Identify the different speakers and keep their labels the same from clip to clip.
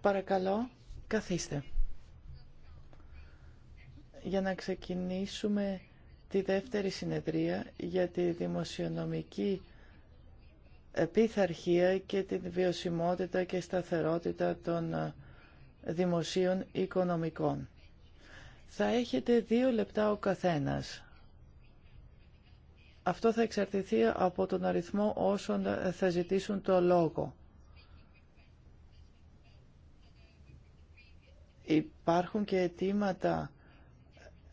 Speaker 1: Παρακαλώ, καθίστε. Για να ξεκινήσουμε τη δεύτερη συνεδρία για τη δημοσιονομική πειθαρχία και την βιωσιμότητα και σταθερότητα των δημοσίων οικονομικών. Θα έχετε δύο λεπτά ο καθένας αυτό θα εξαρτηθεί από τον αριθμό όσων θα ζητήσουν το λόγο. Υπάρχουν και αιτήματα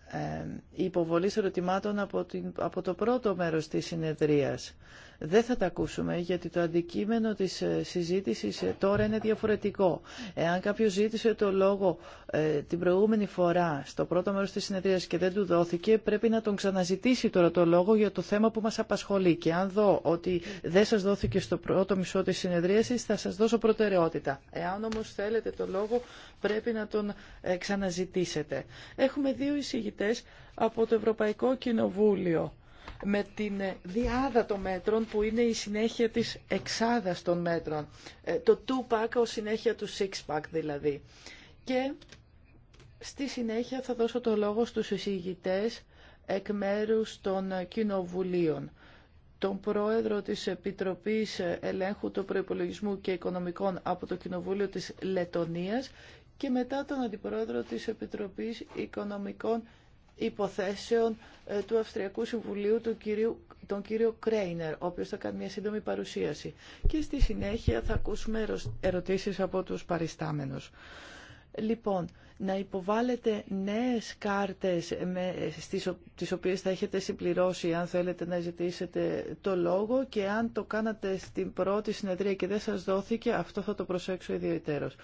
Speaker 1: ε, υποβολής ερωτημάτων από, από το πρώτο μέρος της συνεδρίας δεν θα τα ακούσουμε γιατί το αντικείμενο της ε, συζήτησης ε, τώρα είναι διαφορετικό. Εάν κάποιος ζήτησε το λόγο ε, την προηγούμενη φορά στο πρώτο μέρος της συνεδρίας και δεν του δόθηκε, πρέπει να τον ξαναζητήσει τώρα το λόγο για το θέμα που μας απασχολεί. Και αν δω ότι δεν σας δόθηκε στο πρώτο μισό της συνεδρίας, θα σας δώσω προτεραιότητα. Εάν όμως θέλετε το λόγο, πρέπει να τον ξαναζητήσετε. Έχουμε δύο εισηγητές από το Ευρωπαϊκό Κοινοβούλιο με την διάδα των μέτρων που είναι η συνέχεια της εξάδας των μέτρων. Ε, το two-pack ως συνέχεια του six-pack δηλαδή. Και στη συνέχεια θα δώσω το λόγο στους εισηγητές εκ μέρους των κοινοβουλίων τον πρόεδρο της Επιτροπής Ελέγχου του Προϋπολογισμού και Οικονομικών από το Κοινοβούλιο της Λετωνίας και μετά τον αντιπρόεδρο της Επιτροπής Οικονομικών υποθέσεων ε, του Αυστριακού Συμβουλίου του κυρίου, τον κύριο Κρέινερ, ο οποίος θα κάνει μια σύντομη παρουσίαση. Και στη συνέχεια θα ακούσουμε ερωτήσεις από τους παριστάμενους. Λοιπόν, να υποβάλλετε νέες κάρτες με, στις, τις οποίες θα έχετε συμπληρώσει αν θέλετε να ζητήσετε το λόγο και αν το κάνατε στην πρώτη συνεδρία και δεν σας δόθηκε, αυτό θα το προσέξω ιδιαίτερος.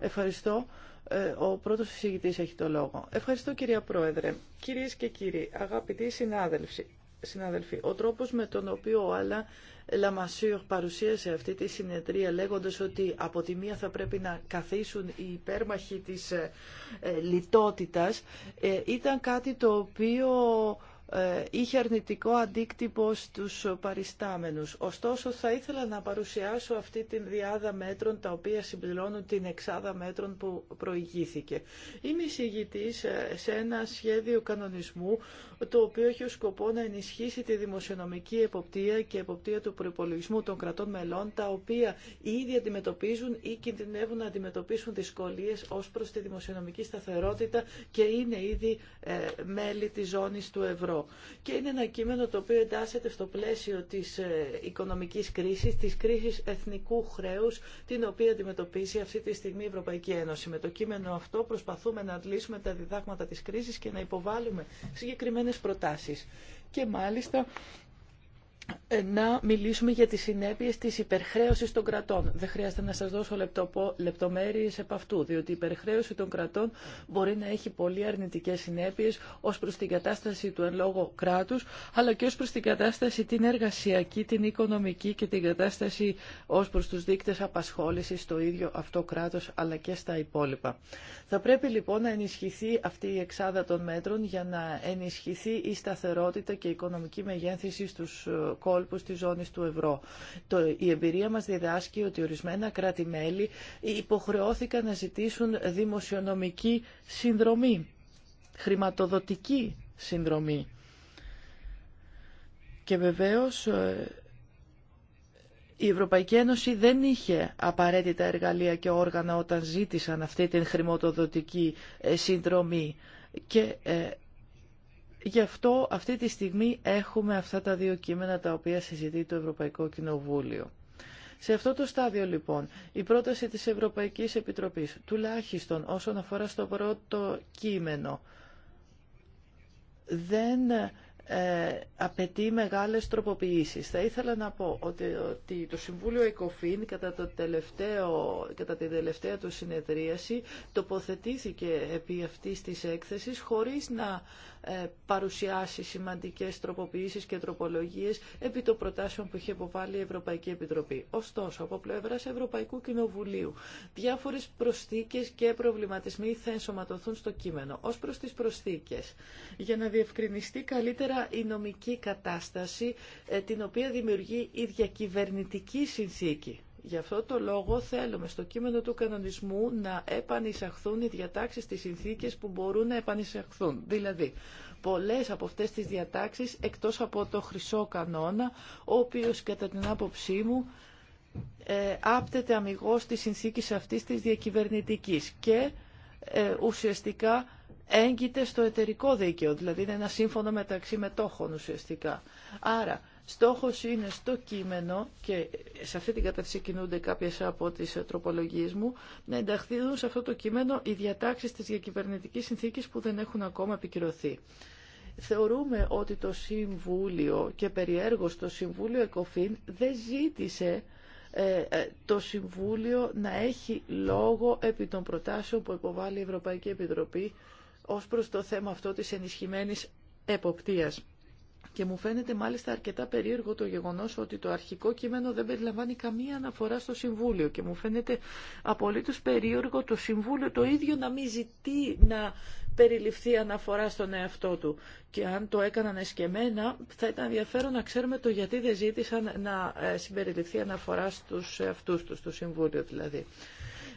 Speaker 1: Ευχαριστώ. Ε, ο πρώτο συζητήτη έχει το λόγο. Ευχαριστώ κυρία Πρόεδρε. Κυρίες και κύριοι, αγαπητοί συνάδελφοι, συνάδελφοι ο τρόπος με τον οποίο ο Άλλα Λαμασίου παρουσίασε αυτή τη συνεδρία λέγοντας ότι από τη μία θα πρέπει να καθίσουν οι υπέρμαχοι της ε, ε, λιτότητας ήταν κάτι το οποίο ε, είχε αρνητικό αντίκτυπο στους παριστάμενους. Ωστόσο, θα ήθελα να παρουσιάσω αυτή την διάδα μέτρων τα οποία συμπληρώνουν την εξάδα μέτρων που προηγήθηκε. Είμαι εισηγητής ε, σε ένα σχέδιο κανονισμού το οποίο έχει ως σκοπό να ενισχύσει τη δημοσιονομική εποπτεία και εποπτεία του προπολογισμού των κρατών μελών, τα οποία ήδη αντιμετωπίζουν ή κινδυνεύουν να αντιμετωπίσουν δυσκολίες ως προς τη δημοσιονομική σταθερότητα και είναι ήδη ε, μέλη της ζώνης του ευρώ. Και είναι ένα κείμενο το οποίο εντάσσεται στο πλαίσιο της ε, οικονομικής κρίσης, της κρίσης εθνικού χρέους, την οποία αντιμετωπίζει αυτή τη στιγμή η Ευρωπαϊκή Ένωση. Με το κείμενο αυτό προσπαθούμε να αντλήσουμε τα διδάγματα της κρίσης και να υποβάλουμε συγκεκριμένα προτάσεις. Και μάλιστα ε, να μιλήσουμε για τις συνέπειες της υπερχρέωσης των κρατών. Δεν χρειάζεται να σας δώσω λεπτοπο, λεπτομέρειες επ' αυτού, διότι η υπερχρέωση των κρατών μπορεί να έχει πολύ αρνητικές συνέπειες ως προς την κατάσταση του εν λόγω κράτους, αλλά και ως προς την κατάσταση την εργασιακή, την οικονομική και την κατάσταση ως προς τους δείκτες απασχόλησης στο ίδιο αυτό κράτος, αλλά και στα υπόλοιπα. Θα πρέπει λοιπόν να ενισχυθεί αυτή η εξάδα των μέτρων για να ενισχυθεί η σταθερότητα και η οικονομική μεγέθυνση στους ε, κόλπου της ζώνης του ευρώ. Το, η εμπειρία μας διδάσκει ότι ορισμένα κράτη-μέλη υποχρεώθηκαν να ζητήσουν δημοσιονομική συνδρομή, χρηματοδοτική συνδρομή. Και βεβαίως ε, η Ευρωπαϊκή Ένωση δεν είχε απαραίτητα εργαλεία και όργανα όταν ζήτησαν αυτή την χρηματοδοτική ε, συνδρομή και ε, Γι' αυτό αυτή τη στιγμή έχουμε αυτά τα δύο κείμενα τα οποία συζητεί το Ευρωπαϊκό Κοινοβούλιο. Σε αυτό το στάδιο λοιπόν, η πρόταση της Ευρωπαϊκής Επιτροπής, τουλάχιστον όσον αφορά στο πρώτο κείμενο, δεν ε, απαιτεί μεγάλες τροποποιήσεις. Θα ήθελα να πω ότι, το Συμβούλιο ΕΚΟΦΗΝ κατά, το τελευταίο, κατά τη τελευταία του συνεδρίαση τοποθετήθηκε επί αυτής της έκθεσης χωρίς να ε, παρουσιάσει σημαντικές τροποποιήσεις και τροπολογίες επί των προτάσεων που είχε υποβάλει η Ευρωπαϊκή Επιτροπή. Ωστόσο, από πλευράς Ευρωπαϊκού Κοινοβουλίου, διάφορες προσθήκες και προβληματισμοί θα ενσωματωθούν στο κείμενο. Ως προς τις προσθήκες, για να διευκρινιστεί καλύτερα η νομική κατάσταση ε, την οποία δημιουργεί η διακυβερνητική συνθήκη. Γι' αυτό το λόγο θέλουμε στο κείμενο του κανονισμού να επανεισαχθούν οι διατάξεις στις συνθήκες που μπορούν να επανεισαχθούν. Δηλαδή, πολλές από αυτές τις διατάξεις εκτός από το χρυσό κανόνα, ο οποίος κατά την άποψή μου ε, άπτεται αμυγός στις συνθήκες αυτής της διακυβερνητικής και ε, ουσιαστικά έγκυται στο εταιρικό δίκαιο, δηλαδή είναι ένα σύμφωνο μεταξύ μετόχων ουσιαστικά. Άρα, Στόχος είναι στο κείμενο και σε αυτή την κατεύθυνση κινούνται κάποιες από τις τροπολογίες μου να ενταχθούν σε αυτό το κείμενο οι διατάξεις της διακυβερνητικής συνθήκης που δεν έχουν ακόμα επικυρωθεί. Θεωρούμε ότι το Συμβούλιο και περιέργως το Συμβούλιο ΕΚΟΦΗΝ δεν ζήτησε ε, ε, το Συμβούλιο να έχει λόγο επί των προτάσεων που υποβάλλει η Ευρωπαϊκή Επιτροπή ως προς το θέμα αυτό της ενισχυμένης εποπτείας. Και μου φαίνεται μάλιστα αρκετά περίεργο το γεγονός ότι το αρχικό κείμενο δεν περιλαμβάνει καμία αναφορά στο Συμβούλιο και μου φαίνεται απολύτως περίεργο το Συμβούλιο το ίδιο να μην ζητεί να περιληφθεί αναφορά στον εαυτό του. Και αν το έκαναν εσκεμένα θα ήταν ενδιαφέρον να ξέρουμε το γιατί δεν ζήτησαν να ε, συμπεριληφθεί αναφορά στους εαυτούς τους, στο Συμβούλιο δηλαδή.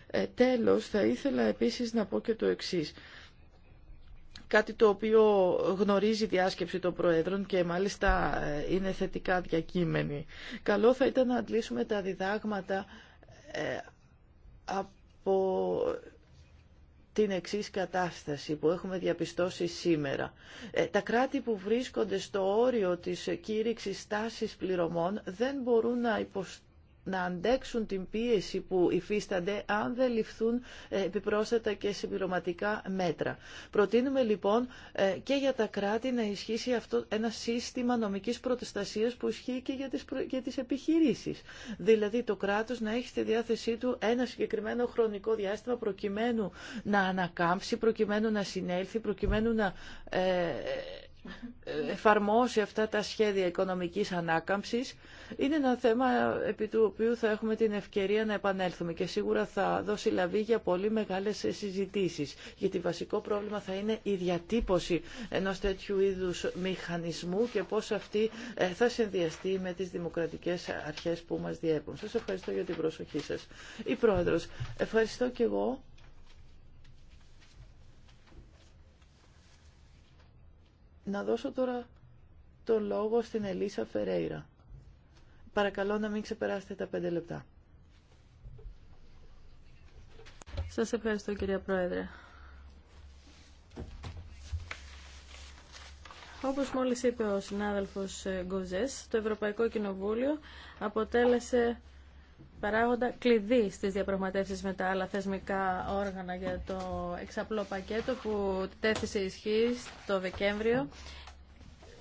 Speaker 1: Ε, τέλος, θα ήθελα επίσης να πω και το εξής κάτι το οποίο γνωρίζει η διάσκεψη των Προέδρων και μάλιστα ε, είναι θετικά διακείμενη. Καλό θα ήταν να αντλήσουμε τα διδάγματα ε, από την εξής κατάσταση που έχουμε διαπιστώσει σήμερα. Ε, τα κράτη που βρίσκονται στο όριο της κήρυξης τάσης πληρωμών δεν μπορούν να υποστηρίζουν να αντέξουν την πίεση που υφίστανται αν δεν ληφθούν ε, επιπρόσθετα και συμπληρωματικά μέτρα. Προτείνουμε λοιπόν ε, και για τα κράτη να ισχύσει αυτό ένα σύστημα νομικής προτεστασίας που ισχύει και για τις, για τις επιχειρήσεις. Δηλαδή το κράτος να έχει στη διάθεσή του ένα συγκεκριμένο χρονικό διάστημα προκειμένου να ανακάμψει, προκειμένου να συνέλθει, προκειμένου να ε, εφαρμόσει αυτά τα σχέδια οικονομικής ανάκαμψης είναι ένα θέμα επί του οποίου θα έχουμε την ευκαιρία να επανέλθουμε και σίγουρα θα δώσει λαβή για πολύ μεγάλες συζητήσεις γιατί βασικό πρόβλημα θα είναι η διατύπωση ενός τέτοιου είδους μηχανισμού και πώς αυτή ε, θα συνδυαστεί με τις δημοκρατικές αρχές που μας διέπουν. Σας ευχαριστώ για την προσοχή σας. Η Πρόεδρος, ευχαριστώ και εγώ. Να δώσω τώρα το λόγο στην Ελίσα Φερέιρα. Παρακαλώ να μην ξεπεράσετε τα πέντε λεπτά.
Speaker 2: Σας ευχαριστώ κυρία Πρόεδρε. Όπως μόλις είπε ο συνάδελφος Γκοζές, το Ευρωπαϊκό Κοινοβούλιο αποτέλεσε παράγοντα κλειδί στις διαπραγματεύσεις με τα άλλα θεσμικά όργανα για το εξαπλό πακέτο που τέθησε ισχύ το Δεκέμβριο,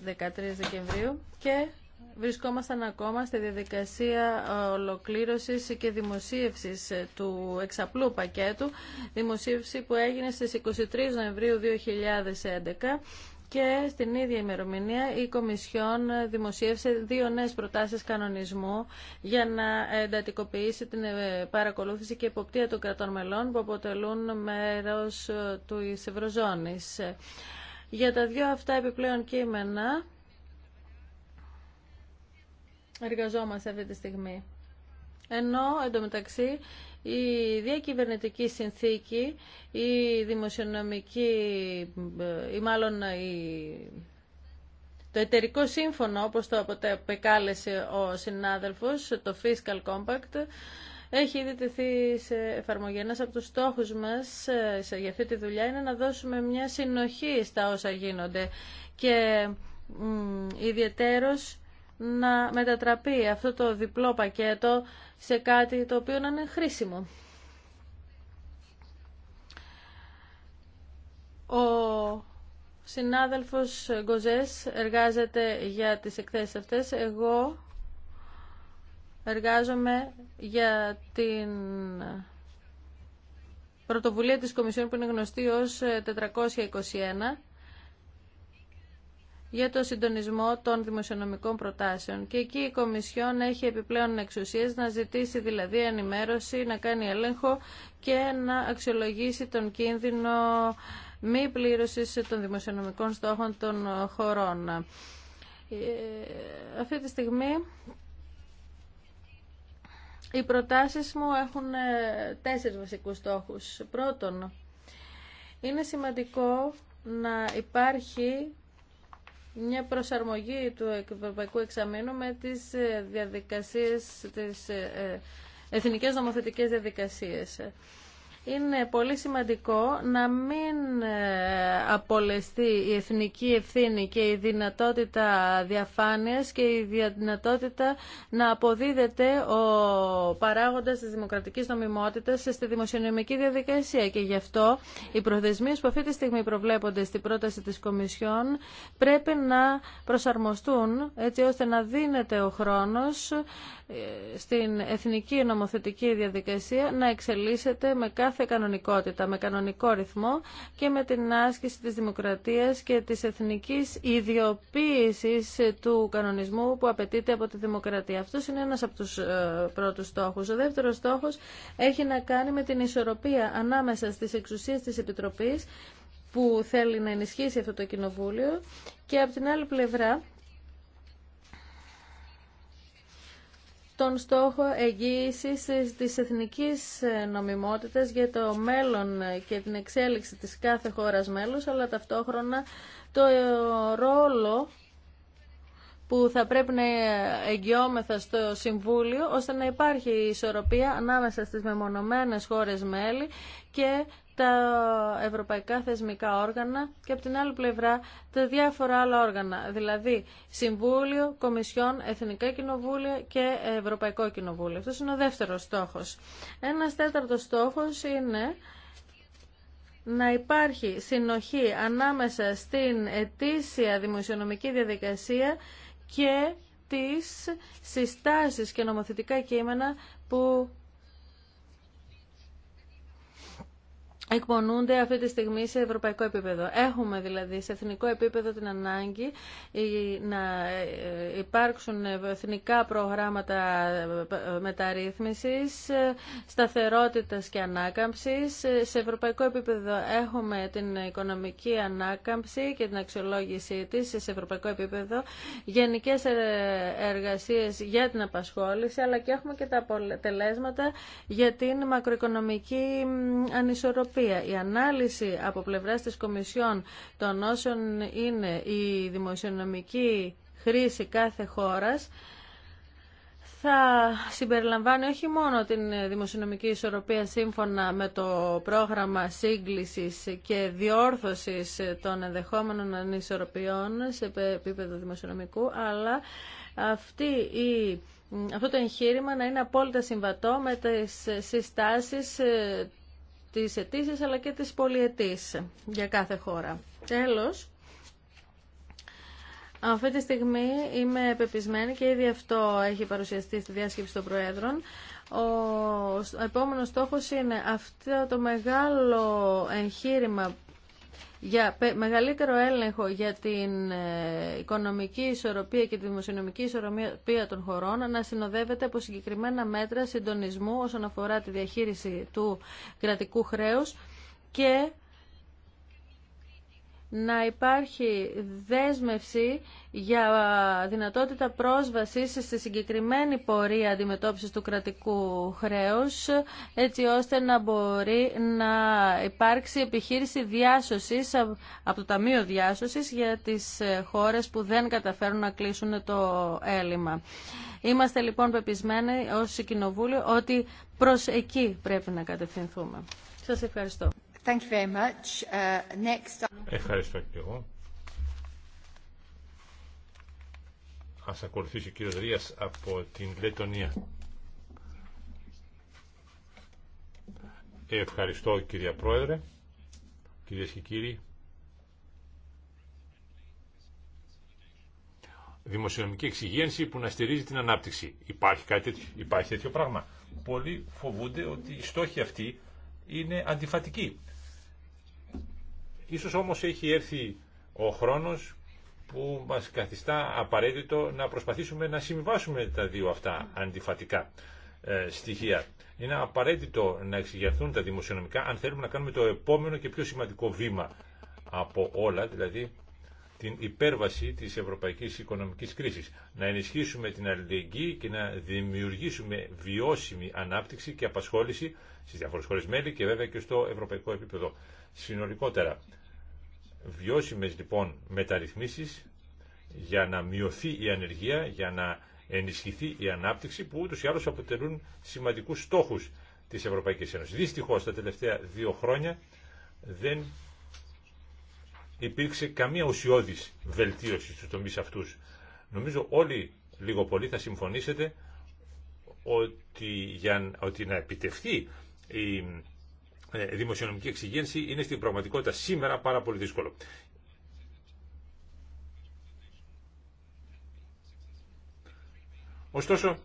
Speaker 2: 13 Δεκεμβρίου και βρισκόμασταν ακόμα στη διαδικασία ολοκλήρωσης και δημοσίευσης του εξαπλού πακέτου, δημοσίευση που έγινε στις 23 Νοεμβρίου 2011 και στην ίδια ημερομηνία η Κομισιόν δημοσίευσε δύο νέες προτάσεις κανονισμού για να εντατικοποιήσει την ε, παρακολούθηση και υποπτία των κρατών μελών που αποτελούν μέρος ε, του Ευρωζώνης. Για τα δύο αυτά επιπλέον κείμενα εργαζόμαστε αυτή τη στιγμή. Ενώ εντωμεταξύ η διακυβερνητική συνθήκη, η δημοσιονομική, ε, ή μάλλον η... Το εταιρικό σύμφωνο, όπως το πεκάλεσε ο συνάδελφος, το Fiscal Compact, έχει ήδη τεθεί σε εφαρμογή. από τους στόχους μας ε, για αυτή τη δουλειά είναι να δώσουμε μια συνοχή στα όσα γίνονται και ιδιαιτέρως να μετατραπεί αυτό το διπλό πακέτο σε κάτι το οποίο να είναι χρήσιμο. Ο συνάδελφος Γκοζές εργάζεται για τις εκθέσεις αυτές. Εγώ εργάζομαι για την πρωτοβουλία της Κομισιόν που είναι γνωστή ως 421 για το συντονισμό των δημοσιονομικών προτάσεων. Και εκεί η Κομισιόν έχει επιπλέον εξουσίες να ζητήσει δηλαδή ενημέρωση, να κάνει έλεγχο και να αξιολογήσει τον κίνδυνο μη πλήρωσης των δημοσιονομικών στόχων των χωρών. Ε, αυτή τη στιγμή οι προτάσεις μου έχουν ε, τέσσερις βασικούς στόχους. Πρώτον, είναι σημαντικό να υπάρχει μια προσαρμογή του Ευρωπαϊκού Εξαμήνου με τις ε, διαδικασίες, τις ε, ε, εθνικές νομοθετικές διαδικασίες είναι πολύ σημαντικό να μην ε, απολεστεί η εθνική ευθύνη και η δυνατότητα διαφάνειας και η δυνατότητα να αποδίδεται ο παράγοντας της δημοκρατικής νομιμότητας στη δημοσιονομική διαδικασία και γι' αυτό οι προθεσμίες που αυτή τη στιγμή προβλέπονται στην πρόταση της Κομισιόν πρέπει να προσαρμοστούν έτσι ώστε να δίνεται ο χρόνος ε, στην εθνική νομοθετική διαδικασία να εξελίσσεται με κάθε κάθε κανονικότητα, με κανονικό ρυθμό και με την άσκηση της δημοκρατίας και της εθνικής ιδιοποίησης του κανονισμού που απαιτείται από τη δημοκρατία. Αυτό είναι ένας από τους ε, πρώτους στόχους. Ο δεύτερος στόχος έχει να κάνει με την ισορροπία ανάμεσα στις εξουσίες της Επιτροπής που θέλει να ενισχύσει αυτό το κοινοβούλιο και από την άλλη πλευρά τον στόχο εγγύησης της εθνικής νομιμότητας για το μέλλον και την εξέλιξη της κάθε χώρας μέλους, αλλά ταυτόχρονα το ρόλο που θα πρέπει να εγγυόμεθα στο Συμβούλιο, ώστε να υπάρχει ισορροπία ανάμεσα στις μεμονωμένες χώρες μέλη και τα ευρωπαϊκά θεσμικά όργανα και από την άλλη πλευρά τα διάφορα άλλα όργανα, δηλαδή Συμβούλιο, Κομισιόν, Εθνικά Κοινοβούλια και Ευρωπαϊκό Κοινοβούλιο. Αυτός είναι ο δεύτερος στόχος. Ένας τέταρτος στόχος είναι να υπάρχει συνοχή ανάμεσα στην ετήσια δημοσιονομική διαδικασία και τις συστάσεις και νομοθετικά κείμενα που εκπονούνται αυτή τη στιγμή σε ευρωπαϊκό επίπεδο. Έχουμε δηλαδή σε εθνικό επίπεδο την ανάγκη ε, να ε, υπάρξουν εθνικά προγράμματα ε, μεταρρύθμισης, σταθερότητας και ανάκαμψης. Σε ευρωπαϊκό επίπεδο έχουμε την οικονομική ανάκαμψη και την αξιολόγησή της σε ευρωπαϊκό επίπεδο, γενικές εργασίες για την απασχόληση, αλλά και έχουμε και τα αποτελέσματα για την μακροοικονομική ανισορροπία η ανάλυση από πλευρά της Κομισιόν των όσων είναι η δημοσιονομική χρήση κάθε χώρας θα συμπεριλαμβάνει όχι μόνο την δημοσιονομική ισορροπία σύμφωνα με το πρόγραμμα σύγκλησης και διόρθωσης των ενδεχόμενων ανισορροπιών σε επίπεδο δημοσιονομικού, αλλά αυτή η αυτό το εγχείρημα να είναι απόλυτα συμβατό με τις συστάσεις τις αιτήσει αλλά και τις πολιετήσεις για κάθε χώρα. Τέλος, αυτή τη στιγμή είμαι πεπισμένη και ήδη αυτό έχει παρουσιαστεί στη διάσκεψη των Προέδρων. Ο επόμενος στόχος είναι αυτό το μεγάλο εγχείρημα για μεγαλύτερο έλεγχο για την ε, οικονομική ισορροπία και τη δημοσιονομική ισορροπία των χωρών να συνοδεύεται από συγκεκριμένα μέτρα συντονισμού όσον αφορά τη διαχείριση του κρατικού χρέους και να υπάρχει δέσμευση για δυνατότητα πρόσβασης στη συγκεκριμένη πορεία αντιμετώπισης του κρατικού χρέους, έτσι ώστε να μπορεί να υπάρξει επιχείρηση διάσωσης από το Ταμείο Διάσωσης για τις ε, χώρες που δεν καταφέρουν να κλείσουν το έλλειμμα. Είμαστε λοιπόν πεπισμένοι ως Κοινοβούλιο ότι προς εκεί πρέπει να κατευθυνθούμε. Σας ευχαριστώ. Thank you very much. Uh, next...
Speaker 3: Ευχαριστώ και εγώ. Ας ακολουθήσει ο κύριος Ρίας από την Λετωνία. Ευχαριστώ κυρία Πρόεδρε, κύριε και κύριοι. Δημοσιονομική εξυγίανση που να στηρίζει την ανάπτυξη. Υπάρχει κάτι τέτοιο, υπάρχει τέτοιο πράγμα. Πολλοί φοβούνται ότι οι στόχοι αυτοί είναι αντιφατικοί. Ίσως όμως έχει έρθει ο χρόνος που μας καθιστά απαραίτητο να προσπαθήσουμε να συμβάσουμε τα δύο αυτά αντιφατικά ε, στοιχεία. Είναι απαραίτητο να εξηγερθούν τα δημοσιονομικά αν θέλουμε να κάνουμε το επόμενο και πιο σημαντικό βήμα από όλα, δηλαδή την υπέρβαση της ευρωπαϊκής οικονομικής κρίσης. Να ενισχύσουμε την αλληλεγγύη και να δημιουργήσουμε βιώσιμη ανάπτυξη και απασχόληση στις διάφορες μέλη και βέβαια και στο ευρωπαϊκό επίπεδο συνολικότερα. Βιώσιμες λοιπόν μεταρρυθμίσεις για να μειωθεί η ανεργία, για να ενισχυθεί η ανάπτυξη που ούτως ή άλλως αποτελούν σημαντικούς στόχους της Ευρωπαϊκής Ένωσης. Δυστυχώς τα τελευταία δύο χρόνια δεν υπήρξε καμία ουσιώδης βελτίωση στους τομείς αυτούς. Νομίζω όλοι λίγο πολύ θα συμφωνήσετε ότι για ότι να επιτευχθεί η ε, δημοσιονομική εξυγένση είναι στην πραγματικότητα σήμερα πάρα πολύ δύσκολο. Ωστόσο,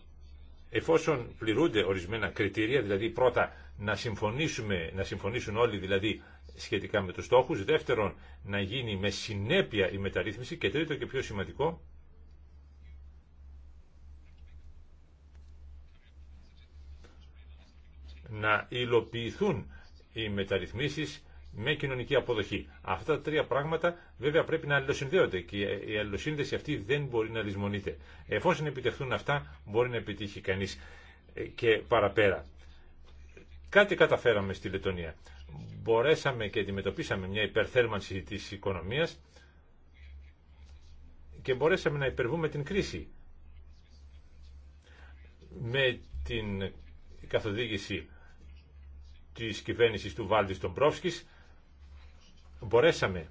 Speaker 3: εφόσον πληρούνται ορισμένα κριτήρια, δηλαδή πρώτα να, συμφωνήσουμε, να συμφωνήσουν όλοι δηλαδή σχετικά με τους στόχους, δεύτερον να γίνει με συνέπεια η μεταρρύθμιση και τρίτο και πιο σημαντικό, να υλοποιηθούν οι μεταρρυθμίσεις με κοινωνική αποδοχή. Αυτά τα τρία πράγματα βέβαια πρέπει να αλληλοσυνδέονται και η αλληλοσύνδεση αυτή δεν μπορεί να λησμονείται. Εφόσον επιτευχθούν αυτά μπορεί να επιτύχει κανείς ε, και παραπέρα. Κάτι καταφέραμε στη Λετωνία. Μπορέσαμε και αντιμετωπίσαμε μια υπερθέρμανση της οικονομίας και μπορέσαμε να υπερβούμε την κρίση με την καθοδήγηση της κυβέρνησης του Βάλτης τον Πρόσκης, μπορέσαμε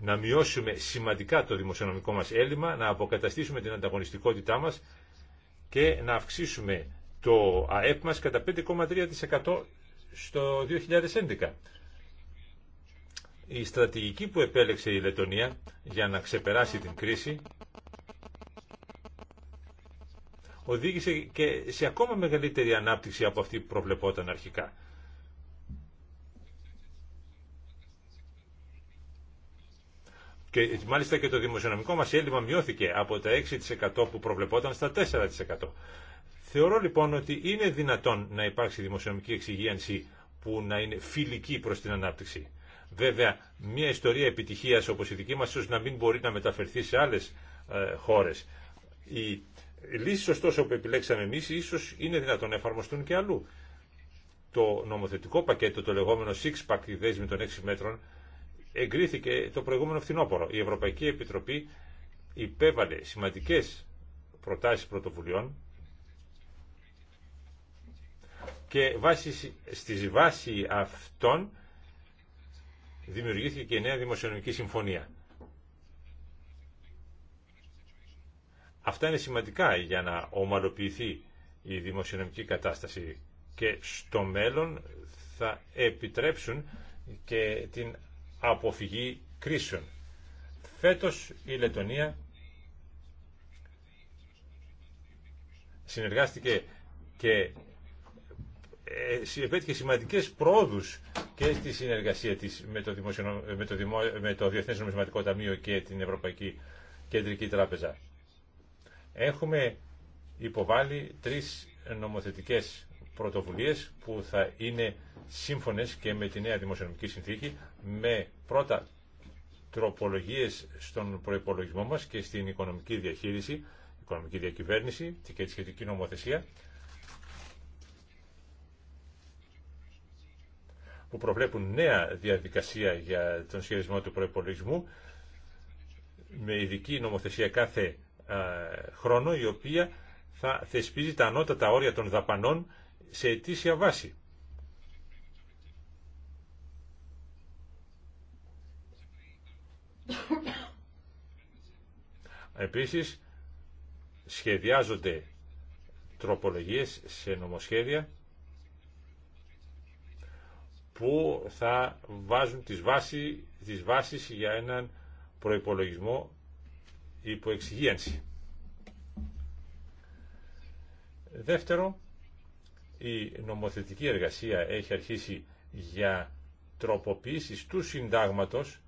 Speaker 3: να μειώσουμε σημαντικά το δημοσιονομικό μας έλλειμμα, να αποκαταστήσουμε την ανταγωνιστικότητά μας και να αυξήσουμε το ΑΕΠ μας κατά 5,3% στο 2011. Η στρατηγική που επέλεξε η Λετωνία για να ξεπεράσει την κρίση οδήγησε και σε ακόμα μεγαλύτερη ανάπτυξη από αυτή που προβλεπόταν αρχικά. Και μάλιστα και το δημοσιονομικό μας έλλειμμα μειώθηκε από τα 6% που προβλεπόταν στα 4%. Θεωρώ λοιπόν ότι είναι δυνατόν να υπάρξει δημοσιονομική εξυγίανση που να είναι φιλική προς την ανάπτυξη. Βέβαια, μια ιστορία επιτυχίας όπως η δική μας ίσως να μην μπορεί να μεταφερθεί σε άλλες ε, χώρες. Η λύσεις ωστόσο που επιλέξαμε εμείς ίσως είναι δυνατόν να εφαρμοστούν και αλλού. Το νομοθετικό πακέτο, το λεγόμενο six pack, η δέσμη των 6 μέτρων, εγκρίθηκε το προηγούμενο φθινόπωρο. Η Ευρωπαϊκή Επιτροπή υπέβαλε σημαντικές προτάσεις πρωτοβουλειών και βάσει, στη βάση αυτών δημιουργήθηκε και η νέα δημοσιονομική συμφωνία. Αυτά είναι σημαντικά για να ομαλοποιηθεί η δημοσιονομική κατάσταση και στο μέλλον θα επιτρέψουν και την αποφυγή κρίσεων. Φέτος η Λετωνία συνεργάστηκε και ε, επέτυχε σημαντικές πρόοδους και στη συνεργασία της με το, με το, με το Διεθνές Νομισματικό Ταμείο και την Ευρωπαϊκή Κεντρική Τράπεζα. Έχουμε υποβάλει τρεις νομοθετικές πρωτοβουλίες που θα είναι σύμφωνες και με τη νέα δημοσιονομική συνθήκη με πρώτα τροπολογίες στον προϋπολογισμό μας και στην οικονομική διαχείριση, οικονομική διακυβέρνηση και τη σχετική νομοθεσία που προβλέπουν νέα διαδικασία για τον σχεδιασμό του προϋπολογισμού με ειδική νομοθεσία κάθε ε, χρόνο η οποία θα θεσπίζει τα ανώτατα όρια των δαπανών σε αιτήσια βάση. Επίσης, σχεδιάζονται τροπολογίες σε νομοσχέδια που θα βάζουν τις, βάση, βάσεις για έναν προϋπολογισμό υπό Δεύτερο, η νομοθετική εργασία έχει αρχίσει για τροποποίηση του συντάγματος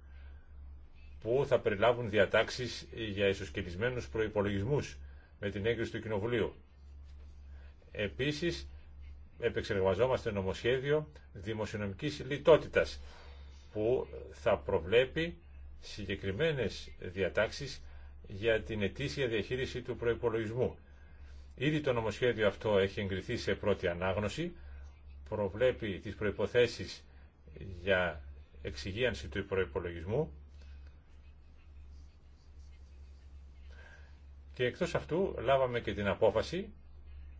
Speaker 3: που θα περιλάβουν διατάξεις για ισοσκελισμένους προϋπολογισμούς με την έγκριση του Κοινοβουλίου. Επίσης, επεξεργαζόμαστε νομοσχέδιο δημοσιονομικής λιτότητας που θα προβλέπει συγκεκριμένες διατάξεις για την ετήσια διαχείριση του προϋπολογισμού. Ήδη το νομοσχέδιο αυτό έχει εγκριθεί σε πρώτη ανάγνωση, προβλέπει τις προϋποθέσεις για εξυγίανση του προϋπολογισμού και εκτός αυτού λάβαμε και την απόφαση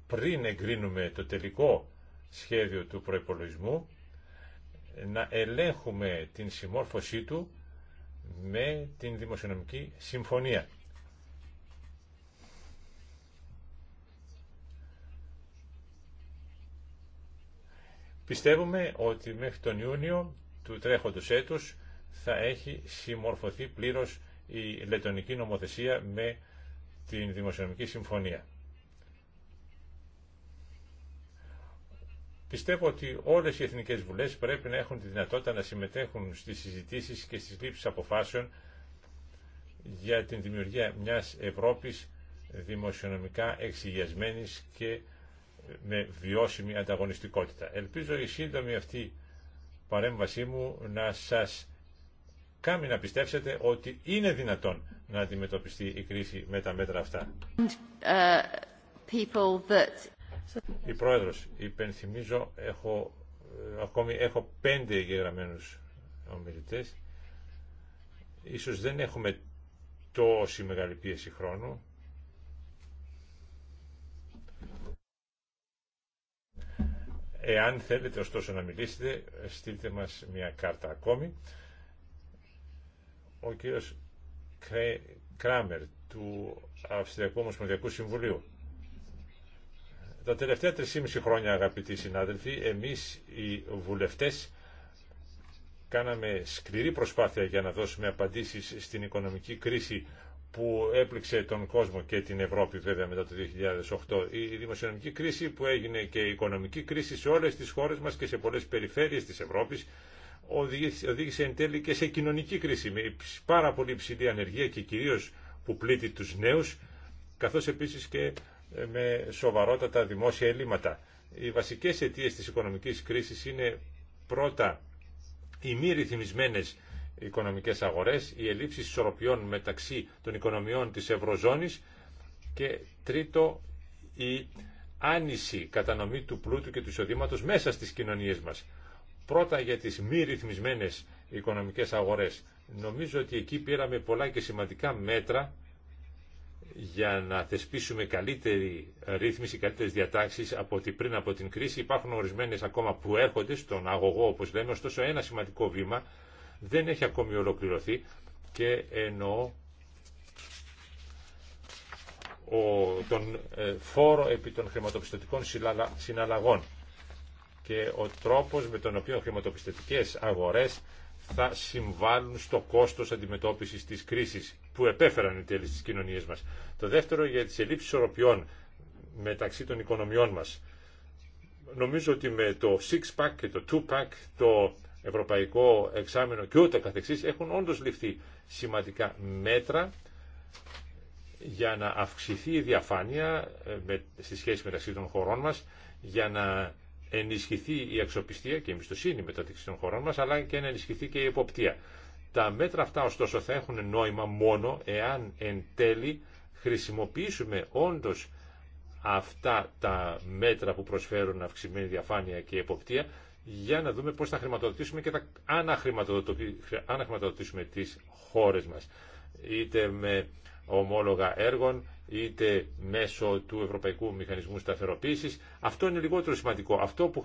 Speaker 3: πριν εγκρίνουμε το τελικό σχέδιο του προϋπολογισμού να ελέγχουμε την συμμόρφωσή του με την Δημοσιονομική Συμφωνία. Πιστεύουμε ότι μέχρι τον Ιούνιο του τρέχοντος έτους θα έχει συμμορφωθεί πλήρως η λετωνική νομοθεσία με την Δημοσιονομική Συμφωνία. Πιστεύω ότι όλες οι Εθνικές Βουλές πρέπει να έχουν τη δυνατότητα να συμμετέχουν στις συζητήσεις και στις λήψεις αποφάσεων για την δημιουργία μιας Ευρώπης δημοσιονομικά εξηγιασμένης και με βιώσιμη ανταγωνιστικότητα. Ελπίζω η σύντομη αυτή παρέμβασή μου να σας κάνει να πιστέψετε ότι είναι δυνατόν να αντιμετωπιστεί η κρίση με τα μέτρα αυτά. Ε, η Πρόεδρος, υπενθυμίζω, έχω, ε, ακόμη έχω πέντε εγγεγραμμένους ομιλητές. Ίσως δεν έχουμε τόση μεγάλη πίεση χρόνου. Εάν θέλετε ωστόσο να μιλήσετε, στείλτε μας μια κάρτα ακόμη. Ο κύριος Κράμερ του Αυστριακού Ομοσπονδιακού Συμβουλίου. Τα τελευταία 3,5 χρόνια αγαπητοί συνάδελφοι, εμείς οι βουλευτές κάναμε σκληρή προσπάθεια για να δώσουμε απαντήσεις στην οικονομική κρίση που έπληξε τον κόσμο και την Ευρώπη βέβαια μετά το 2008. Η δημοσιονομική κρίση που έγινε και η οικονομική κρίση σε όλες τις χώρες μας και σε πολλές περιφέρειες της Ευρώπης οδήγησε εν τέλει και σε κοινωνική κρίση με πάρα πολύ υψηλή ανεργία και κυρίως που πλήττει τους νέους καθώς επίσης και ε, με σοβαρότατα δημόσια ελλείμματα. Οι βασικές αιτίες της οικονομικής κρίσης είναι πρώτα οι μη ρυθμισμένες οικονομικές αγορές, οι ελλείψεις ισορροπιών μεταξύ των οικονομιών της Ευρωζώνης και τρίτο η άνηση κατανομή του πλούτου και του εισοδήματο μέσα στις κοινωνίες μας. Πρώτα για τις μη ρυθμισμένες οικονομικές αγορές. Νομίζω ότι εκεί πήραμε πολλά και σημαντικά μέτρα για να θεσπίσουμε καλύτερη ρύθμιση, καλύτερες διατάξεις από ότι πριν από την κρίση υπάρχουν ορισμένες ακόμα που έρχονται στον αγωγό όπως λέμε, ωστόσο ένα σημαντικό βήμα δεν έχει ακόμη ολοκληρωθεί και εννοώ τον ε, φόρο επί των χρηματοπιστωτικών συναλλαγών και ο τρόπος με τον οποίο χρηματοπιστωτικές αγορές θα συμβάλλουν στο κόστος αντιμετώπισης της κρίσης που επέφεραν οι τέλη στις κοινωνίες μας. Το δεύτερο για τις ελλείψεις οροπιών μεταξύ των οικονομιών μας. Νομίζω ότι με το 6 pack και το 2 pack το ευρωπαϊκό εξάμενο και ούτε καθεξής έχουν όντως ληφθεί σημαντικά μέτρα για να αυξηθεί η διαφάνεια ε, στη σχέση μεταξύ των χωρών μας, για να ενισχυθεί η αξιοπιστία και η εμπιστοσύνη μεταξύ των χωρών μας, αλλά και να ενισχυθεί και η εποπτεία. Τα μέτρα αυτά ωστόσο θα έχουν νόημα μόνο εάν εν τέλει χρησιμοποιήσουμε όντως αυτά τα μέτρα που προσφέρουν αυξημένη διαφάνεια και εποπτεία για να δούμε πώς θα χρηματοδοτήσουμε και θα αναχρηματοδοτήσουμε τις χώρες μας. Είτε με ομόλογα έργων, είτε μέσω του Ευρωπαϊκού Μηχανισμού Σταθεροποίησης. Αυτό είναι λιγότερο σημαντικό. Αυτό που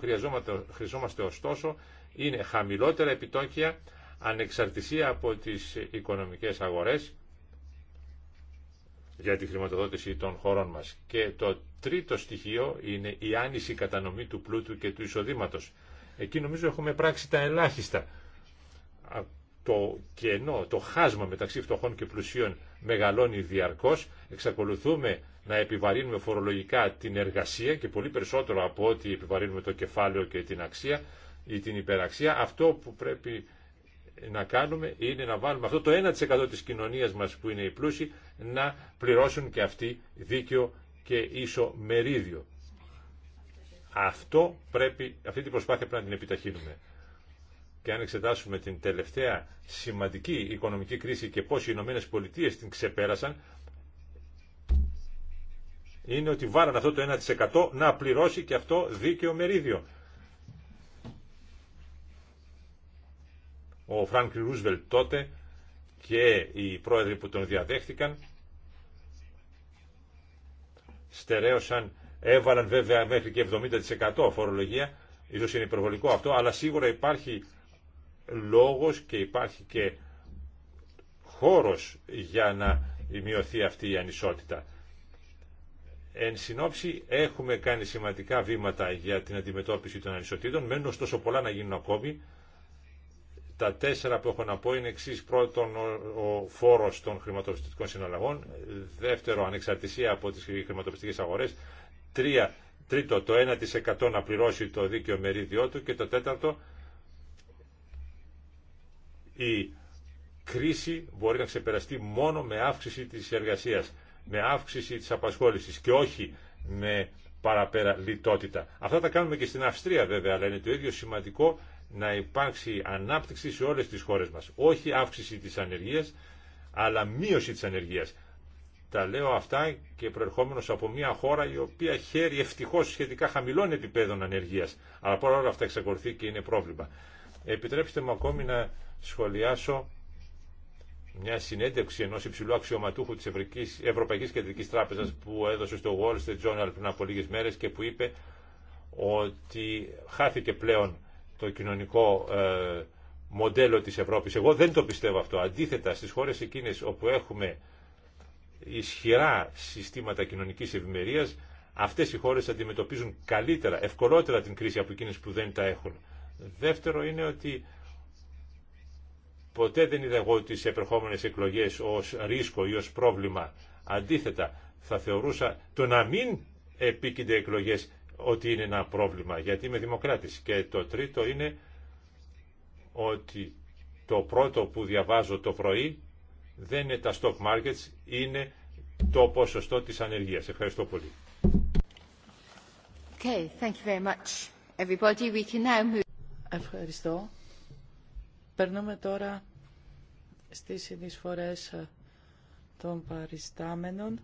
Speaker 3: χρειαζόμαστε ωστόσο είναι χαμηλότερα επιτόκια, ανεξαρτησία από τις οικονομικές αγορές για τη χρηματοδότηση των χωρών μας. Και το τρίτο στοιχείο είναι η άνηση κατανομή του πλούτου και του εισοδήματος. Εκεί νομίζω έχουμε πράξει τα ελάχιστα. Το κενό, το χάσμα μεταξύ φτωχών και πλουσίων μεγαλώνει διαρκώς. Εξακολουθούμε να επιβαρύνουμε φορολογικά την εργασία και πολύ περισσότερο από ό,τι επιβαρύνουμε το κεφάλαιο και την αξία ή την υπεραξία. Αυτό που πρέπει να κάνουμε είναι να βάλουμε αυτό το 1% της κοινωνίας μας που είναι οι πλούσιοι να πληρώσουν και αυτοί δίκαιο και ίσο μερίδιο. Αυτό πρέπει, αυτή την προσπάθεια πρέπει να την επιταχύνουμε. Και αν εξετάσουμε την τελευταία σημαντική οικονομική κρίση και πώς οι Ηνωμένε Πολιτείε την ξεπέρασαν, είναι ότι βάλαν αυτό το 1% να πληρώσει και αυτό δίκαιο μερίδιο. Ο Φρανκ Ρούσβελτ τότε και οι πρόεδροι που τον διαδέχτηκαν στερέωσαν Έβαλαν βέβαια μέχρι και 70% φορολογία, ίσως είναι υπερβολικό αυτό, αλλά σίγουρα υπάρχει λόγος και υπάρχει και χώρος για να μειωθεί αυτή η ανισότητα. Εν συνόψη έχουμε κάνει σημαντικά βήματα για την αντιμετώπιση των ανισοτήτων, μένουν ωστόσο πολλά να γίνουν ακόμη. Τα τέσσερα που έχω να πω είναι εξή. Πρώτον, ο φόρος των χρηματοπιστωτικών συναλλαγών. Δεύτερο, ανεξαρτησία από τις χρηματοπιστωτικές αγορές τρίτο το 1% να πληρώσει το δίκαιο μερίδιό του και το τέταρτο η κρίση μπορεί να ξεπεραστεί μόνο με αύξηση της εργασίας, με αύξηση της απασχόλησης και όχι με παραπέρα λιτότητα. Αυτά τα κάνουμε και στην Αυστρία βέβαια, αλλά είναι το ίδιο σημαντικό να υπάρξει ανάπτυξη σε όλες τις χώρες μας. Όχι αύξηση της ανεργίας, αλλά μείωση της ανεργίας. Τα λέω αυτά και προερχόμενο από μια χώρα η οποία χαίρει ευτυχώ σχετικά χαμηλών επιπέδων ανεργία, Αλλά παρόλα αυτά εξακολουθεί και είναι πρόβλημα. Επιτρέψτε μου ακόμη να σχολιάσω μια συνέντευξη ενό υψηλού αξιωματούχου τη Ευρωπαϊκή Κεντρική Τράπεζα που έδωσε στο Wall Street Journal πριν από λίγε μέρε και που είπε ότι χάθηκε πλέον το κοινωνικό ε, μοντέλο της Ευρώπης. Εγώ δεν το πιστεύω αυτό. Αντίθετα, στις χώρες εκείνες όπου έχουμε ισχυρά συστήματα κοινωνικής ευημερίας, αυτές οι χώρες αντιμετωπίζουν καλύτερα, ευκολότερα την κρίση από εκείνες που δεν τα έχουν. Δεύτερο είναι ότι ποτέ δεν είδα εγώ τις επερχόμενες εκλογές ως ρίσκο ή ως πρόβλημα. Αντίθετα, θα θεωρούσα το να μην επίκυνται εκλογές ότι είναι ένα πρόβλημα, γιατί είμαι δημοκράτης. Και το τρίτο είναι ότι το πρώτο που διαβάζω το πρωί δεν είναι τα stock markets, είναι το ποσοστό της ανεργίας. Ευχαριστώ πολύ.
Speaker 1: Okay, thank you very much. Everybody, we can now move. Ευχαριστώ. Περνούμε τώρα στις συνεισφορές των παριστάμενων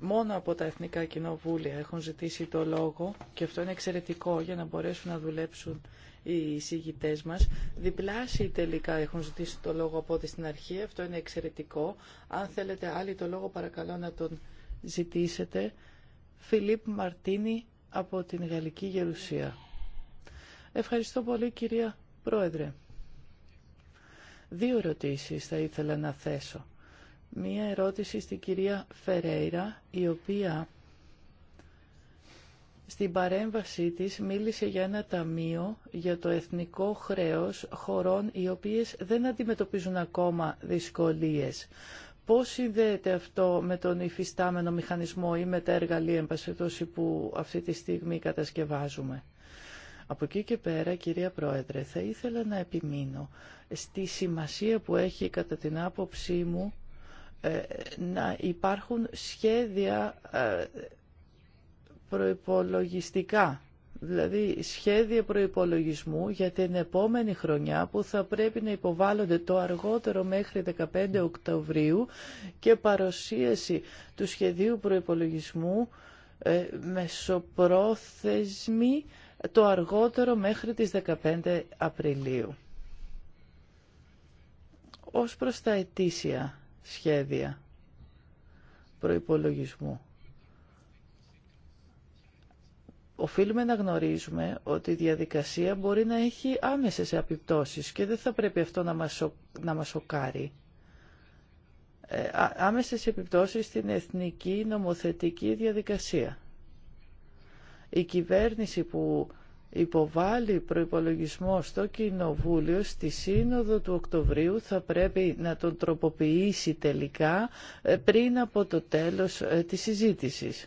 Speaker 1: μόνο από τα Εθνικά Κοινοβούλια έχουν ζητήσει το λόγο και αυτό είναι εξαιρετικό για να μπορέσουν να δουλέψουν οι εισηγητές μας. Διπλάσιοι τελικά έχουν ζητήσει το λόγο από ό,τι στην αρχή. Αυτό είναι εξαιρετικό. Αν θέλετε άλλοι το λόγο παρακαλώ να τον ζητήσετε. Φιλίπ Μαρτίνη από την Γαλλική Γερουσία. Ευχαριστώ πολύ κυρία Πρόεδρε. Δύο ερωτήσεις θα ήθελα να θέσω μία ερώτηση στην κυρία Φερέιρα, η οποία στην παρέμβασή της μίλησε για ένα ταμείο για το εθνικό χρέος χωρών οι οποίες δεν αντιμετωπίζουν ακόμα δυσκολίες. Πώς συνδέεται αυτό με τον υφιστάμενο μηχανισμό ή με τα εργαλεία που αυτή τη στιγμή κατασκευάζουμε. Από εκεί και πέρα, κυρία Πρόεδρε, θα ήθελα να επιμείνω στη σημασία που έχει κατά την άποψή μου ε, να υπάρχουν σχέδια ε, προϋπολογιστικά δηλαδή σχέδια προϋπολογισμού για την επόμενη χρονιά που θα πρέπει να υποβάλλονται το αργότερο μέχρι 15 Οκτωβρίου και παρουσίαση του σχεδίου προϋπολογισμού ε, μεσοπρόθεσμη το αργότερο μέχρι τις 15 Απριλίου. Ως προς τα αιτήσια σχέδια προϋπολογισμού. Οφείλουμε να γνωρίζουμε ότι η διαδικασία μπορεί να έχει άμεσες επιπτώσεις και δεν θα πρέπει αυτό να μας, να μας σοκάρει. Ε, άμεσες επιπτώσεις στην εθνική νομοθετική διαδικασία. Η κυβέρνηση που Υποβάλλει προϋπολογισμό στο Κοινοβούλιο στη Σύνοδο του Οκτωβρίου θα πρέπει να τον τροποποιήσει τελικά ε, πριν από το τέλος ε, της συζήτησης.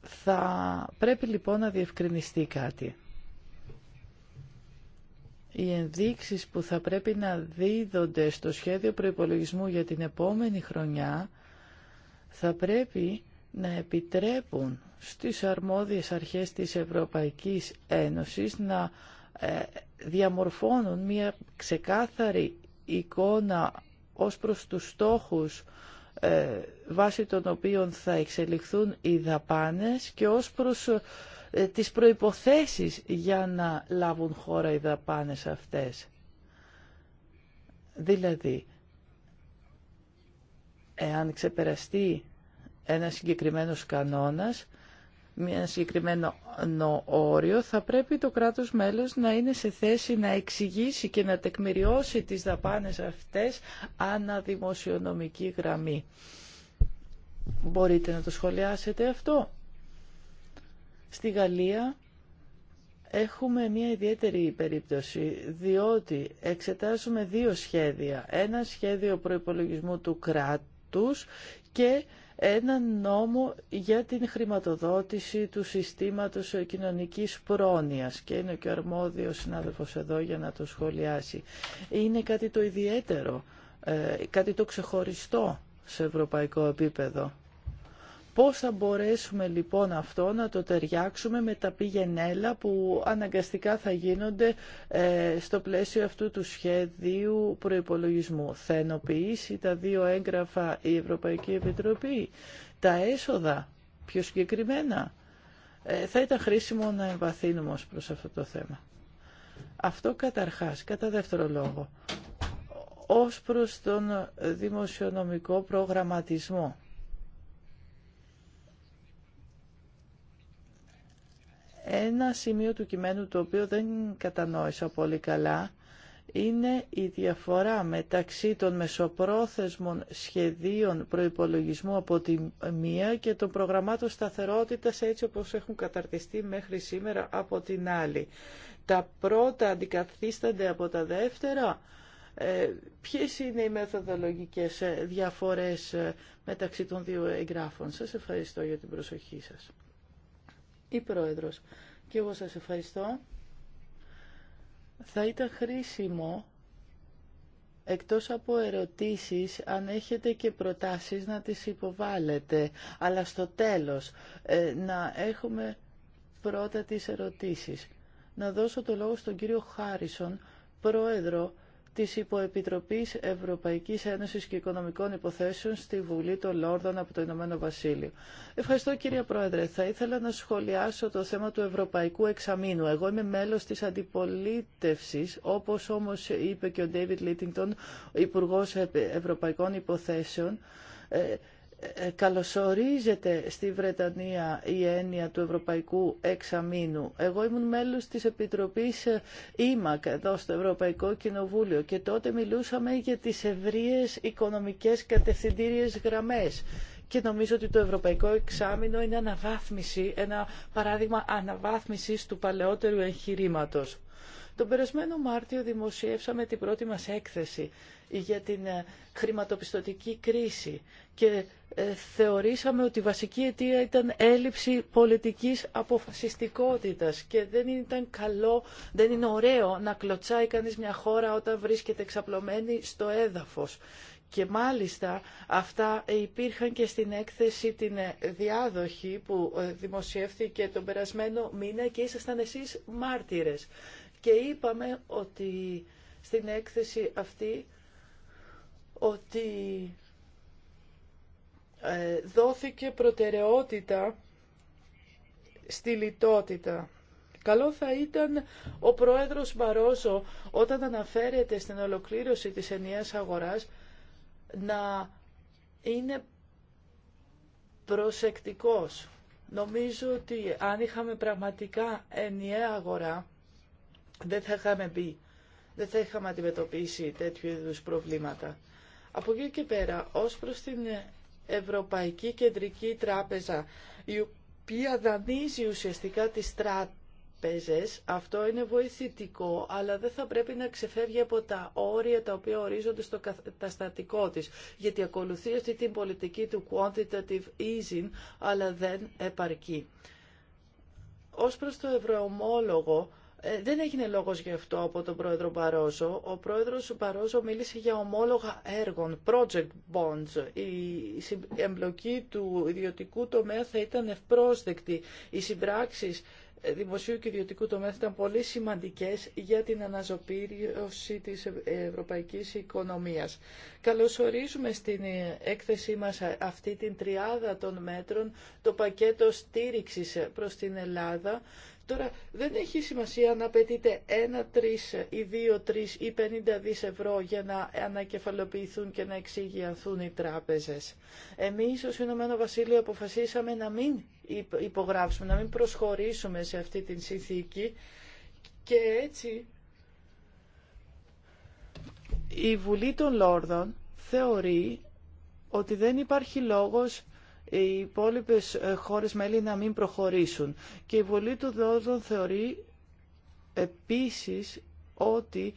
Speaker 1: Θα πρέπει λοιπόν να διευκρινιστεί κάτι. Οι ενδείξεις που θα πρέπει να δίδονται στο σχέδιο προϋπολογισμού για την επόμενη χρονιά θα πρέπει να επιτρέπουν στις αρμόδιες αρχές της Ευρωπαϊκής Ένωσης να ε, διαμορφώνουν μια ξεκάθαρη εικόνα ως προς τους στόχους ε, βάσει των οποίων θα εξελιχθούν οι δαπάνες και ως προς ε, τις προϋποθέσεις για να λάβουν χώρα οι δαπάνες αυτές. Δηλαδή, εάν ξεπεραστεί ένα συγκεκριμένος κανόνας, μία συγκεκριμένο όριο, θα πρέπει το κράτος μέλος να είναι σε θέση να εξηγήσει και να τεκμηριώσει τις δαπάνες αυτές αναδημοσιονομική γραμμή. Μπορείτε να το σχολιάσετε αυτό. Στη Γαλλία έχουμε μια ιδιαίτερη περίπτωση, διότι εξετάζουμε δύο σχέδια. Ένα σχέδιο προϋπολογισμού του κράτους και ένα νόμο για την χρηματοδότηση του συστήματος κοινωνικής πρόνοιας και είναι και ο αρμόδιος συνάδελφος εδώ για να το σχολιάσει. Είναι κάτι το ιδιαίτερο, ε, κάτι το ξεχωριστό σε ευρωπαϊκό επίπεδο. Πώς θα μπορέσουμε λοιπόν αυτό να το ταιριάξουμε με τα πηγενέλα που αναγκαστικά θα γίνονται ε, στο πλαίσιο αυτού του σχέδιου προϋπολογισμού. Θα ενοποιήσει τα δύο έγγραφα η Ευρωπαϊκή Επιτροπή, τα έσοδα πιο συγκεκριμένα. Ε, θα ήταν χρήσιμο να εμβαθύνουμε ως προς αυτό το θέμα. Αυτό καταρχάς, κατά δεύτερο λόγο, ως προς τον δημοσιονομικό προγραμματισμό Ένα σημείο του κειμένου το οποίο δεν κατανόησα πολύ καλά είναι η διαφορά μεταξύ των μεσοπρόθεσμων σχεδίων προϋπολογισμού από τη μία και των προγραμμάτων σταθερότητας έτσι όπως έχουν καταρτιστεί μέχρι σήμερα από την άλλη. Τα πρώτα αντικαθίστανται από τα δεύτερα. Ε, ποιες είναι οι μεθοδολογικές ε, διαφορές ε, μεταξύ των δύο εγγράφων. Σας ευχαριστώ για την προσοχή σας. Η Πρόεδρος. Και εγώ σας ευχαριστώ. Θα ήταν χρήσιμο, εκτός από ερωτήσεις, αν έχετε και προτάσεις να τις υποβάλλετε, αλλά στο τέλος ε, να έχουμε πρώτα τις ερωτήσεις. Να δώσω το λόγο στον κύριο Χάρισον, πρόεδρο της Υποεπιτροπής Ευρωπαϊκής Ένωσης και Οικονομικών Υποθέσεων στη Βουλή των Λόρδων από το Ηνωμένο Βασίλειο. Ευχαριστώ κύριε Πρόεδρε. Θα ήθελα να σχολιάσω το θέμα του Ευρωπαϊκού Εξαμήνου. Εγώ είμαι μέλος της αντιπολίτευσης, όπως όμως είπε και ο Ντέιβιτ Λίτινγκτον, Υπουργός Ευρωπαϊκών Υποθέσεων ε, ε, καλωσορίζεται στη Βρετανία η έννοια του Ευρωπαϊκού Εξαμήνου. Εγώ ήμουν μέλος της Επιτροπής ε, ΙΜΑΚ εδώ στο Ευρωπαϊκό Κοινοβούλιο και τότε μιλούσαμε για τις ευρείες οικονομικές κατευθυντήριες γραμμές. Και νομίζω ότι το Ευρωπαϊκό Εξάμεινο είναι αναβάθμιση, ένα παράδειγμα αναβάθμισης του παλαιότερου εγχειρήματος. Τον περασμένο Μάρτιο δημοσιεύσαμε την πρώτη μας έκθεση για την ε, χρηματοπιστωτική κρίση και ε, θεωρήσαμε ότι η βασική αιτία ήταν έλλειψη πολιτικής αποφασιστικότητας και δεν ήταν καλό, δεν είναι ωραίο να κλωτσάει κανείς μια χώρα όταν βρίσκεται εξαπλωμένη στο έδαφος. Και μάλιστα αυτά υπήρχαν και στην έκθεση την ε, διάδοχη που δημοσιεύθηκε τον περασμένο μήνα και ήσασταν εσείς μάρτυρες. Και είπαμε ότι στην έκθεση αυτή ότι ε, δόθηκε προτεραιότητα στη λιτότητα. Καλό θα ήταν ο πρόεδρος Μπαρόζο όταν αναφέρεται στην ολοκλήρωση της ενιαίας αγοράς να είναι προσεκτικός. Νομίζω ότι αν είχαμε πραγματικά ενιαία αγορά δεν θα είχαμε μπει, δεν θα είχαμε αντιμετωπίσει τέτοιου είδους προβλήματα. Από εκεί και πέρα, ως προς την Ευρωπαϊκή Κεντρική Τράπεζα, η οποία δανείζει ουσιαστικά τις τράπεζες, αυτό είναι βοηθητικό, αλλά δεν θα πρέπει να ξεφεύγει από τα όρια τα οποία ορίζονται στο καταστατικό της, γιατί ακολουθεί αυτή την πολιτική του quantitative easing, αλλά δεν επαρκεί. Ως προς το ευρωομόλογο, ε, δεν έγινε λόγος γι' αυτό από τον πρόεδρο Μπαρόζο. Ο πρόεδρος Μπαρόζο μίλησε για ομόλογα έργων, project bonds. Η εμπλοκή του ιδιωτικού τομέα θα ήταν ευπρόσδεκτη. Οι συμπράξεις ε, δημοσίου και ιδιωτικού τομέα θα ήταν πολύ σημαντικές για την αναζωπήρωση της ευρωπαϊκής οικονομίας. Καλωσορίζουμε στην ε, έκθεσή μας αυτή την τριάδα των μέτρων, το πακέτο στήριξης προς την Ελλάδα, Τώρα δεν έχει σημασία να απαιτείται ένα, τρει ή δύο, τρει ή πενήντα δις ευρώ για να ανακεφαλοποιηθούν και να εξηγιαθούν οι τράπεζες. Εμείς ως Ηνωμένο Βασίλειο αποφασίσαμε να μην υπογράψουμε, να μην προσχωρήσουμε σε αυτή την συνθήκη και έτσι η Βουλή των Λόρδων θεωρεί ότι δεν υπάρχει λόγος οι υπόλοιπε ε, χώρε μέλη να μην προχωρήσουν. Και η Βουλή του Δόδων θεωρεί επίσης ότι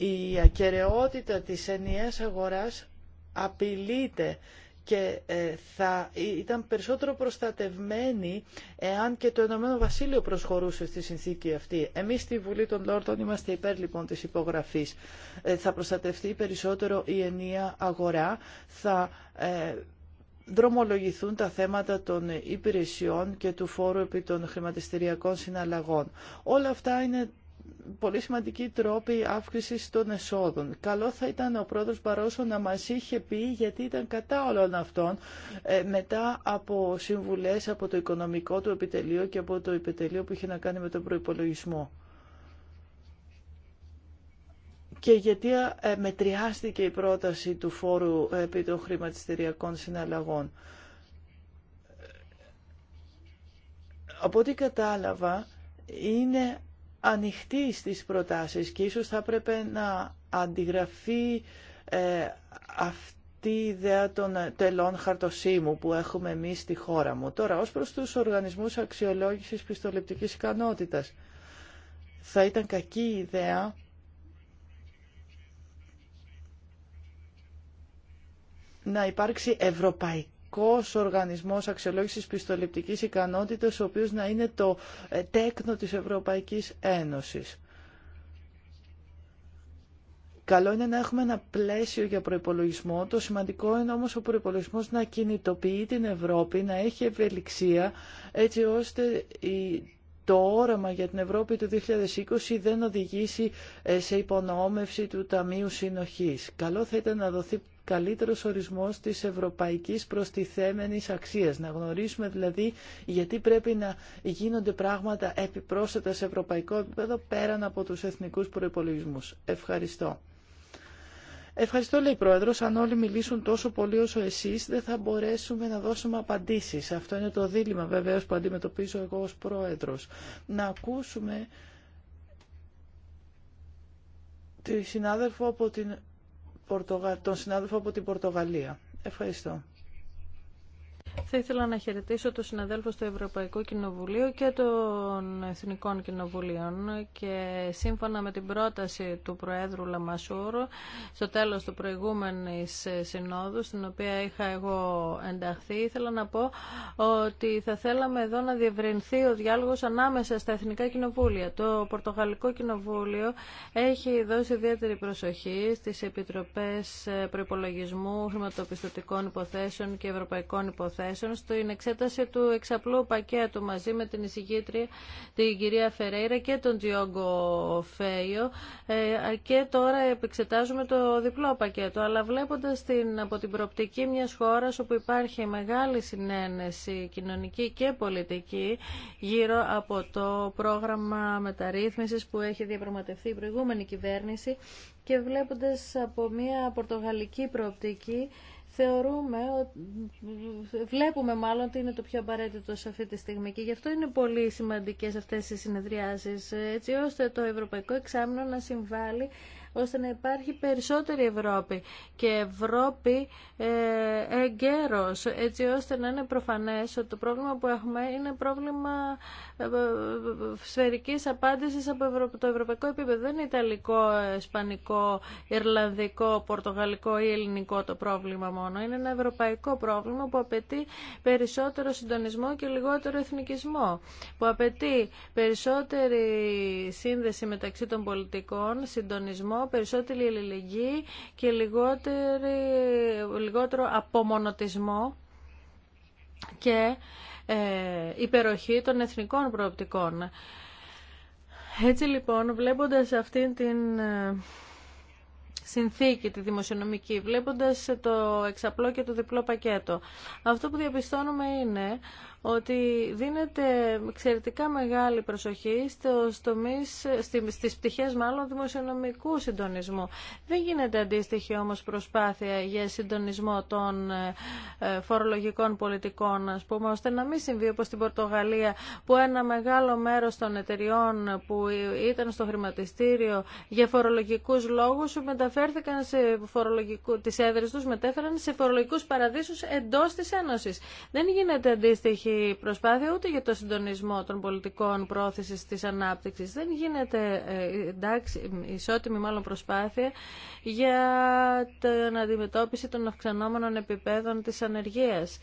Speaker 1: η ακαιρεότητα της ενιαίας αγοράς απειλείται και ε, θα ήταν περισσότερο προστατευμένοι εάν και το Ηνωμένο Βασίλειο προσχωρούσε στη συνθήκη αυτή. Εμείς στη Βουλή των Λόρτων είμαστε υπέρ λοιπόν της υπογραφής. Ε, θα προστατευτεί περισσότερο η ενία αγορά, θα ε, δρομολογηθούν τα θέματα των υπηρεσιών και του φόρου επί των χρηματιστηριακών συναλλαγών. Όλα αυτά είναι πολύ σημαντική τρόποι αύξηση των εσόδων. Καλό θα ήταν ο πρόεδρο Παρόσο να μα είχε πει γιατί ήταν κατά όλων αυτών ε, μετά από συμβουλέ από το οικονομικό του επιτελείο και από το επιτελείο που είχε να κάνει με τον προπολογισμό. Και γιατί ε, μετριάστηκε η πρόταση του φόρου ε, επί των χρηματιστηριακών συναλλαγών. Από ό,τι κατάλαβα, είναι ανοιχτή στις προτάσεις και ίσως θα έπρεπε να αντιγραφεί ε, αυτή η ιδέα των τελών χαρτοσύμου που έχουμε εμεί στη χώρα μου. Τώρα, ως προς τους οργανισμούς αξιολόγησης πιστοληπτικής ικανότητας, θα ήταν κακή ιδέα να υπάρξει ευρωπαϊκή ειδικό Οργανισμός Αξιολόγησης Πιστοληπτικής Ικανότητας, ο οποίος να είναι το ε, τέκνο της Ευρωπαϊκής Ένωσης. Καλό είναι να έχουμε ένα πλαίσιο για προϋπολογισμό. Το σημαντικό είναι όμως ο προϋπολογισμός να κινητοποιεί την Ευρώπη, να έχει ευελιξία, έτσι ώστε η το όραμα για την Ευρώπη του 2020 δεν οδηγήσει ε, σε υπονοόμευση του Ταμείου Συνοχής. Καλό θα ήταν να δοθεί καλύτερος ορισμός της ευρωπαϊκής προστιθέμενης αξίας. Να γνωρίσουμε δηλαδή γιατί πρέπει να γίνονται πράγματα επιπρόσθετα σε ευρωπαϊκό επίπεδο πέραν από τους εθνικούς προϋπολογισμούς. Ευχαριστώ. Ευχαριστώ, λέει η Πρόεδρο. Αν όλοι μιλήσουν τόσο πολύ όσο εσεί, δεν θα μπορέσουμε να δώσουμε απαντήσει. Αυτό είναι το δίλημα, βεβαίω, που αντιμετωπίζω εγώ ω Πρόεδρο. Να ακούσουμε τη συνάδελφο από την τον συνάδελφο από την Πορτογαλία. Ευχαριστώ.
Speaker 2: Θα ήθελα να χαιρετήσω τους συναδέλφους του Ευρωπαϊκού Κοινοβουλίου και των Εθνικών Κοινοβουλίων και σύμφωνα με την πρόταση του Προέδρου Λαμασούρου στο τέλος του προηγούμενης συνόδου στην οποία είχα εγώ ενταχθεί ήθελα να πω ότι θα θέλαμε εδώ να διευρυνθεί ο διάλογος ανάμεσα στα Εθνικά Κοινοβούλια. Το Πορτογαλικό Κοινοβούλιο έχει δώσει ιδιαίτερη προσοχή στις Επιτροπές προπολογισμού Χρηματοπιστωτικών Υποθέσεων και Ευρωπαϊκών Υποθέσεων στο στην εξέταση του εξαπλού πακέτου μαζί με την εισηγήτρια την κυρία Φερέιρα και τον Τζιόγκο Φέιο ε, και τώρα επεξετάζουμε το διπλό πακέτο αλλά βλέποντας την, από την προοπτική μιας χώρας όπου υπάρχει μεγάλη συνένεση κοινωνική και πολιτική γύρω από το πρόγραμμα μεταρρύθμισης που έχει διαπραγματευτεί η προηγούμενη κυβέρνηση και βλέποντας από μια πορτογαλική προοπτική θεωρούμε, βλέπουμε μάλλον ότι είναι το πιο απαραίτητο σε αυτή τη στιγμή και γι' αυτό είναι πολύ σημαντικές αυτές οι συνεδριάσεις, έτσι ώστε το Ευρωπαϊκό Εξάμεινο να συμβάλλει ώστε να υπάρχει περισσότερη Ευρώπη και Ευρώπη ε, εγκαίρος, έτσι ώστε να είναι προφανές ότι το πρόβλημα που έχουμε είναι πρόβλημα ε, ε, σφαιρικής απάντησης από το ευρωπαϊκό επίπεδο. Δεν είναι ιταλικό, ισπανικό, ιρλανδικό, πορτογαλικό ή ελληνικό το πρόβλημα μόνο. Είναι ένα ευρωπαϊκό πρόβλημα που απαιτεί περισσότερο συντονισμό και λιγότερο εθνικισμό, που απαιτεί περισσότερη σύνδεση μεταξύ των πολιτικών, συντονισμό, περισσότερη ελληνική και λιγότερη, λιγότερο απομονωτισμό και ε, υπεροχή των εθνικών προοπτικών. Έτσι λοιπόν, βλέποντας αυτήν την ε, συνθήκη τη δημοσιονομική, βλέποντας το εξαπλό και το διπλό πακέτο. Αυτό που διαπιστώνουμε είναι ότι δίνεται εξαιρετικά μεγάλη προσοχή στο, στις πτυχές μάλλον δημοσιονομικού συντονισμού. Δεν γίνεται αντίστοιχη όμως προσπάθεια για συντονισμό των ε, ε, φορολογικών πολιτικών, ας πούμε, ώστε να μην συμβεί όπως στην Πορτογαλία που ένα μεγάλο μέρος των εταιριών που ήταν στο χρηματιστήριο για φορολογικούς λόγους μεταφέρθηκαν σε φορολογικού, τις έδρες τους μετέφεραν σε φορολογικούς παραδείσους εντός της Ένωσης. Δεν γίνεται αντίστοιχη υπάρχει προσπάθεια ούτε για το συντονισμό των πολιτικών πρόθεση τη ανάπτυξη. Δεν γίνεται ε, εντάξει, ισότιμη μάλλον προσπάθεια για την αντιμετώπιση των αυξανόμενων επιπέδων της ανεργίας.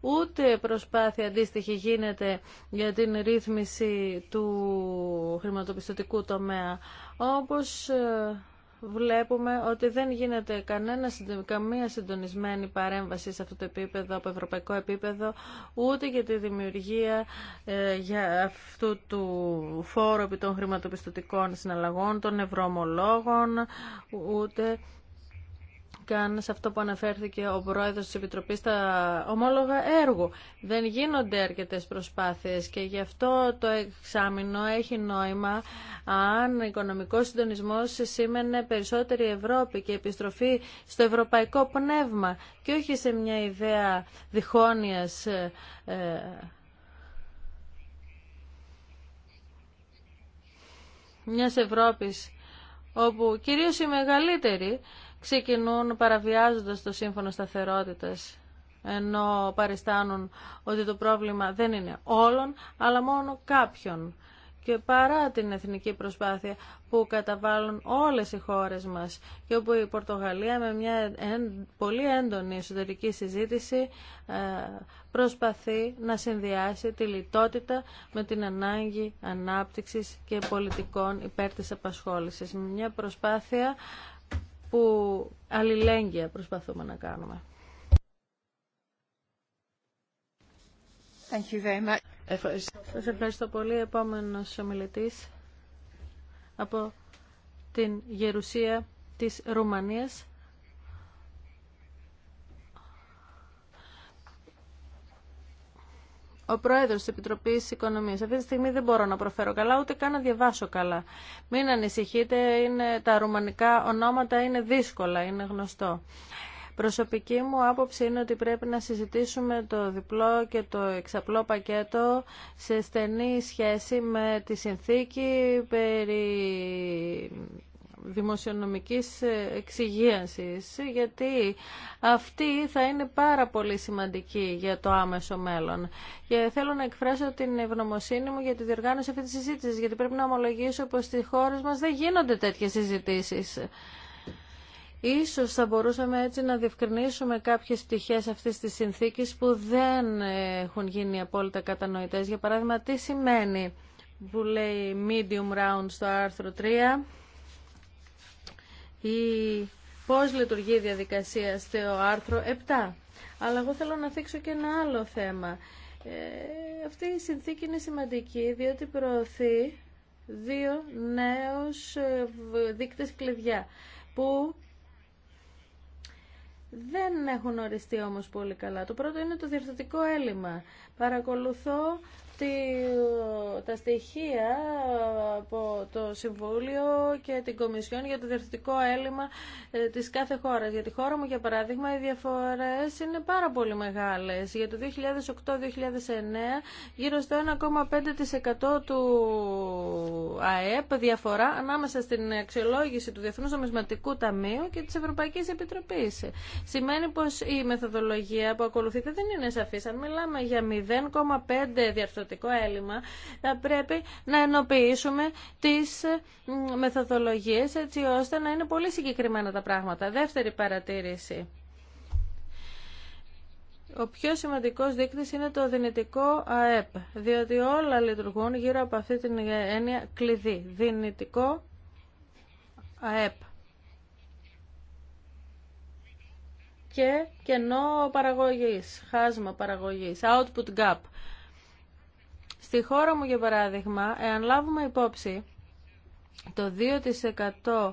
Speaker 2: Ούτε προσπάθεια αντίστοιχη γίνεται για την ρύθμιση του χρηματοπιστωτικού τομέα, όπως ε, βλέπουμε ότι δεν γίνεται κανένα, καμία συντονισμένη παρέμβαση σε αυτό το επίπεδο, από ευρωπαϊκό επίπεδο, ούτε για τη δημιουργία ε, για αυτού του φόρου επί των χρηματοπιστωτικών συναλλαγών, των ευρωομολόγων, ούτε σε αυτό που αναφέρθηκε ο πρόεδρος της Επιτροπής στα ομόλογα έργου. Δεν γίνονται αρκετές προσπάθειες και γι' αυτό το εξάμεινο έχει νόημα αν ο οικονομικός συντονισμός σήμαινε περισσότερη Ευρώπη και επιστροφή στο ευρωπαϊκό πνεύμα και όχι σε μια ιδέα διχόνοιας ε, ε, μιας Ευρώπης όπου κυρίως οι μεγαλύτεροι ξεκινούν παραβιάζοντας το σύμφωνο σταθερότητας ενώ παριστάνουν ότι το πρόβλημα δεν είναι όλων αλλά μόνο κάποιων και παρά την εθνική προσπάθεια που καταβάλουν όλες οι χώρες μας και όπου η Πορτογαλία με μια πολύ έντονη εσωτερική συζήτηση ε, προσπαθεί να συνδυάσει τη λιτότητα με την ανάγκη ανάπτυξης και πολιτικών υπέρ της απασχόλησης. Μια προσπάθεια που αλληλέγγυα προσπαθούμε να κάνουμε. Thank you very much. Ευχαριστώ. Σας ευχαριστώ πολύ. Επόμενος ομιλητής από την Γερουσία της Ρουμανίας. ο πρόεδρο τη Επιτροπή Οικονομία. Αυτή τη στιγμή δεν μπορώ να προφέρω καλά, ούτε καν να διαβάσω καλά. Μην ανησυχείτε, είναι, τα ρουμανικά ονόματα είναι δύσκολα, είναι γνωστό. Προσωπική μου άποψη είναι ότι πρέπει να συζητήσουμε το διπλό και το εξαπλό πακέτο σε στενή σχέση με τη συνθήκη περί δημοσιονομικής ε, εξυγίανσης γιατί αυτή θα είναι πάρα πολύ σημαντική για το άμεσο μέλλον. Και θέλω να εκφράσω την ευγνωμοσύνη μου για τη διοργάνωση αυτή της συζήτησης γιατί πρέπει να ομολογήσω πως στις χώρες μας δεν γίνονται τέτοιες συζητήσεις. Ίσως θα μπορούσαμε έτσι να διευκρινίσουμε κάποιες πτυχές αυτής της συνθήκης που δεν έχουν γίνει απόλυτα κατανοητές. Για παράδειγμα, τι σημαίνει που λέει medium round στο άρθρο 3 η... πώς λειτουργεί η διαδικασία στο άρθρο 7. Αλλά εγώ θέλω να θίξω και ένα άλλο θέμα. Ε, αυτή η συνθήκη είναι σημαντική διότι προωθεί δύο νέους ε, δείκτες κλειδιά που δεν έχουν οριστεί όμως πολύ καλά. Το πρώτο είναι το διορθωτικό έλλειμμα. Παρακολουθώ ε, τα στοιχεία από το Συμβούλιο και την Κομισιόν για το διευθυντικό έλλειμμα ε, της κάθε χώρας. Για τη χώρα μου, για παράδειγμα, οι διαφορές είναι πάρα πολύ μεγάλες. Για το 2008-2009 γύρω στο 1,5% του ΑΕΠ διαφορά ανάμεσα στην αξιολόγηση του Διεθνούς Νομισματικού Ταμείου και της Ευρωπαϊκής Επιτροπής. Σημαίνει πως η μεθοδολογία που ακολουθείται δεν είναι σαφής. Αν μιλάμε για 0,5 έλλειμμα, θα πρέπει να ενοποιήσουμε τις ε, μεθοδολογίες έτσι ώστε να είναι πολύ συγκεκριμένα τα πράγματα. Δεύτερη παρατήρηση. Ο πιο σημαντικός δείκτης είναι το δυνητικό ΑΕΠ, διότι όλα λειτουργούν γύρω από αυτή την έννοια κλειδί. Δυνητικό ΑΕΠ. Και κενό παραγωγής, χάσμα παραγωγής, output gap. Στη χώρα μου, για παράδειγμα, εάν λάβουμε υπόψη το 2%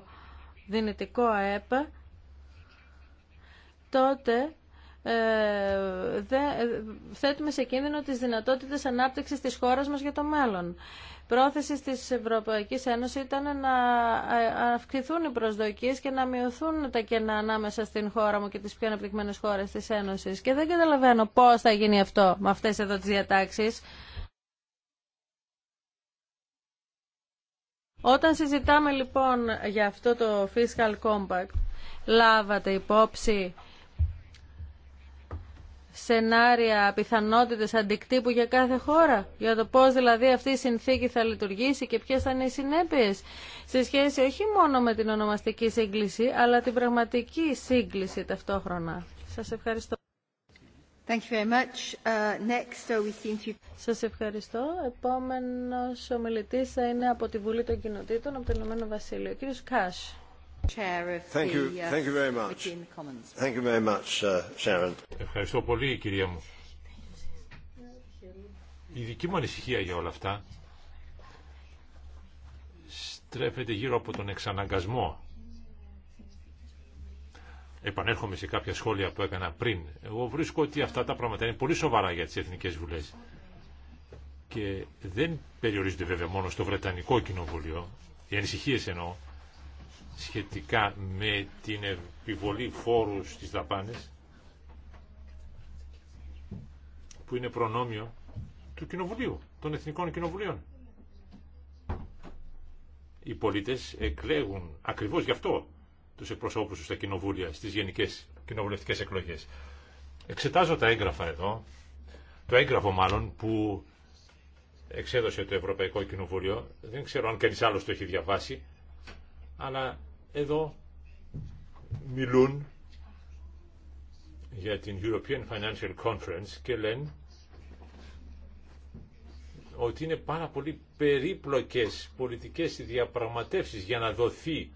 Speaker 2: δυνητικό ΑΕΠ, τότε ε, ε, θέτουμε σε κίνδυνο τις δυνατότητες ανάπτυξης της χώρας μας για το μέλλον. Πρόθεση της Ευρωπαϊκής Ένωσης ήταν να ε, αυξηθούν οι προσδοκίες και να μειωθούν τα κενά ανάμεσα στην χώρα μου και τις πιο αναπτυγμένες χώρες της Ένωσης. Και δεν καταλαβαίνω πώς θα γίνει αυτό με αυτές εδώ τις διατάξεις. Όταν συζητάμε λοιπόν για αυτό το Fiscal Compact, λάβατε υπόψη σενάρια, πιθανότητες αντικτύπου για κάθε χώρα, για το πώς δηλαδή αυτή η συνθήκη θα λειτουργήσει και ποιες θα είναι οι συνέπειες σε σχέση όχι μόνο με την ονομαστική σύγκληση, αλλά την πραγματική σύγκληση ταυτόχρονα. Σας ευχαριστώ. Σας ευχαριστώ. Επόμενος ομιλητής θα είναι από τη Βουλή των Κοινοτήτων, από το Ηνωμένο Βασίλειο. Κύριος Κάσ. Uh,
Speaker 3: uh, ευχαριστώ πολύ, κυρία μου. Η δική μου ανησυχία για όλα αυτά στρέφεται γύρω από τον εξαναγκασμό επανέρχομαι σε κάποια σχόλια που έκανα πριν. Εγώ βρίσκω ότι αυτά τα πράγματα είναι πολύ σοβαρά για τις Εθνικές Βουλές. Και δεν περιορίζονται βέβαια μόνο στο Βρετανικό Κοινοβούλιο, οι ανησυχίε εννοώ, σχετικά με την επιβολή φόρου στις δαπάνες, που είναι προνόμιο του Κοινοβουλίου, των Εθνικών Κοινοβουλίων. Οι πολίτες εκλέγουν ακριβώς γι' αυτό του εκπροσώπου τους στα κοινοβούλια, στις γενικές κοινοβουλευτικέ εκλογές. Εξετάζω τα έγγραφα εδώ, το έγγραφο μάλλον που εξέδωσε το Ευρωπαϊκό Κοινοβούλιο, δεν ξέρω αν κανεί άλλο το έχει διαβάσει, αλλά εδώ μιλούν για την European Financial Conference και λένε ότι είναι πάρα πολύ περίπλοκες πολιτικές διαπραγματεύσεις για να δοθεί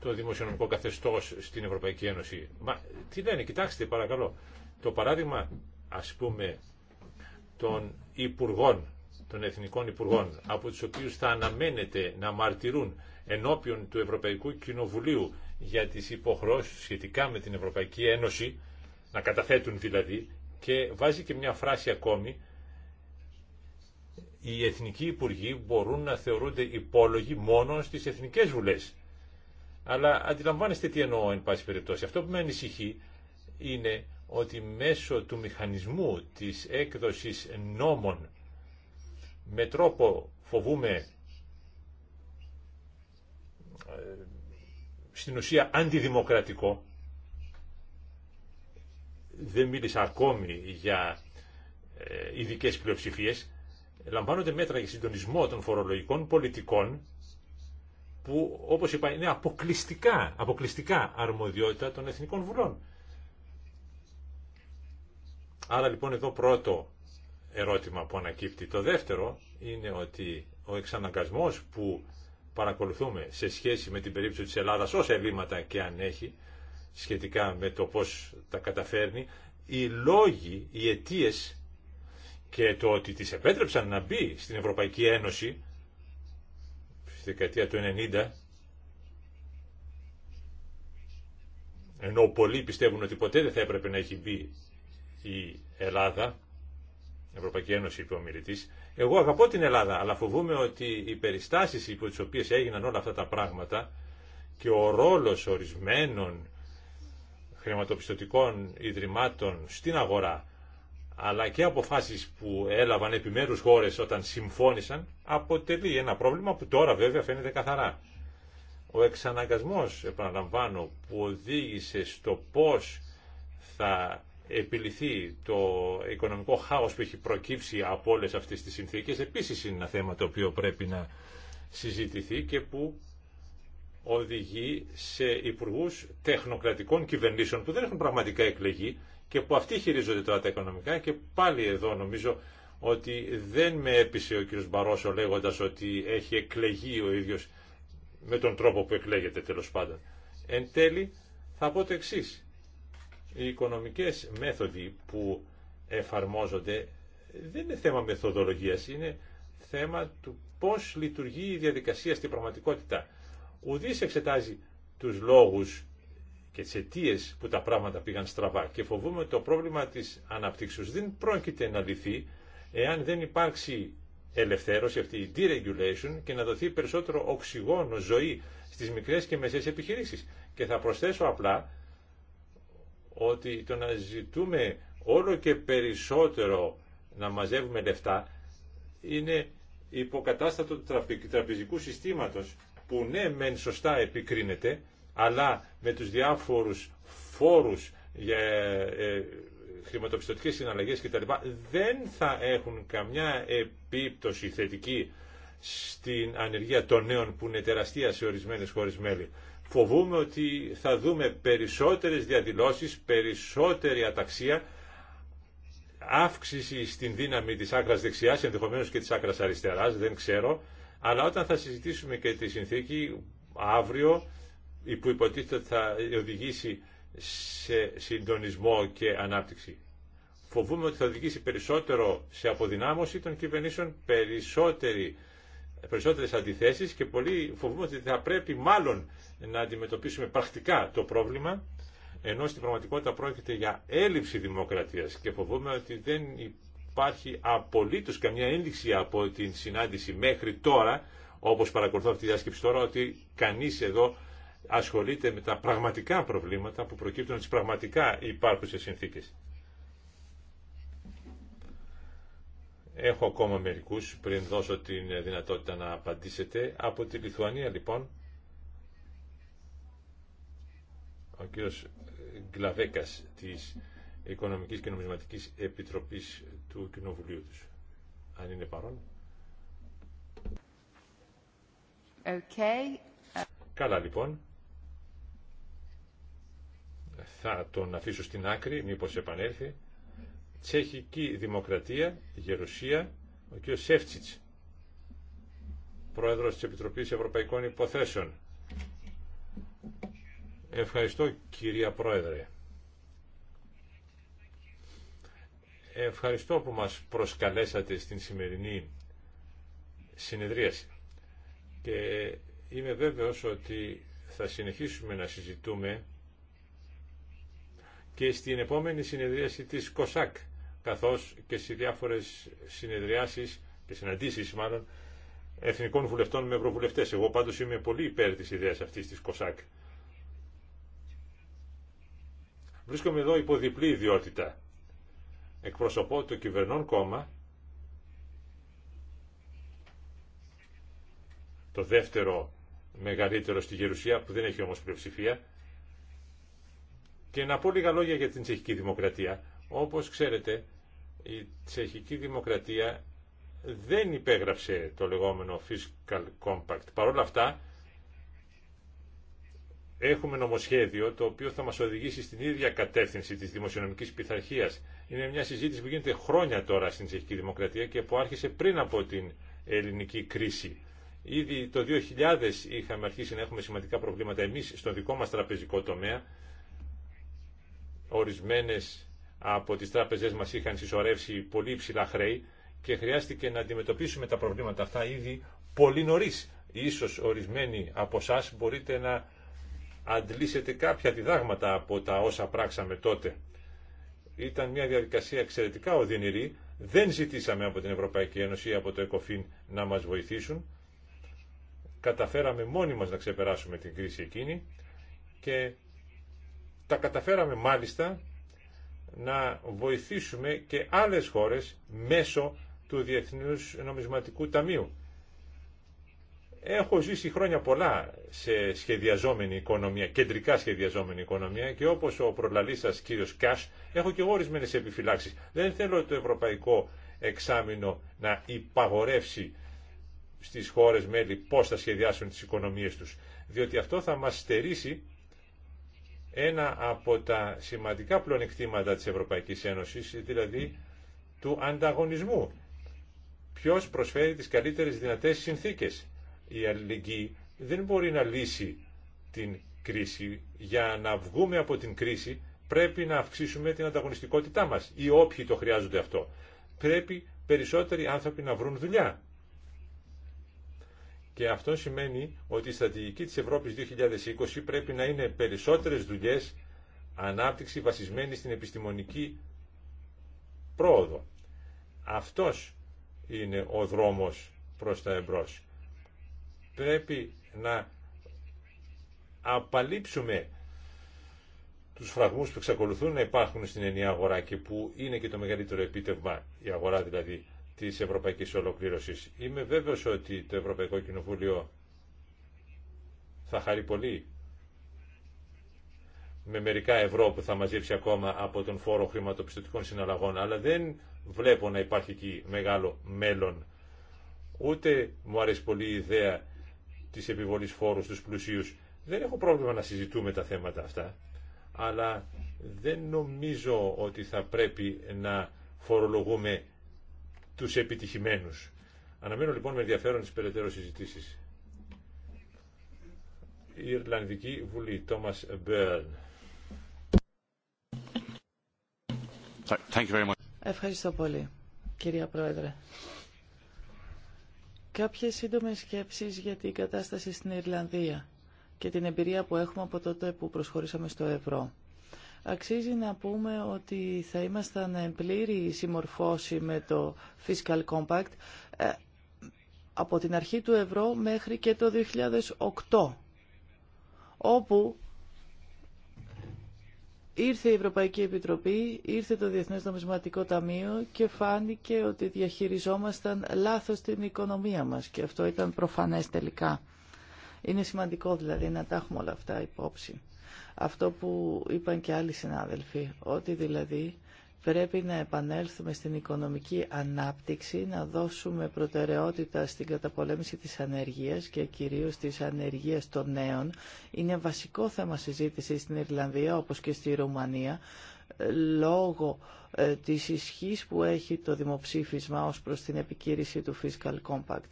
Speaker 3: το δημοσιονομικό καθεστώς στην Ευρωπαϊκή Ένωση. Μα τι λένε, κοιτάξτε παρακαλώ. Το παράδειγμα, ας πούμε, των υπουργών, των εθνικών υπουργών, από τους οποίους θα αναμένεται να μαρτυρούν ενώπιον του Ευρωπαϊκού Κοινοβουλίου για τις υποχρεώσεις σχετικά με την Ευρωπαϊκή Ένωση, να καταθέτουν δηλαδή, και βάζει και μια φράση ακόμη, οι εθνικοί υπουργοί μπορούν να θεωρούνται υπόλογοι μόνο στις εθνικές βουλές. Αλλά αντιλαμβάνεστε τι εννοώ εν πάση περιπτώσει. Αυτό που με ανησυχεί είναι ότι μέσω του μηχανισμού της έκδοσης νόμων με τρόπο φοβούμε ε, στην ουσία αντιδημοκρατικό δεν μίλησα ακόμη για ε, ειδικέ πλειοψηφίε, λαμβάνονται μέτρα για συντονισμό των φορολογικών πολιτικών που όπως είπα είναι αποκλειστικά, αποκλειστικά αρμοδιότητα των Εθνικών Βουλών. Άρα λοιπόν εδώ πρώτο ερώτημα που ανακύπτει. Το δεύτερο είναι ότι ο εξαναγκασμός που παρακολουθούμε σε σχέση με την περίπτωση της Ελλάδας όσα ελλείμματα και αν έχει σχετικά με το πώς τα καταφέρνει οι λόγοι, οι αιτίες και το ότι τις επέτρεψαν να μπει στην Ευρωπαϊκή Ένωση στη δεκαετία του 90 ενώ πολλοί πιστεύουν ότι ποτέ δεν θα έπρεπε να έχει μπει η Ελλάδα Ευρωπαϊκή Ένωση είπε ο μιλητής. εγώ αγαπώ την Ελλάδα αλλά φοβούμαι ότι οι περιστάσεις υπό τις οποίες έγιναν όλα αυτά τα πράγματα και ο ρόλος ορισμένων χρηματοπιστωτικών ιδρυμάτων στην αγορά αλλά και αποφάσεις που έλαβαν επιμέρους χώρες όταν συμφώνησαν, αποτελεί ένα πρόβλημα που τώρα βέβαια φαίνεται καθαρά. Ο εξαναγκασμός, επαναλαμβάνω, που οδήγησε στο πώς θα επιληθεί το οικονομικό χάος που έχει προκύψει από όλες αυτές τις συνθήκες, επίσης είναι ένα θέμα το οποίο πρέπει να συζητηθεί και που οδηγεί σε υπουργούς τεχνοκρατικών κυβερνήσεων που δεν έχουν πραγματικά εκλεγεί και που αυτοί χειρίζονται τώρα τα οικονομικά και πάλι εδώ νομίζω ότι δεν με έπεισε ο κ. Μπαρόσο λέγοντας ότι έχει εκλεγεί ο ίδιος με τον τρόπο που εκλέγεται τέλος πάντων. Εν τέλει θα πω το εξή. Οι οικονομικές μέθοδοι που εφαρμόζονται δεν είναι θέμα μεθοδολογίας, είναι θέμα του πώς λειτουργεί η διαδικασία στην πραγματικότητα. Ουδής εξετάζει τους λόγους και τι αιτίε που τα πράγματα πήγαν στραβά και φοβούμε ότι το πρόβλημα της αναπτύξεως δεν πρόκειται να λυθεί εάν δεν υπάρξει ελευθέρωση αυτή η deregulation και να δοθεί περισσότερο οξυγόνο, ζωή στις μικρές και μεσαίες επιχειρήσεις. Και θα προσθέσω απλά ότι το να ζητούμε όλο και περισσότερο να μαζεύουμε λεφτά είναι υποκατάστατο του τραπεζικού συστήματος που ναι μεν σωστά επικρίνεται αλλά με τους διάφορους φόρους για ε, ε, χρηματοπιστωτικές συναλλαγές κτλ. δεν θα έχουν καμιά επίπτωση θετική στην ανεργία των νέων που είναι τεραστία σε ορισμένες χώρες μέλη. Φοβούμε ότι θα δούμε περισσότερες διαδηλώσεις, περισσότερη αταξία, αύξηση στην δύναμη της άκρας δεξιάς, ενδεχομένως και της άκρας αριστεράς, δεν ξέρω, αλλά όταν θα συζητήσουμε και τη συνθήκη αύριο που υποτίθεται θα οδηγήσει σε συντονισμό και ανάπτυξη. Φοβούμε ότι θα οδηγήσει περισσότερο σε αποδυνάμωση των κυβερνήσεων, περισσότερη περισσότερες αντιθέσεις και πολύ φοβούμε ότι θα πρέπει μάλλον να αντιμετωπίσουμε πρακτικά το πρόβλημα ενώ στην πραγματικότητα πρόκειται για έλλειψη δημοκρατία. και φοβούμε ότι δεν υπάρχει απολύτω καμιά ένδειξη από την συνάντηση μέχρι τώρα όπω παρακολουθώ αυτή τη διάσκεψη τώρα ότι κανεί εδώ ασχολείται με τα πραγματικά προβλήματα που προκύπτουν τις πραγματικά υπάρχουσες συνθήκες. Έχω ακόμα μερικούς πριν δώσω την δυνατότητα να απαντήσετε. Από τη Λιθουανία λοιπόν, ο κύριος Γκλαβέκας της Οικονομικής και Νομισματικής Επιτροπής του Κοινοβουλίου τους. Αν είναι παρόν.
Speaker 1: Okay.
Speaker 3: Καλά λοιπόν θα τον αφήσω στην άκρη, μήπως επανέλθει. Τσεχική Δημοκρατία, Γερουσία, ο κ. Σεύτσιτς, πρόεδρος της Επιτροπής Ευρωπαϊκών Υποθέσεων. Ευχαριστώ κυρία Πρόεδρε. Ευχαριστώ που μας προσκαλέσατε στην σημερινή συνεδρίαση. Και είμαι βέβαιος ότι θα συνεχίσουμε να συζητούμε και στην επόμενη συνεδρίαση της ΚΟΣΑΚ, καθώς και σε διάφορες συνεδριάσεις και συναντήσεις μάλλον εθνικών βουλευτών με ευρωβουλευτές. Εγώ πάντως είμαι πολύ υπέρ της ιδέας αυτής της ΚΟΣΑΚ. Βρίσκομαι εδώ υπό διπλή ιδιότητα. Εκπροσωπώ το κυβερνών κόμμα, το δεύτερο μεγαλύτερο στη Γερουσία, που δεν έχει όμως πλειοψηφία, και να πω λίγα λόγια για την τσεχική δημοκρατία. Όπως ξέρετε, η τσεχική δημοκρατία δεν υπέγραψε το λεγόμενο Fiscal Compact. Παρ' όλα αυτά, έχουμε νομοσχέδιο το οποίο θα μας οδηγήσει στην ίδια κατεύθυνση της δημοσιονομικής πειθαρχία. Είναι μια συζήτηση που γίνεται χρόνια τώρα στην τσεχική δημοκρατία και που άρχισε πριν από την ελληνική κρίση. Ήδη το 2000 είχαμε αρχίσει να έχουμε σημαντικά προβλήματα εμείς στον δικό μας τραπεζικό τομέα Ορισμένες από τις τράπεζές μας είχαν συσσωρεύσει πολύ υψηλά χρέη και χρειάστηκε να αντιμετωπίσουμε τα προβλήματα αυτά ήδη πολύ νωρί. Ίσως ορισμένοι από εσά μπορείτε να αντλήσετε κάποια διδάγματα από τα όσα πράξαμε τότε. Ήταν μια διαδικασία εξαιρετικά οδυνηρή. Δεν ζητήσαμε από την Ευρωπαϊκή Ένωση ή από το ΕΚΟΦΗΝ να μας βοηθήσουν. Καταφέραμε μόνοι μας να ξεπεράσουμε την κρίση εκείνη και τα καταφέραμε μάλιστα να βοηθήσουμε και άλλες χώρες μέσω του Διεθνούς Νομισματικού Ταμείου. Έχω ζήσει χρόνια πολλά σε σχεδιαζόμενη οικονομία, κεντρικά σχεδιαζόμενη οικονομία και όπως ο προλαλής σας κύριος Κάσ, έχω και εγώ ορισμένε επιφυλάξεις. Δεν θέλω το ευρωπαϊκό εξάμεινο να υπαγορεύσει στις χώρες μέλη πώς θα σχεδιάσουν τις οικονομίες τους, διότι αυτό θα μας στερήσει ένα από τα σημαντικά πλονεκτήματα της Ευρωπαϊκής Ένωσης, δηλαδή του ανταγωνισμού. Ποιος προσφέρει τις καλύτερες δυνατές συνθήκες. Η αλληλεγγύη δεν μπορεί να λύσει την κρίση. Για να βγούμε από την κρίση πρέπει να αυξήσουμε την ανταγωνιστικότητά μας ή όποιοι το χρειάζονται αυτό. Πρέπει περισσότεροι άνθρωποι να βρουν δουλειά. Και αυτό σημαίνει ότι η στρατηγική της Ευρώπης 2020 πρέπει να είναι περισσότερες δουλειές ανάπτυξη βασισμένη στην επιστημονική πρόοδο. Αυτός είναι ο δρόμος προς τα εμπρός. Πρέπει να απαλείψουμε τους φραγμούς που εξακολουθούν να υπάρχουν στην ενιαία αγορά και που είναι και το μεγαλύτερο επίτευγμα, η αγορά δηλαδή της ευρωπαϊκής ολοκλήρωσης. Είμαι βέβαιος ότι το Ευρωπαϊκό Κοινοβούλιο θα χαρεί πολύ με μερικά ευρώ που θα μαζέψει ακόμα από τον φόρο χρηματοπιστωτικών συναλλαγών, αλλά δεν βλέπω να υπάρχει εκεί μεγάλο μέλλον. Ούτε μου αρέσει πολύ η ιδέα της επιβολής φόρου στους πλουσίους. Δεν έχω πρόβλημα να συζητούμε τα θέματα αυτά, αλλά δεν νομίζω ότι θα πρέπει να φορολογούμε τους επιτυχημένους. Αναμένω λοιπόν με ενδιαφέρον τις περαιτέρω συζητήσεις. Η Ιρλανδική Βουλή, Τόμας Μπέρν.
Speaker 1: Ευχαριστώ πολύ, κυρία Πρόεδρε. Κάποιες σύντομες σκέψεις για την κατάσταση στην Ιρλανδία και την εμπειρία που έχουμε από τότε που προσχωρήσαμε στο ευρώ. Αξίζει να πούμε ότι θα ήμασταν εν πλήρη συμμορφώσει με το Fiscal Compact ε, από την αρχή του ευρώ μέχρι και το 2008, όπου ήρθε η Ευρωπαϊκή Επιτροπή, ήρθε το Διεθνές Νομισματικό Ταμείο και φάνηκε ότι διαχειριζόμασταν λάθος την οικονομία μας και αυτό ήταν προφανές τελικά. Είναι σημαντικό δηλαδή να τα έχουμε όλα αυτά υπόψη αυτό που είπαν και άλλοι συνάδελφοι, ότι δηλαδή πρέπει να επανέλθουμε στην οικονομική ανάπτυξη, να δώσουμε προτεραιότητα στην καταπολέμηση της ανεργίας και κυρίως της ανεργίας των νέων. Είναι βασικό θέμα συζήτηση στην Ιρλανδία όπως και στη Ρουμανία, ε, λόγω ε, της ισχύς που έχει το δημοψήφισμα ως προς την επικήριση του Fiscal Compact.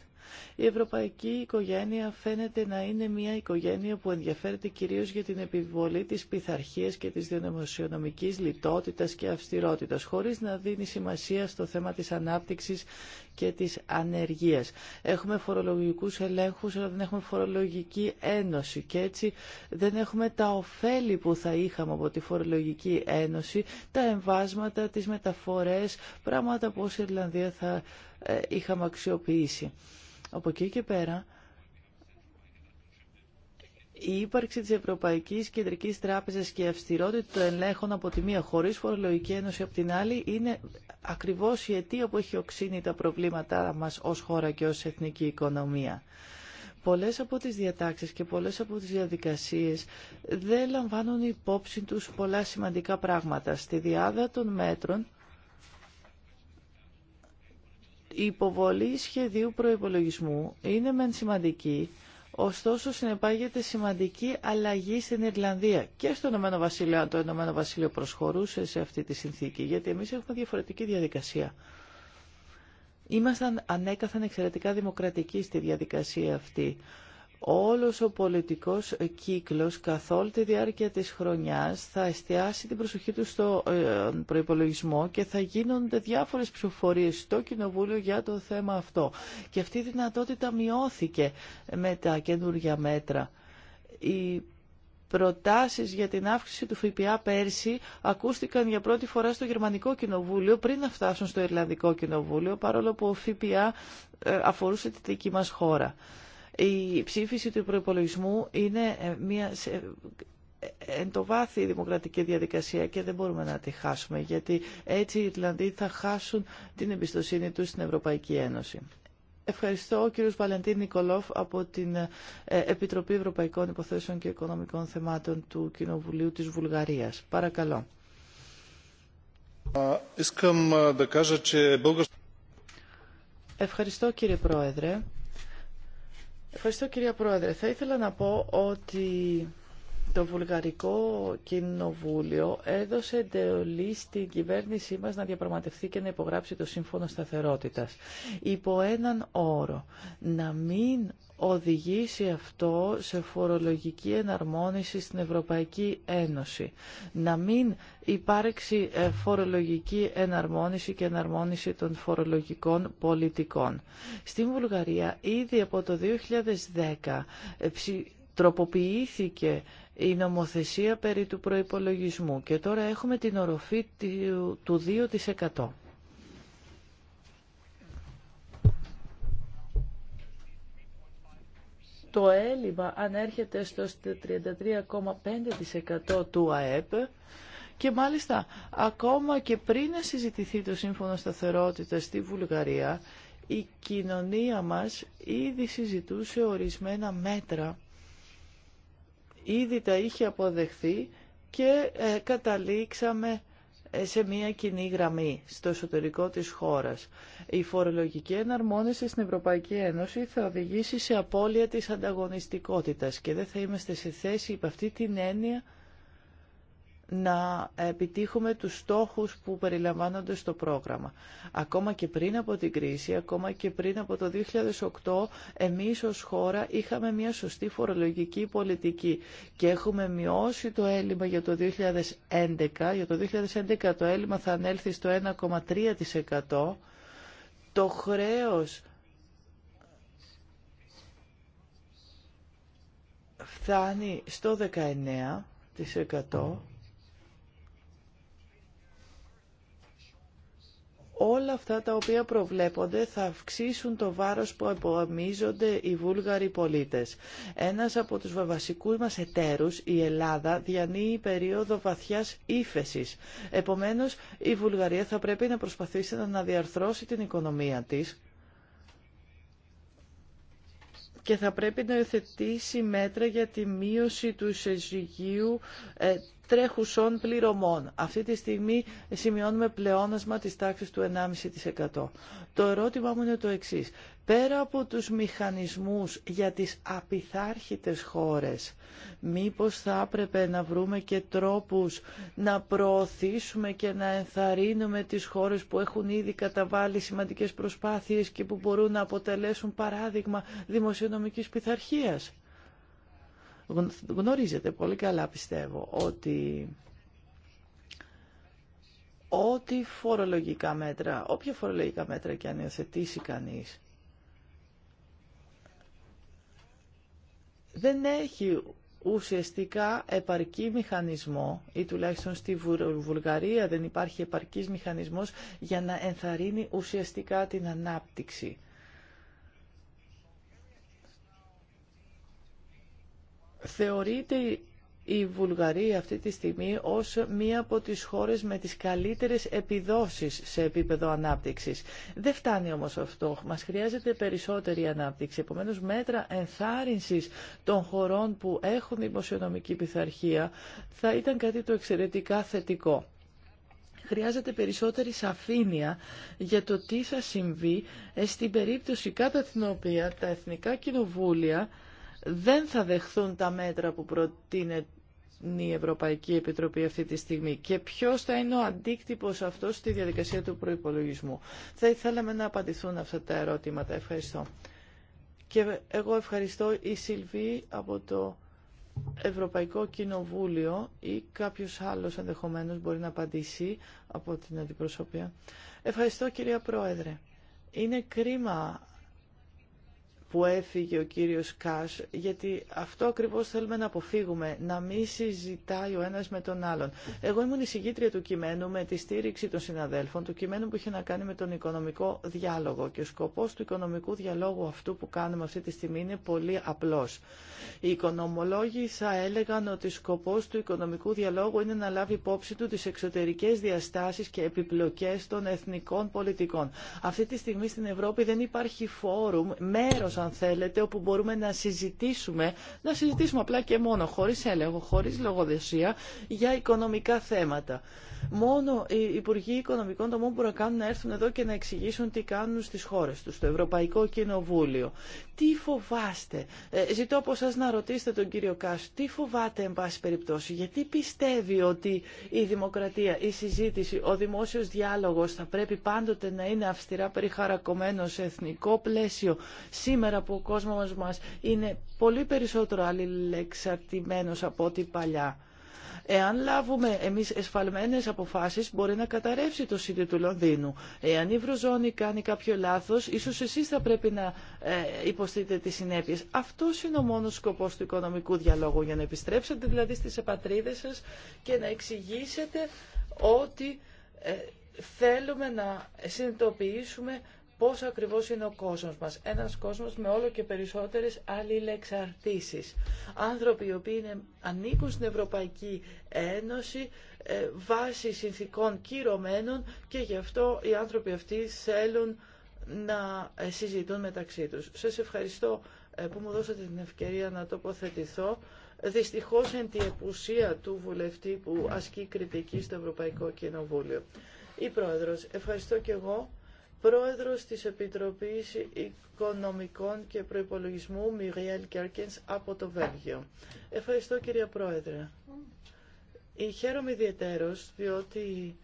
Speaker 1: Η ευρωπαϊκή οικογένεια φαίνεται να είναι μια οικογένεια που ενδιαφέρεται κυρίως για την επιβολή της πειθαρχίας και της δημοσιονομικής λιτότητας και αυστηρότητας, χωρίς να δίνει σημασία στο θέμα της ανάπτυξης και της ανεργίας. Έχουμε φορολογικούς ελέγχους, αλλά δεν έχουμε φορολογική ένωση και έτσι δεν έχουμε τα ωφέλη που θα είχαμε από τη φορολογική ένωση, τα εμβάσματα, τις μεταφορές, πράγματα που ως Ιρλανδία θα ε, είχαμε αξιοποιήσει. Από εκεί και πέρα, η ύπαρξη της Ευρωπαϊκής Κεντρικής Τράπεζας και η αυστηρότητα των ελέγχων από τη μία χωρίς φορολογική ένωση από την άλλη είναι ακριβώς η αιτία που έχει οξύνει τα προβλήματά μας ως χώρα και ως εθνική οικονομία. Πολλές από τις διατάξεις και πολλές από τις διαδικασίες δεν λαμβάνουν υπόψη τους πολλά σημαντικά πράγματα. Στη διάδα των μέτρων η υποβολή σχεδίου προϋπολογισμού είναι μεν σημαντική, ωστόσο συνεπάγεται σημαντική αλλαγή στην Ιρλανδία και στο Ηνωμένο Βασίλειο, αν το Ηνωμένο Βασίλειο προσχωρούσε σε αυτή τη συνθήκη, γιατί εμείς έχουμε διαφορετική διαδικασία. Ήμασταν ανέκαθεν εξαιρετικά δημοκρατικοί στη διαδικασία αυτή όλος ο πολιτικός κύκλος καθ' όλη τη διάρκεια της χρονιάς θα εστιάσει την προσοχή του στο ε, προϋπολογισμό και θα γίνονται διάφορες ψηφοφορίες στο Κοινοβούλιο για το θέμα αυτό. Και αυτή η δυνατότητα μειώθηκε με τα καινούργια μέτρα. Οι προτάσεις για την αύξηση του ΦΠΑ πέρσι ακούστηκαν για πρώτη φορά στο Γερμανικό Κοινοβούλιο πριν να φτάσουν στο Ιρλανδικό Κοινοβούλιο, παρόλο που ο ΦΠΑ ε, αφορούσε τη δική μας χώρα. Η ψήφιση του προπολογισμού είναι ε, μια ε, εν το δημοκρατική διαδικασία και δεν μπορούμε να τη χάσουμε γιατί έτσι οι Ιρλανδοί θα χάσουν την εμπιστοσύνη τους στην Ευρωπαϊκή Ένωση. Ευχαριστώ ο κύριος Βαλεντίν Νικολόφ από την ε, Επιτροπή Ευρωπαϊκών Υποθέσεων και Οικονομικών Θεμάτων του Κοινοβουλίου της Βουλγαρίας. Παρακαλώ. Ευχαριστώ κύριε Πρόεδρε. Ευχαριστώ κυρία Πρόεδρε. Θα ήθελα να πω ότι το Βουλγαρικό Κοινοβούλιο έδωσε εντολή στην κυβέρνησή μας να διαπραγματευτεί και να υπογράψει το Σύμφωνο Σταθερότητας. Υπό έναν όρο, να μην οδηγήσει αυτό σε φορολογική εναρμόνιση στην Ευρωπαϊκή Ένωση. Να μην υπάρξει ε, φορολογική εναρμόνιση και εναρμόνιση των φορολογικών πολιτικών. Στην Βουλγαρία ήδη από το 2010 ε, τροποποιήθηκε η νομοθεσία περί του προϋπολογισμού και τώρα έχουμε την οροφή του 2%. Το έλλειμμα ανέρχεται στο 33,5% του ΑΕΠ και μάλιστα ακόμα και πριν να συζητηθεί το Σύμφωνο Σταθερότητας στη Βουλγαρία, η κοινωνία μας ήδη συζητούσε ορισμένα μέτρα ήδη τα είχε αποδεχθεί και ε, καταλήξαμε ε, σε μια κοινή γραμμή στο εσωτερικό της χώρας. Η φορολογική εναρμόνιση στην Ευρωπαϊκή Ένωση θα οδηγήσει σε απώλεια της ανταγωνιστικότητας και δεν θα είμαστε σε θέση υπ' αυτή την έννοια να επιτύχουμε τους στόχους που περιλαμβάνονται στο πρόγραμμα. Ακόμα και πριν από την κρίση, ακόμα και πριν από το 2008, εμείς ως χώρα είχαμε μια σωστή φορολογική πολιτική και έχουμε μειώσει το έλλειμμα για το 2011. Για το 2011 το έλλειμμα θα ανέλθει στο 1,3%. Το χρέος φτάνει στο 19% Όλα αυτά τα οποία προβλέπονται θα αυξήσουν το βάρος που επομίζονται οι Βούλγαροι πολίτες. Ένας από τους βασικούς μας εταίρους, η Ελλάδα, διανύει περίοδο βαθιάς ύφεση. Επομένως, η Βουλγαρία θα πρέπει να προσπαθήσει να αναδιαρθρώσει την οικονομία της και θα πρέπει να υιοθετήσει μέτρα για τη μείωση του εισεζυγίου ε, τρέχουσών πληρωμών. Αυτή τη στιγμή σημειώνουμε πλεόνασμα της τάξης του 1,5%. Το ερώτημά μου είναι το εξής πέρα από τους μηχανισμούς για τις απειθάρχητες χώρες, μήπως θα έπρεπε να βρούμε και τρόπους να προωθήσουμε και να ενθαρρύνουμε τις χώρες που έχουν ήδη καταβάλει σημαντικές προσπάθειες και που μπορούν να αποτελέσουν παράδειγμα δημοσιονομικής πειθαρχία. Γνωρίζετε πολύ καλά πιστεύω ότι ό,τι φορολογικά μέτρα, όποια φορολογικά μέτρα και αν υιοθετήσει κανείς, δεν έχει ουσιαστικά επαρκή μηχανισμό ή τουλάχιστον στη Βουλγαρία δεν υπάρχει επαρκής μηχανισμός για να ενθαρρύνει ουσιαστικά την ανάπτυξη. Θεωρείται η Βουλγαρία αυτή τη στιγμή ως μία από τις χώρες με τις καλύτερες επιδόσεις σε επίπεδο ανάπτυξης. Δεν φτάνει όμως αυτό. Μας χρειάζεται περισσότερη ανάπτυξη. Επομένως μέτρα ενθάρρυνσης των χωρών που έχουν δημοσιονομική πειθαρχία θα ήταν κάτι το εξαιρετικά θετικό χρειάζεται περισσότερη σαφήνεια για το τι θα συμβεί ε, στην περίπτωση κατά την οποία τα εθνικά κοινοβούλια δεν θα δεχθούν τα μέτρα που, προτείνεται η Ευρωπαϊκή Επιτροπή αυτή τη στιγμή και ποιος θα είναι ο αντίκτυπος αυτός στη διαδικασία του προϋπολογισμού. Θα ήθελαμε να απαντηθούν αυτά τα ερώτηματα. Ευχαριστώ. Και εγώ ευχαριστώ η Σιλβή από το Ευρωπαϊκό Κοινοβούλιο ή κάποιος άλλος ενδεχομένως μπορεί να απαντήσει από την αντιπροσωπεία. Ευχαριστώ κυρία Πρόεδρε. Είναι κρίμα που έφυγε ο κύριος Κάς, γιατί αυτό ακριβώς θέλουμε να αποφύγουμε, να μην συζητάει ο ένας με τον άλλον. Εγώ ήμουν η του κειμένου με τη στήριξη των συναδέλφων, του κειμένου που είχε να κάνει με τον οικονομικό διάλογο και ο σκοπός του οικονομικού διαλόγου αυτού που κάνουμε αυτή τη στιγμή είναι πολύ απλός. Οι οικονομολόγοι θα έλεγαν ότι σκοπός του οικονομικού διαλόγου είναι να λάβει υπόψη του τις εξωτερικές διαστάσεις και επιπλοκές των εθνικών πολιτικών. Αυτή τη στιγμή στην Ευρώπη δεν υπάρχει φόρουμ, μέρος αν θέλετε, όπου μπορούμε να συζητήσουμε, να συζητήσουμε απλά και μόνο, χωρίς έλεγχο, χωρίς λογοδεσία για οικονομικά θέματα. Μόνο οι Υπουργοί Οικονομικών το μόνο που να κάνουν να έρθουν εδώ και να εξηγήσουν τι κάνουν στις χώρες τους, στο Ευρωπαϊκό Κοινοβούλιο. Τι φοβάστε, ε, ζητώ από σας να ρωτήσετε τον κύριο Κάσου, τι φοβάται εν πάση περιπτώσει, γιατί πιστεύει ότι η δημοκρατία, η συζήτηση, ο δημόσιος διάλογος θα πρέπει πάντοτε να είναι αυστηρά περιχαρακωμένο σε εθνικό πλαίσιο. Σήμερα σήμερα που ο κόσμος μας είναι πολύ περισσότερο αλληλεξαρτημένος από ό,τι παλιά. Εάν λάβουμε εμείς εσφαλμένες αποφάσεις μπορεί να καταρρεύσει το σύντη του Λονδίνου. Εάν η Βροζώνη κάνει κάποιο λάθος, ίσως εσείς θα πρέπει να ε, υποστείτε τις συνέπειες. Αυτό είναι ο μόνος σκοπός του οικονομικού διαλόγου, για να επιστρέψετε δηλαδή στις επατρίδες σας και να εξηγήσετε ότι ε, θέλουμε να συνειδητοποιήσουμε πώς ακριβώς είναι ο κόσμος μας. Ένας κόσμος με όλο και περισσότερες αλληλεξαρτήσεις. Άνθρωποι οι οποίοι είναι, ανήκουν στην Ευρωπαϊκή Ένωση ε, βάσει συνθήκων κυρωμένων και γι' αυτό οι άνθρωποι αυτοί θέλουν να ε, συζητούν μεταξύ τους. Σας ευχαριστώ ε, που μου δώσατε την ευκαιρία να τοποθετηθώ. Δυστυχώς εν τη επουσία του βουλευτή που ασκεί κριτική στο Ευρωπαϊκό Κοινοβούλιο. Η Πρόεδρος, ευχαριστώ και εγώ πρόεδρος της Επιτροπής Οικονομικών και Προϋπολογισμού Μιριέλ Κέρκενς από το Βέλγιο. Ευχαριστώ κυρία Πρόεδρε. Η χαίρομαι ιδιαίτερος διότι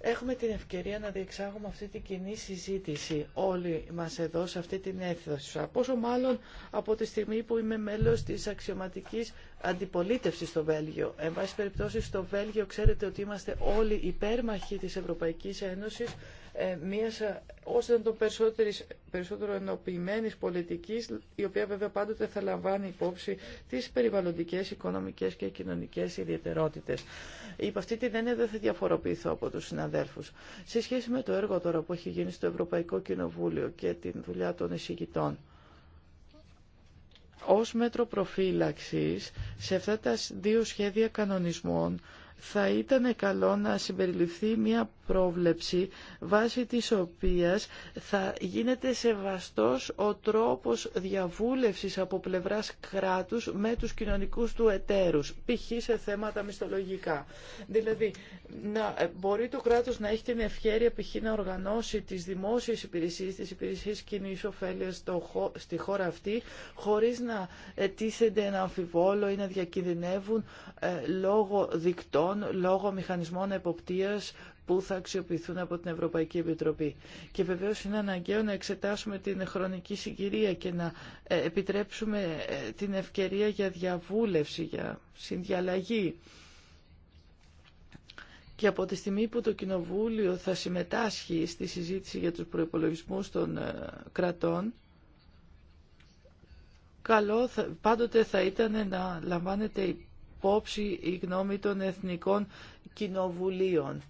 Speaker 1: έχουμε την ευκαιρία να διεξάγουμε αυτή την κοινή συζήτηση όλοι μας εδώ σε αυτή την αίθουσα. Πόσο μάλλον από τη στιγμή που είμαι μέλος της αξιωματικής αντιπολίτευσης στο Βέλγιο. Εν πάση περιπτώσει στο Βέλγιο ξέρετε ότι είμαστε όλοι υπέρμαχοι της Ευρωπαϊκής Ένωσης ε, μιας όσο ε, των περισσότερο ενοποιημένη πολιτική, η οποία βέβαια πάντοτε θα λαμβάνει υπόψη τις περιβαλλοντικές, οικονομικές και κοινωνικές ιδιαιτερότητες. Υπ' αυτή την έννοια δεν θα διαφοροποιηθώ από τους συναδέλφους. Σε σχέση με το έργο τώρα που έχει γίνει στο Ευρωπαϊκό Κοινοβούλιο και την δουλειά των εισηγητών, ως μέτρο προφύλαξης σε αυτά τα δύο σχέδια κανονισμών θα ήταν καλό να συμπεριληφθεί μια πρόβλεψη βάσει της οποίας θα γίνεται σεβαστός ο τρόπος διαβούλευσης από πλευράς κράτους με τους κοινωνικούς του εταίρους, π.χ. σε θέματα μισθολογικά. Δηλαδή, να, ε, μπορεί το κράτος να έχει την ευχαίρεια π.χ. να οργανώσει τις δημόσιες υπηρεσίες, τις υπηρεσίες κοινή ωφέλεια στη χώρα αυτή, χωρίς να ε, τίθενται ένα αμφιβόλο ή να διακινδυνεύουν ε, λόγω δικτών, λόγω μηχανισμών εποπτείας που θα αξιοποιηθούν από την Ευρωπαϊκή Επιτροπή. Και βεβαίως είναι αναγκαίο να εξετάσουμε την χρονική συγκυρία και να ε, επιτρέψουμε ε, την ευκαιρία για διαβούλευση, για συνδιαλλαγή. Και από τη στιγμή που το Κοινοβούλιο θα συμμετάσχει στη συζήτηση για τους προϋπολογισμούς των ε, κρατών, καλό πάντοτε θα ήταν να λαμβάνεται υπόψη η γνώμη των εθνικών κοινοβουλίων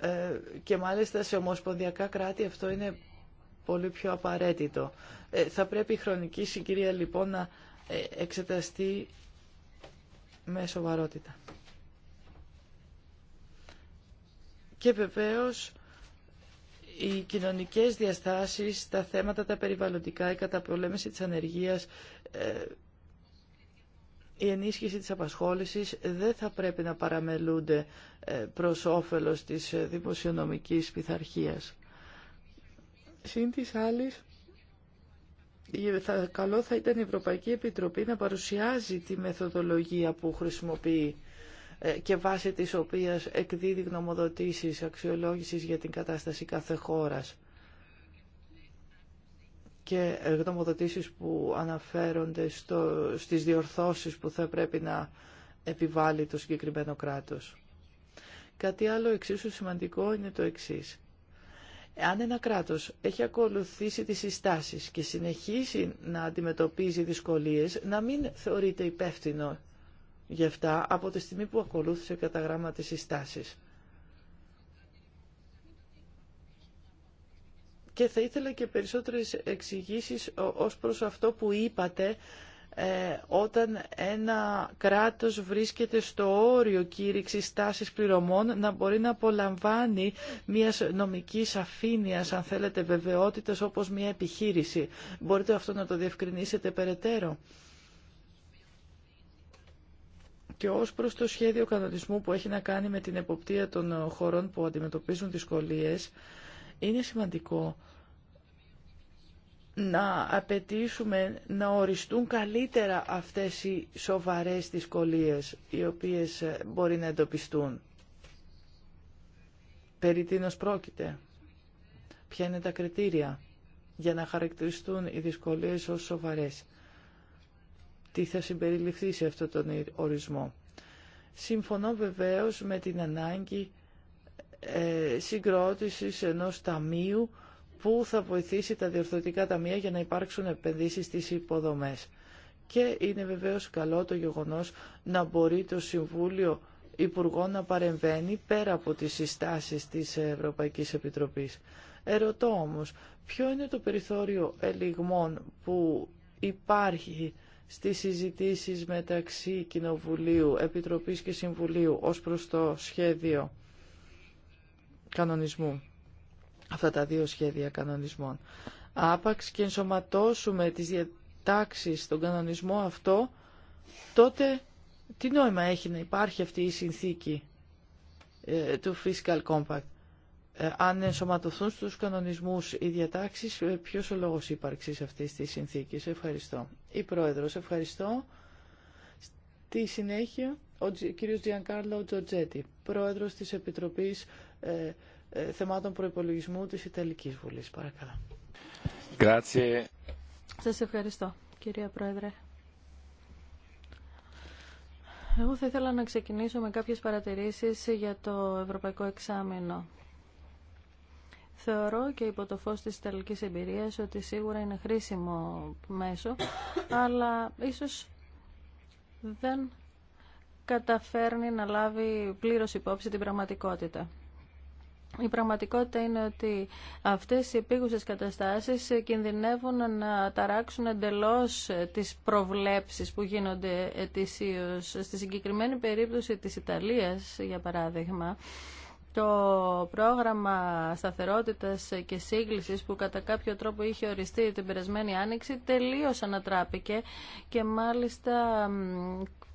Speaker 1: ε, και μάλιστα σε ομοσπονδιακά κράτη αυτό είναι πολύ πιο απαραίτητο. Ε, θα πρέπει η χρονική συγκυρία λοιπόν να ε, εξεταστεί με σοβαρότητα. Και βεβαίως οι κοινωνικές διαστάσεις, τα θέματα τα περιβαλλοντικά, η καταπολέμηση της ανεργίας η ενίσχυση της απασχόλησης δεν θα πρέπει να παραμελούνται ε, προς όφελος της ε, δημοσιονομικής πειθαρχία. Συν της άλλης, θα, καλό θα ήταν η Ευρωπαϊκή Επιτροπή να παρουσιάζει τη μεθοδολογία που χρησιμοποιεί ε, και βάσει της οποίας εκδίδει γνωμοδοτήσεις αξιολόγησης για την κατάσταση κάθε χώρας και γνωμοδοτήσεις που αναφέρονται στο, στις διορθώσεις που θα πρέπει να επιβάλλει το συγκεκριμένο κράτος. Κάτι άλλο εξίσου σημαντικό είναι το εξής. Αν ένα κράτος έχει ακολουθήσει τις συστάσεις και συνεχίσει να αντιμετωπίζει δυσκολίες, να μην θεωρείται υπεύθυνο γι' αυτά από τη στιγμή που ακολούθησε κατά γράμμα τις συστάσεις. Και θα ήθελα και περισσότερες εξηγήσει ως προς αυτό που είπατε ε, όταν ένα κράτος βρίσκεται στο όριο κήρυξης τάσης πληρωμών να μπορεί να απολαμβάνει μιας νομικής αφήνειας, αν θέλετε, βεβαιότητας όπως μια επιχείρηση. Μπορείτε αυτό να το διευκρινίσετε περαιτέρω. Και ως προς το σχέδιο κανονισμού που έχει να κάνει με την εποπτεία των χωρών που αντιμετωπίζουν δυσκολίες, είναι σημαντικό να απαιτήσουμε να οριστούν καλύτερα αυτές οι σοβαρές δυσκολίες οι οποίες ε, μπορεί να εντοπιστούν. Περί τίνος πρόκειται. Ποια είναι τα κριτήρια για να χαρακτηριστούν οι δυσκολίες ως σοβαρές. Τι θα συμπεριληφθεί σε αυτόν τον ορισμό. Συμφωνώ βεβαίως με την ανάγκη ε, συγκρότησης ενός ταμείου που θα βοηθήσει τα διορθωτικά ταμεία για να υπάρξουν επενδύσεις στις υποδομές. Και είναι βεβαίως καλό το γεγονός να μπορεί το Συμβούλιο Υπουργών να παρεμβαίνει πέρα από τις συστάσεις της Ευρωπαϊκής Επιτροπής. Ερωτώ όμως, ποιο είναι το περιθώριο ελιγμών που υπάρχει στις συζητήσεις μεταξύ Κοινοβουλίου, Επιτροπής και Συμβουλίου ως προς το σχέδιο κανονισμού. Αυτά τα δύο σχέδια κανονισμών. Άπαξ και ενσωματώσουμε τις διατάξεις στον κανονισμό αυτό, τότε τι νόημα έχει να υπάρχει αυτή η συνθήκη ε, του Fiscal Compact. Ε, αν ενσωματωθούν στους κανονισμούς οι διατάξεις, ε, ποιος ο λόγος ύπαρξης αυτής της συνθήκης. Ευχαριστώ. Η Πρόεδρος, ευχαριστώ. Στη συνέχεια, ο κ. Τζιανκάρλο Τζοτζέτη, Πρόεδρος της Επιτροπής ε, ε, θεμάτων προϋπολογισμού
Speaker 2: της Ιταλικής Βουλής. Παρακαλώ.
Speaker 3: Grazie.
Speaker 2: Σας ευχαριστώ, κυρία Πρόεδρε. Εγώ θα ήθελα να ξεκινήσω με κάποιες παρατηρήσεις για το Ευρωπαϊκό Εξάμεινο. Θεωρώ και υπό το φως της Ιταλικής εμπειρίας ότι σίγουρα είναι χρήσιμο μέσο, αλλά ίσως δεν καταφέρνει να λάβει πλήρως υπόψη την πραγματικότητα. Η πραγματικότητα είναι ότι αυτές οι επίγουσες καταστάσεις κινδυνεύουν να ταράξουν εντελώς τις προβλέψεις που γίνονται ετησίως. Στη συγκεκριμένη περίπτωση της Ιταλίας, για παράδειγμα, το πρόγραμμα σταθερότητας και σύγκλησης που κατά κάποιο τρόπο είχε οριστεί την περασμένη άνοιξη τελείως ανατράπηκε και μάλιστα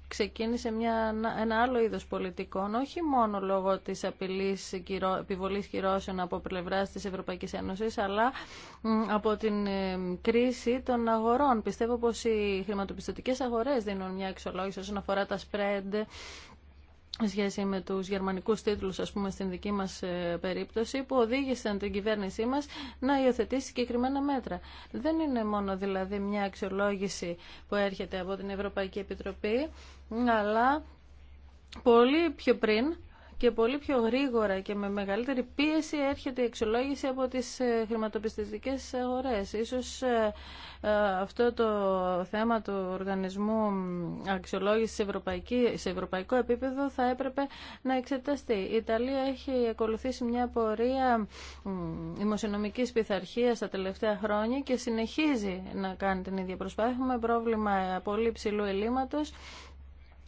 Speaker 2: ξεκίνησε μια, ένα άλλο είδος πολιτικών, όχι μόνο λόγω της απειλής επιβολής κυρώσεων από πλευρά της Ευρωπαϊκής Ένωσης, αλλά από την ε, κρίση των αγορών. Πιστεύω πως οι χρηματοπιστωτικές αγορές δίνουν μια εξολόγηση όσον αφορά τα spread σχέση με τους γερμανικούς τίτλους, ας πούμε, στην δική μας ε, περίπτωση, που οδήγησαν την κυβέρνησή μας να υιοθετήσει συγκεκριμένα μέτρα. Δεν είναι μόνο δηλαδή μια αξιολόγηση που έρχεται από την Ευρωπαϊκή Επιτροπή, αλλά πολύ πιο πριν και πολύ πιο γρήγορα και με μεγαλύτερη πίεση έρχεται η αξιολόγηση από τις ε, χρηματοπιστωτικές αγορές. Ίσως ε, ε, αυτό το θέμα του οργανισμού αξιολόγησης σε ευρωπαϊκό επίπεδο θα έπρεπε να εξεταστεί. Η Ιταλία έχει ακολουθήσει μια πορεία δημοσιονομικής πειθαρχία τα τελευταία χρόνια και συνεχίζει να κάνει την ίδια προσπάθεια. με πρόβλημα πολύ ψηλού ελλείμματος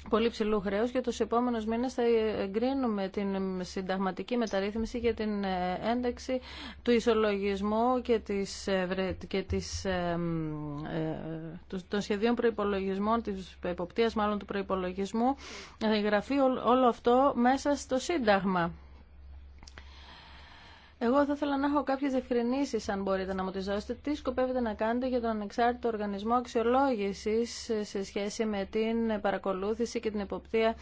Speaker 2: πολύ ψηλού χρέου και του επόμενου μήνε θα εγκρίνουμε την συνταγματική μεταρρύθμιση για την ε, ένταξη του ισολογισμού και, της, ε, και της, ε, των σχεδίων προπολογισμών, της εποπτείας μάλλον του προϋπολογισμού. Θα γραφεί όλο αυτό μέσα στο Σύνταγμα. Εγώ θα ήθελα να έχω κάποιες διευκρινήσει, αν μπορείτε να μου τις δώσετε. Τι σκοπεύετε να κάνετε για τον ανεξάρτητο οργανισμό αξιολόγησης σε σχέση με την παρακολούθηση και την εποπτεία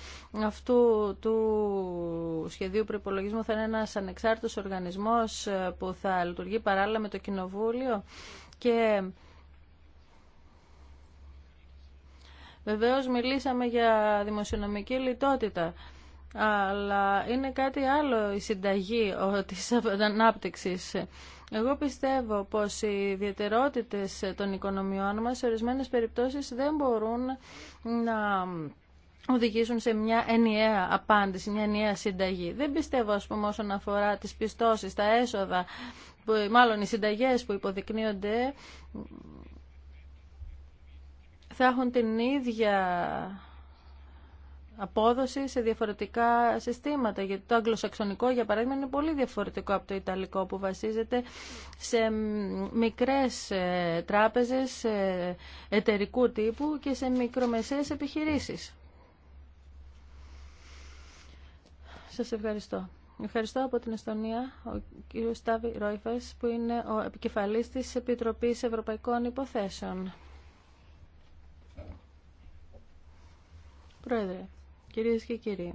Speaker 2: αυτού του σχεδίου προπολογισμού. Θα είναι ένα ανεξάρτητο οργανισμός που θα λειτουργεί παράλληλα με το Κοινοβούλιο και... Βεβαίως μιλήσαμε για δημοσιονομική λιτότητα αλλά είναι κάτι άλλο η συνταγή της ανάπτυξης. Εγώ πιστεύω πως οι ιδιαιτερότητες των οικονομιών μας σε ορισμένες περιπτώσεις δεν μπορούν να οδηγήσουν σε μια ενιαία απάντηση, μια ενιαία συνταγή. Δεν πιστεύω, ας πούμε, όσον αφορά τις πιστώσεις, τα έσοδα, που, μάλλον οι συνταγές που υποδεικνύονται, θα έχουν την ίδια απόδοση σε διαφορετικά συστήματα. Γιατί το αγγλοσαξονικό, για παράδειγμα, είναι πολύ διαφορετικό από το ιταλικό που βασίζεται σε μικρές ε, τράπεζες ε, εταιρικού τύπου και σε μικρομεσαίες επιχειρήσεις. Σας ευχαριστώ. Ευχαριστώ από την Εστονία ο κ. Στάβη Ρόιφες που είναι ο επικεφαλής της Επιτροπής Ευρωπαϊκών Υποθέσεων. Πρόεδρε, Κυρίες και κύριοι,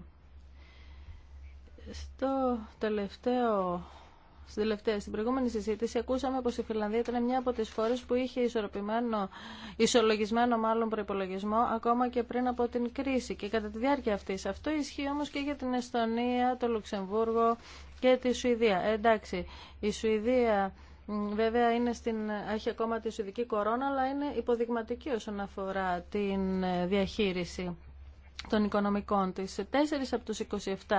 Speaker 2: στο τελευταίο στην, τελευταία, στην προηγούμενη συζήτηση ακούσαμε πως η Φιλανδία ήταν μια από τις χώρες που είχε ισορροπημένο, ισολογισμένο μάλλον προϋπολογισμό ακόμα και πριν από την κρίση και κατά τη διάρκεια αυτής. Αυτό ισχύει όμως και για την Εστονία, το Λουξεμβούργο και τη Σουηδία. Ε, εντάξει, η Σουηδία... Βέβαια είναι στην, έχει ακόμα τη Σουηδική κορώνα, αλλά είναι υποδειγματική όσον αφορά την ε, διαχείριση των οικονομικών της. Τέσσερις από τους 27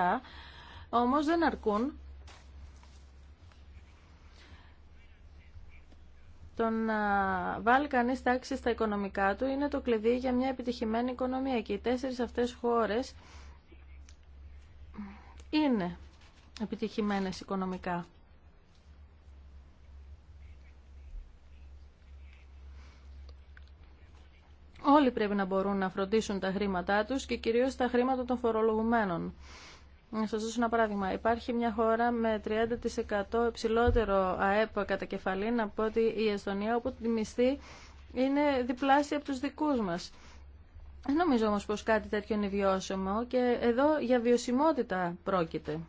Speaker 2: όμως δεν αρκούν Το να βάλει κανείς τάξη στα οικονομικά του είναι το κλειδί για μια επιτυχημένη οικονομία και οι τέσσερις αυτές χώρες είναι επιτυχημένες οικονομικά. Όλοι πρέπει να μπορούν να φροντίσουν τα χρήματά τους και κυρίως τα χρήματα των φορολογουμένων. Να σα δώσω ένα παράδειγμα. Υπάρχει μια χώρα με 30% υψηλότερο ΑΕΠ κατά κεφαλήν από ότι η Εστονία, όπου τη μισθή είναι διπλάσια από του δικούς μας. Δεν νομίζω όμως πως κάτι τέτοιο είναι βιώσιμο και εδώ για βιωσιμότητα πρόκειται.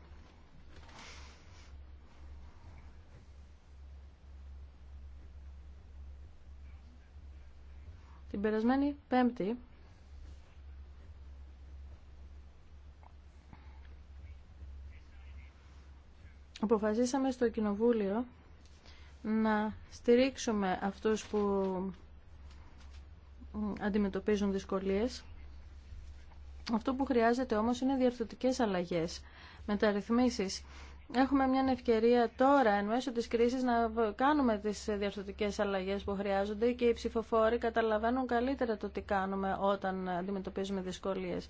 Speaker 2: Την περασμένη Πέμπτη αποφασίσαμε στο Κοινοβούλιο να στηρίξουμε αυτούς που αντιμετωπίζουν δυσκολίες. Αυτό που χρειάζεται όμως είναι διαρθωτικές αλλαγές, μεταρρυθμίσεις Έχουμε μια ευκαιρία τώρα, εν μέσω της κρίσης, να κάνουμε τις διαφορετικές αλλαγές που χρειάζονται και οι ψηφοφόροι καταλαβαίνουν καλύτερα το τι κάνουμε όταν αντιμετωπίζουμε δυσκολίες.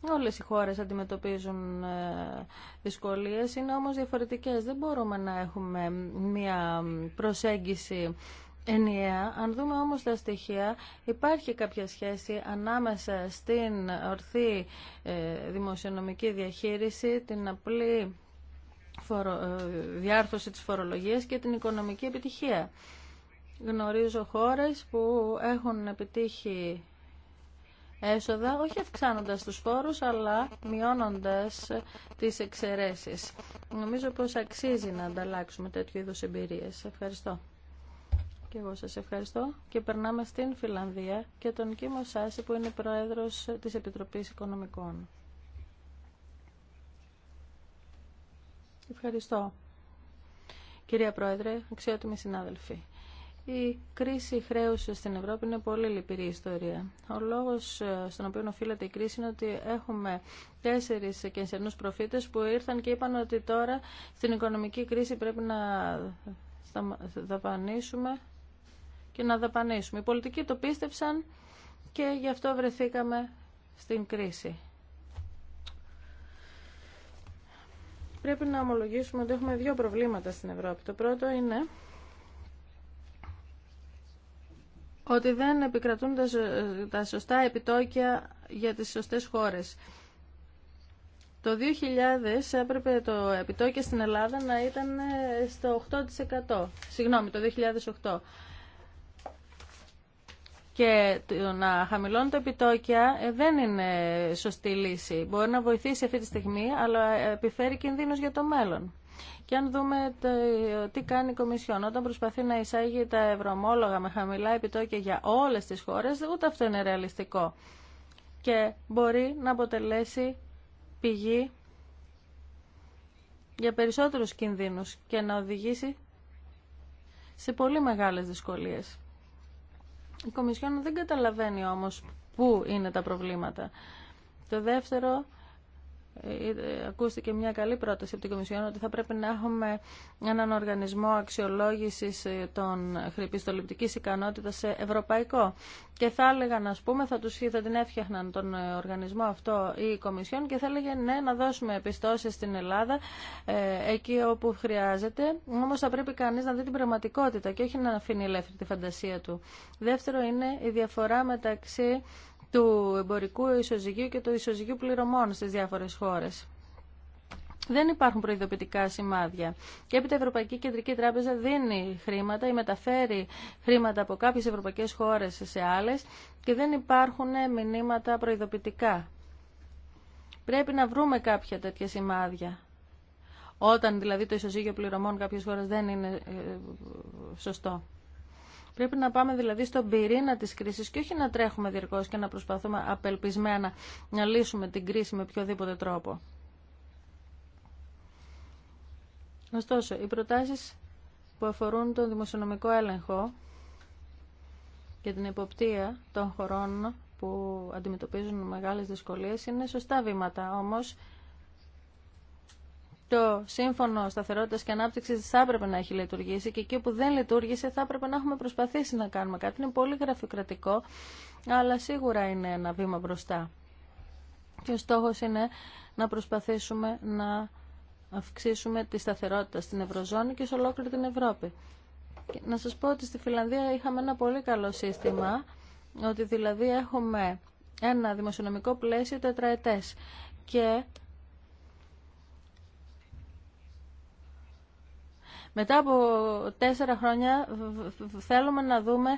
Speaker 2: Όλες οι χώρες αντιμετωπίζουν ε, δυσκολίες, είναι όμως διαφορετικές. Δεν μπορούμε να έχουμε μια προσέγγιση ενιαία. Αν δούμε όμως τα στοιχεία, υπάρχει κάποια σχέση ανάμεσα στην ορθή ε, δημοσιονομική διαχείριση, την απλή ε, διάρθρωση της φορολογίας και την οικονομική επιτυχία. Γνωρίζω χώρες που έχουν επιτύχει έσοδα, όχι αυξάνοντας τους φόρους, αλλά μειώνοντας τις εξαιρέσεις. Νομίζω πως αξίζει να ανταλλάξουμε τέτοιου είδους εμπειρίες. Ευχαριστώ. Και εγώ σας ευχαριστώ και περνάμε στην Φιλανδία και τον Κίμο Σάση που είναι πρόεδρος της Επιτροπής Οικονομικών. Ευχαριστώ. Κυρία Πρόεδρε, αξιότιμοι συνάδελφοι. Η κρίση χρέους στην Ευρώπη είναι πολύ λυπηρή ιστορία. Ο λόγο ε, στον οποίο οφείλεται η κρίση είναι ότι έχουμε τέσσερι κενσερνού προφήτες που ήρθαν και είπαν ότι τώρα στην οικονομική κρίση πρέπει να δαπανίσουμε και να δαπανίσουμε. Οι πολιτικοί το πίστευσαν και γι' αυτό βρεθήκαμε στην κρίση. πρέπει να ομολογήσουμε ότι έχουμε δύο προβλήματα στην Ευρώπη. Το πρώτο είναι ότι δεν επικρατούν τα σωστά επιτόκια για τις σωστές χώρες. Το 2000 έπρεπε το επιτόκιο στην Ελλάδα να ήταν στο 8%. Συγγνώμη, το 2008 και να χαμηλώνουν τα επιτόκια ε, δεν είναι σωστή λύση. Μπορεί να βοηθήσει αυτή τη στιγμή, αλλά ε, επιφέρει κινδύνους για το μέλλον. Και αν δούμε τι κάνει η Κομισιόν, όταν προσπαθεί να εισάγει τα ευρωομόλογα με χαμηλά επιτόκια για όλες τις χώρες, ούτε αυτό είναι ρεαλιστικό. Και μπορεί να αποτελέσει πηγή για περισσότερους κινδύνους και να οδηγήσει σε πολύ μεγάλες δυσκολίες. Η Κομισιόν δεν καταλαβαίνει όμως πού είναι τα προβλήματα. Το δεύτερο ε, ε, ακούστηκε μια καλή πρόταση από την Κομισιόν ότι θα πρέπει να έχουμε έναν οργανισμό αξιολόγησης ε, των χρηπιστοληπτικής ικανότητας σε ευρωπαϊκό. Και θα έλεγαν, ας πούμε, θα, τους, θα την έφτιαχναν τον οργανισμό αυτό ή η Κομισιόν και θα έλεγε ναι, να δώσουμε επιστώσει στην Ελλάδα εκεί όπου χρειάζεται, όμως θα πρέπει κανείς να δει την πραγματικότητα και όχι να αφήνει ελεύθερη τη φαντασία του. Δεύτερο είναι η διαφορά μεταξύ του εμπορικού ισοζυγίου και του ισοζυγίου πληρωμών στις διάφορες χώρες. Δεν υπάρχουν προειδοποιητικά σημάδια. Και έπειτα η Ευρωπαϊκή Κεντρική Τράπεζα δίνει χρήματα ή μεταφέρει χρήματα από κάποιες ευρωπαϊκές χώρες σε άλλες και δεν υπάρχουν μηνύματα προειδοποιητικά. Πρέπει να βρούμε κάποια τέτοια σημάδια. Όταν δηλαδή το ισοζύγιο πληρωμών κάποιες χώρες δεν είναι ε, ε, σωστό. Πρέπει να πάμε δηλαδή στον πυρήνα της κρίσης και όχι να τρέχουμε διαρκώς και να προσπαθούμε απελπισμένα να λύσουμε την κρίση με οποιοδήποτε τρόπο. Ωστόσο, οι προτάσεις που αφορούν τον δημοσιονομικό έλεγχο και την υποπτία των χωρών που αντιμετωπίζουν μεγάλες δυσκολίες είναι σωστά βήματα. Όμως, το Σύμφωνο Σταθερότητας και Ανάπτυξης θα έπρεπε να έχει λειτουργήσει και εκεί που δεν λειτουργήσε θα έπρεπε να έχουμε προσπαθήσει να κάνουμε κάτι. Είναι πολύ γραφειοκρατικό, αλλά σίγουρα είναι ένα βήμα μπροστά. Και ο στόχο είναι να προσπαθήσουμε να αυξήσουμε τη σταθερότητα στην Ευρωζώνη και σε ολόκληρη την Ευρώπη. Και να σας πω ότι στη Φιλανδία είχαμε ένα πολύ καλό σύστημα, ότι δηλαδή έχουμε ένα δημοσιονομικό πλαίσιο τετραετές και Μετά από τέσσερα χρόνια θέλουμε να δούμε,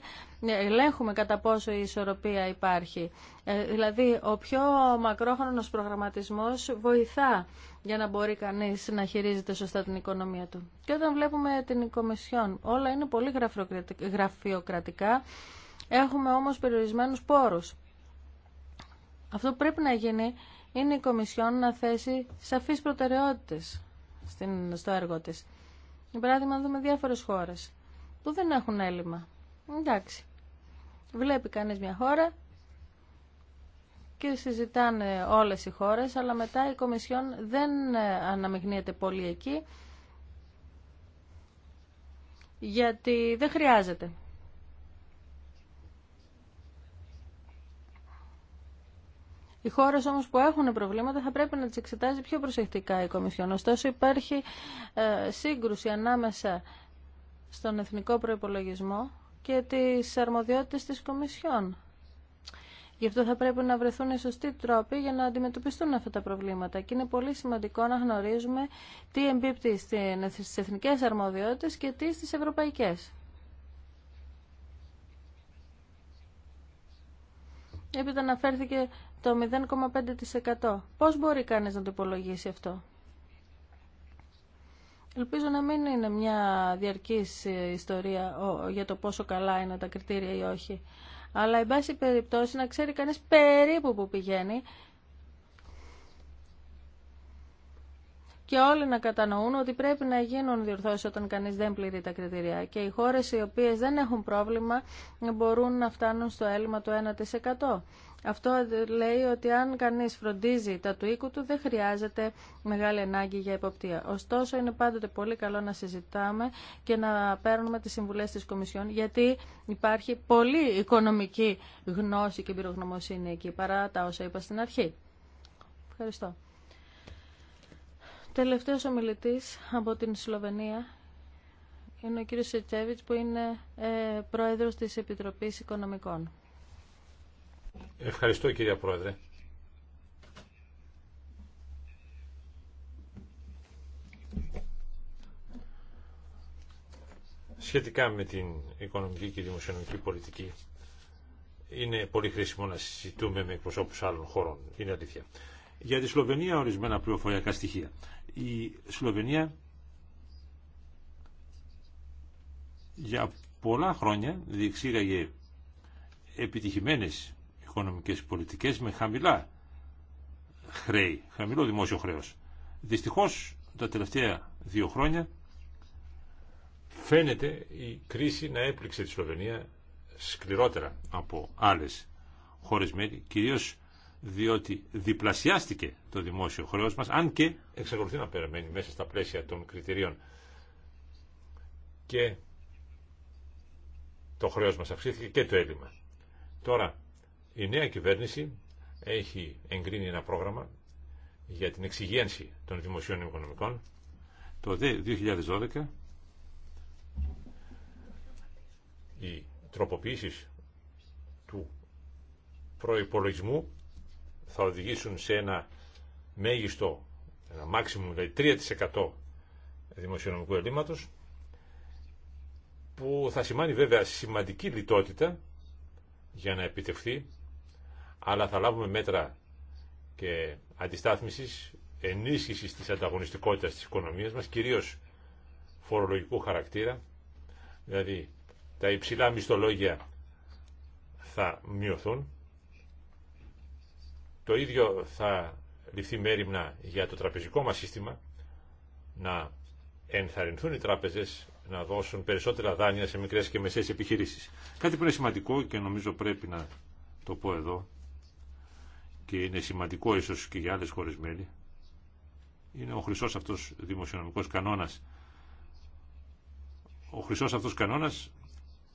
Speaker 2: ε, ελέγχουμε κατά πόσο η ισορροπία υπάρχει. Ε, δηλαδή, ο πιο μακρόχρονος προγραμματισμός βοηθά για να μπορεί κανείς να χειρίζεται σωστά την οικονομία του. Και όταν βλέπουμε την Κομισιόν, όλα είναι πολύ γραφειοκρατικά, έχουμε όμως περιορισμένους πόρους. Αυτό που πρέπει να γίνει είναι η Κομισιόν να θέσει σαφείς προτεραιότητες στο έργο της. Για παράδειγμα, δούμε διάφορε χώρε που δεν έχουν έλλειμμα. Εντάξει. Βλέπει κανεί μια χώρα και συζητάνε όλες οι χώρες, αλλά μετά η Κομισιόν δεν ε, αναμειγνύεται πολύ εκεί, γιατί δεν χρειάζεται. Οι χώρε όμω που έχουν προβλήματα θα πρέπει να τι εξετάζει πιο προσεκτικά η Κομισιόν. Ωστόσο, υπάρχει ε, σύγκρουση ανάμεσα στον εθνικό προπολογισμό και τις αρμοδιότητες της Κομισιόν. Γι' αυτό θα πρέπει να βρεθούν οι σωστοί τρόποι για να αντιμετωπιστούν αυτά τα προβλήματα. Και είναι πολύ σημαντικό να γνωρίζουμε τι εμπίπτει στι εθνικέ αρμοδιότητε και τι στι ευρωπαϊκέ. Έπειτα αναφέρθηκε το 0,5%. Πώς μπορεί κανείς να το υπολογίσει αυτό. Ελπίζω να μην είναι μια διαρκής ε, ιστορία για το πόσο καλά είναι τα κριτήρια ή όχι. Αλλά, εν πάση περιπτώσει, να ξέρει κανείς περίπου που πηγαίνει και όλοι να κατανοούν ότι πρέπει να γίνουν διορθώσει όταν κανεί δεν πληρεί τα κριτήρια. Και οι χώρε οι οποίε δεν έχουν πρόβλημα μπορούν να φτάνουν στο έλλειμμα του 1%. Αυτό λέει ότι αν κανείς φροντίζει τα του οίκου του δεν χρειάζεται μεγάλη ανάγκη για υποπτία. Ωστόσο είναι πάντοτε πολύ καλό να συζητάμε και να παίρνουμε τις συμβουλές της Κομισιόν γιατί υπάρχει πολύ οικονομική γνώση και πυρογνωμοσύνη εκεί παρά τα όσα είπα στην αρχή. Ευχαριστώ. Τελευταίος ομιλητής από την Σλοβενία είναι ο κύριος Σετσέβιτς που είναι ε, πρόεδρος της Επιτροπής Οικονομικών.
Speaker 3: Ευχαριστώ κυρία Πρόεδρε. Σχετικά με την οικονομική και δημοσιονομική πολιτική είναι πολύ χρήσιμο να συζητούμε με εκπροσώπους άλλων χωρών. Είναι αλήθεια. Για τη Σλοβενία ορισμένα πληροφοριακά στοιχεία η Σλοβενία για πολλά χρόνια διεξήγαγε επιτυχημένες οικονομικές πολιτικές με χαμηλά χρέη, χαμηλό δημόσιο χρέος. Δυστυχώς τα τελευταία δύο χρόνια φαίνεται η κρίση να έπληξε τη Σλοβενία σκληρότερα από άλλες χώρες μέλη, κυρίως διότι διπλασιάστηκε το δημόσιο χρέος μας, αν και εξακολουθεί να περιμένει μέσα στα πλαίσια των κριτηρίων. Και το χρέος μας αυξήθηκε και το έλλειμμα. Τώρα, η νέα κυβέρνηση έχει εγκρίνει ένα πρόγραμμα για την εξυγένση των δημοσίων οικονομικών. Το 2012 οι τροποποιήσεις του προϋπολογισμού θα οδηγήσουν σε ένα μέγιστο, ένα maximum, δηλαδή 3% δημοσιονομικού ελλείμματος, που θα σημάνει βέβαια σημαντική λιτότητα για να επιτευχθεί, αλλά θα λάβουμε μέτρα και αντιστάθμισης, ενίσχυσης της ανταγωνιστικότητας της οικονομίας μας, κυρίως φορολογικού χαρακτήρα, δηλαδή τα υψηλά μισθολόγια θα μειωθούν, το ίδιο θα ληφθεί μέρημνα για το τραπεζικό μας σύστημα να ενθαρρυνθούν οι τράπεζες να δώσουν περισσότερα δάνεια σε μικρές και μεσαίες επιχειρήσεις. Κάτι που είναι σημαντικό και νομίζω πρέπει να το πω εδώ και είναι σημαντικό ίσως και για άλλες χώρες μέλη είναι ο χρυσός αυτός δημοσιονομικός κανόνας. Ο χρυσός αυτός κανόνας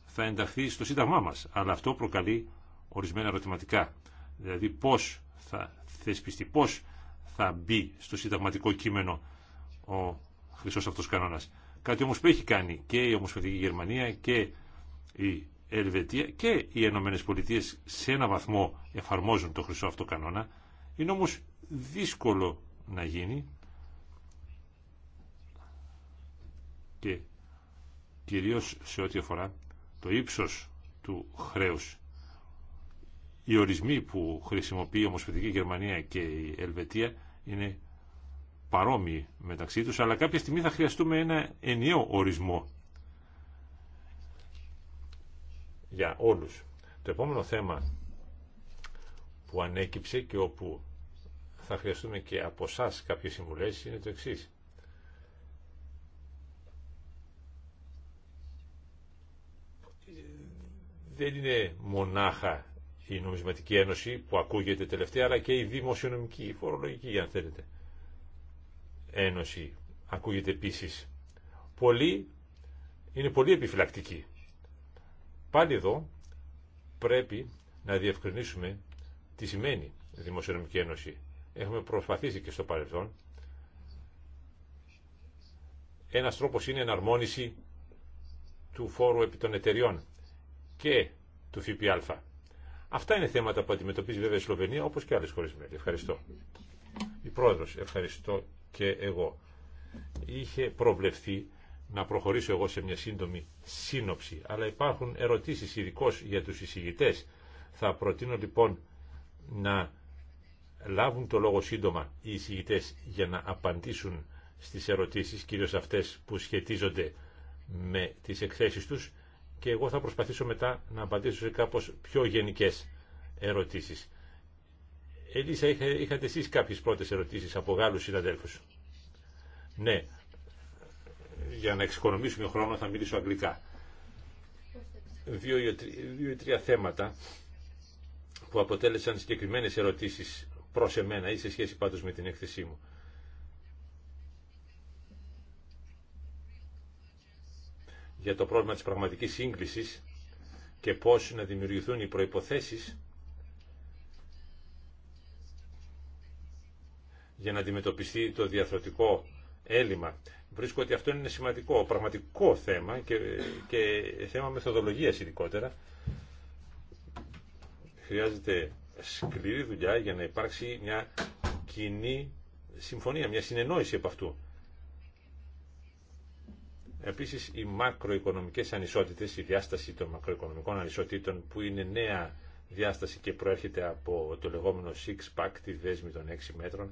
Speaker 3: θα ενταχθεί στο Σύνταγμά μας, αλλά αυτό προκαλεί ορισμένα ερωτηματικά. Δηλαδή πώς θα θεσπιστεί, πώ θα μπει στο συνταγματικό κείμενο ο χρυσό αυτό κανόνα. Κάτι όμως που έχει κάνει και η Ομοσπονδιακή Γερμανία και η Ελβετία και οι Ενωμένε Πολιτείε σε ένα βαθμό εφαρμόζουν το χρυσό αυτό κανόνα. Είναι όμως δύσκολο να γίνει και κυρίως σε ό,τι αφορά το ύψος του χρέους οι ορισμοί που χρησιμοποιεί η ομοσπονδιακή Γερμανία και η Ελβετία είναι παρόμοιοι μεταξύ τους, αλλά κάποια στιγμή θα χρειαστούμε ένα ενιαίο ορισμό για όλους. Το επόμενο θέμα που ανέκυψε και όπου θα χρειαστούμε και από εσά κάποιες συμβουλές είναι το εξή. Δεν είναι μονάχα η Νομισματική Ένωση που ακούγεται τελευταία, αλλά και η Δημοσιονομική, η Φορολογική, αν θέλετε, Ένωση ακούγεται επίση. Πολύ, είναι πολύ επιφυλακτική. Πάλι εδώ πρέπει να διευκρινίσουμε τι σημαίνει Δημοσιονομική Ένωση. Έχουμε προσπαθήσει και στο παρελθόν. Ένας τρόπος είναι εναρμόνιση του φόρου επί των εταιριών και του ΦΠΑ. Αυτά είναι θέματα που αντιμετωπίζει βέβαια η Σλοβενία όπως και άλλες χώρες μέλη. Ευχαριστώ. Η Πρόεδρος, ευχαριστώ και εγώ. Είχε προβλεφθεί να προχωρήσω εγώ σε μια σύντομη σύνοψη, αλλά υπάρχουν ερωτήσεις ειδικώ για τους εισηγητέ. Θα προτείνω λοιπόν να λάβουν το λόγο σύντομα οι εισηγητέ για να απαντήσουν στις ερωτήσεις, κυρίως αυτές που σχετίζονται με τις εκθέσεις τους και εγώ θα προσπαθήσω μετά να απαντήσω σε κάπως πιο γενικές ερωτήσεις. Ελίσσα, είχατε εσείς κάποιες πρώτες ερωτήσεις από Γάλλους συναδέλφους. Ναι, για να εξοικονομήσουμε χρόνο θα μιλήσω αγγλικά. Δύο ή τρία, τρία θέματα που αποτέλεσαν συγκεκριμένες ερωτήσεις προς εμένα ή σε σχέση πάντως με την έκθεσή μου. για το πρόβλημα της πραγματικής σύγκλησης και πώς να δημιουργηθούν οι προϋποθέσεις για να αντιμετωπιστεί το διαθροτικό έλλειμμα. Βρίσκω ότι αυτό είναι σημαντικό, πραγματικό θέμα και, και θέμα μεθοδολογίας ειδικότερα. Χρειάζεται σκληρή δουλειά για να υπάρξει μια κοινή συμφωνία, μια συνεννόηση από αυτού. Επίσης οι μακροοικονομικές ανισότητε, η διάσταση των μακροοικονομικών ανισοτήτων που είναι νέα διάσταση και προέρχεται από το λεγόμενο six pack, τη δέσμη των 6 μέτρων,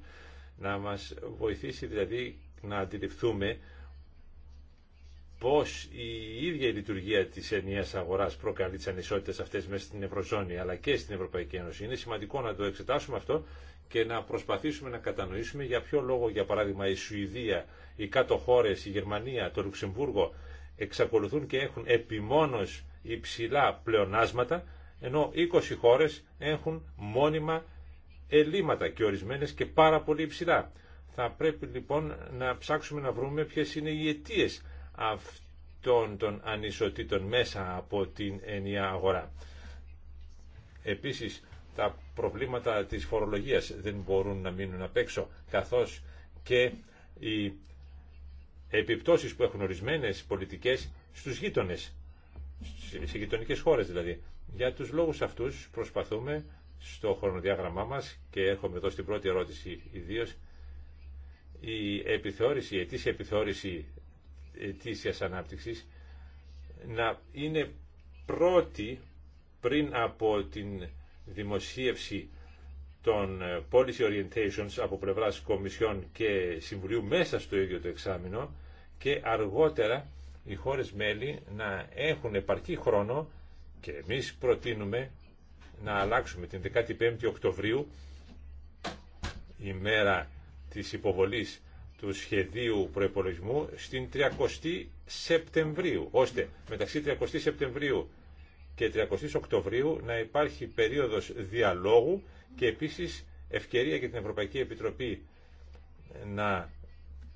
Speaker 3: να μας βοηθήσει δηλαδή να αντιληφθούμε πώς η ίδια η λειτουργία της ενιαία αγοράς προκαλεί τι ανισότητες αυτές μέσα στην Ευρωζώνη αλλά και στην Ευρωπαϊκή Ένωση. Είναι σημαντικό να το εξετάσουμε αυτό και να προσπαθήσουμε να κατανοήσουμε για ποιο λόγο, για παράδειγμα, η Σουηδία, οι κάτω χώρε, η Γερμανία, το Λουξεμβούργο εξακολουθούν και έχουν επιμόνως υψηλά πλεονάσματα, ενώ 20 χώρες έχουν μόνιμα ελλείμματα και ορισμένε και πάρα πολύ υψηλά. Θα πρέπει λοιπόν να ψάξουμε να βρούμε ποιε είναι οι αιτίε αυτών των ανισοτήτων μέσα από την ενιαία αγορά. Επίσης, τα προβλήματα της φορολογίας δεν μπορούν να μείνουν απ' έξω, καθώς και οι επιπτώσεις που έχουν ορισμένες πολιτικές στους γείτονες, σε γειτονικές χώρες δηλαδή. Για τους λόγους αυτούς προσπαθούμε στο χρονοδιάγραμμά μας και έχουμε εδώ στην πρώτη ερώτηση ιδίω. η επιθεώρηση, η ετήσια επιθεώρηση ετήσιας ανάπτυξης να είναι πρώτη πριν από την δημοσίευση των ε, policy orientations από πλευράς Κομισιόν και Συμβουλίου μέσα στο ίδιο το εξάμεινο και αργότερα οι χώρες μέλη να έχουν επαρκή χρόνο και εμείς προτείνουμε να αλλάξουμε την 15η Οκτωβρίου ημέρα της υποβολής του σχεδίου προϋπολογισμού στην 30 Σεπτεμβρίου, ώστε μεταξύ 30 Σεπτεμβρίου και 30 Οκτωβρίου να υπάρχει περίοδος διαλόγου και επίσης ευκαιρία για την Ευρωπαϊκή Επιτροπή να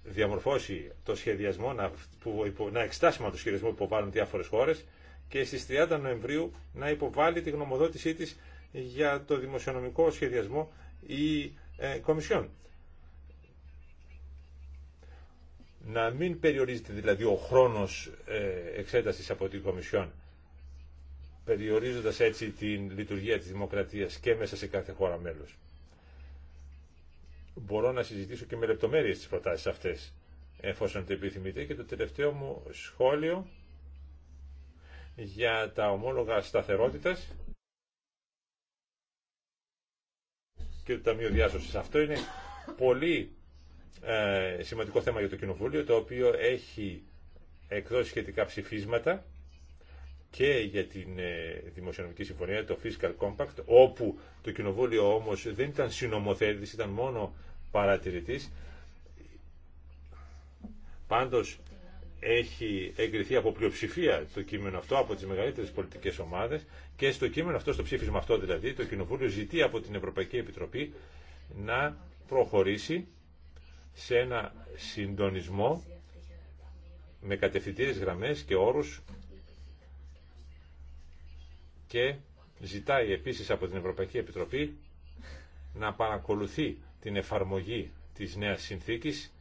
Speaker 3: διαμορφώσει το σχεδιασμό, να, που, να εξτάσουμε το σχεδιασμό που υποβάλλουν διάφορες χώρες και στις 30 Νοεμβρίου να υποβάλει τη γνωμοδότησή της για το δημοσιονομικό σχεδιασμό η ε, Κομισιόν. Να μην περιορίζεται δηλαδή ο χρόνος ε, εξέτασης από την Κομισιόν περιορίζοντας έτσι την λειτουργία της δημοκρατίας και μέσα σε κάθε χώρα μέλος. Μπορώ να συζητήσω και με λεπτομέρειες τις προτάσεις αυτές, εφόσον το επιθυμείτε. Και το τελευταίο μου σχόλιο για τα ομόλογα σταθερότητας και το Ταμείο Διάσωσης. Αυτό είναι πολύ ε, σημαντικό θέμα για το Κοινοβούλιο, το οποίο έχει εκδώσει σχετικά ψηφίσματα και για την ε, Δημοσιονομική Συμφωνία, το Fiscal Compact, όπου το Κοινοβούλιο όμως δεν ήταν συνομοθέτης, ήταν μόνο παρατηρητής. Πάντως έχει εγκριθεί από πλειοψηφία το κείμενο αυτό από τις μεγαλύτερες πολιτικές ομάδες και στο κείμενο αυτό, στο ψήφισμα αυτό δηλαδή, το Κοινοβούλιο ζητεί από την Ευρωπαϊκή Επιτροπή να προχωρήσει σε ένα συντονισμό με κατευθυντήρες γραμμές και όρους και ζητάει επίσης από την Ευρωπαϊκή Επιτροπή να παρακολουθεί την εφαρμογή της νέας συνθήκης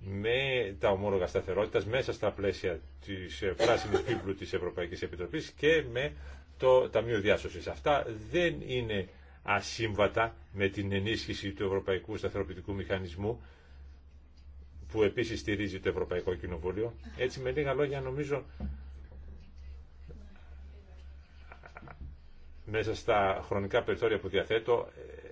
Speaker 3: με τα ομόλογα σταθερότητας μέσα στα πλαίσια της πράσινης πίπλου της Ευρωπαϊκής Επιτροπής και με το Ταμείο Διάσωσης. Αυτά δεν είναι ασύμβατα με την ενίσχυση του Ευρωπαϊκού Σταθεροποιητικού Μηχανισμού που επίσης στηρίζει το Ευρωπαϊκό Κοινοβούλιο. Έτσι με λίγα λόγια νομίζω μέσα στα χρονικά περιθώρια που διαθέτω,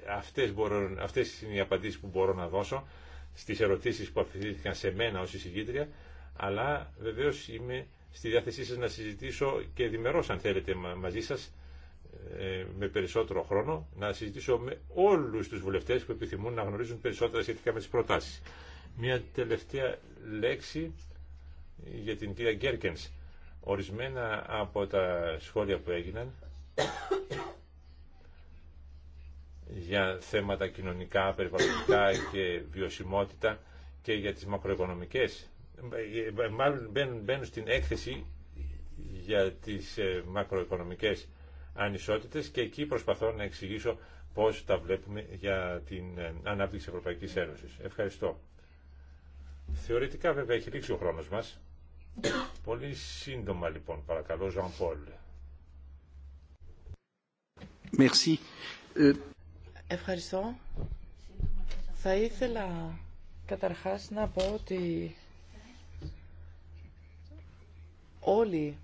Speaker 3: ε, αυτές, μπορούν, αυτές είναι οι απαντήσεις που μπορώ να δώσω στις ερωτήσεις που αφηθήθηκαν σε μένα ως εισηγήτρια, αλλά βεβαίως είμαι στη διάθεσή σας να συζητήσω και διμερώς αν θέλετε μαζί σας ε, με περισσότερο χρόνο να συζητήσω με όλους τους βουλευτές που επιθυμούν να γνωρίζουν περισσότερα σχετικά με τις προτάσεις. Μια τελευταία λέξη για την κυρία Γκέρκενς. Ορισμένα από τα σχόλια που έγιναν για θέματα κοινωνικά, περιβαλλοντικά και βιωσιμότητα και για τις μακροοικονομικές. Ε, μάλλον μπαίνουν, στην έκθεση για τις ε, μακροοικονομικές ανισότητες και εκεί προσπαθώ να εξηγήσω πώς τα βλέπουμε για την ε, ανάπτυξη Ευρωπαϊκής Ένωσης. Ευχαριστώ. Θεωρητικά βέβαια έχει λήξει ο χρόνος μας. Πολύ σύντομα λοιπόν παρακαλώ Ζαν
Speaker 2: ε,
Speaker 1: Ευχαριστώ. Θα ήθελα καταρχάς να πω ότι όλοι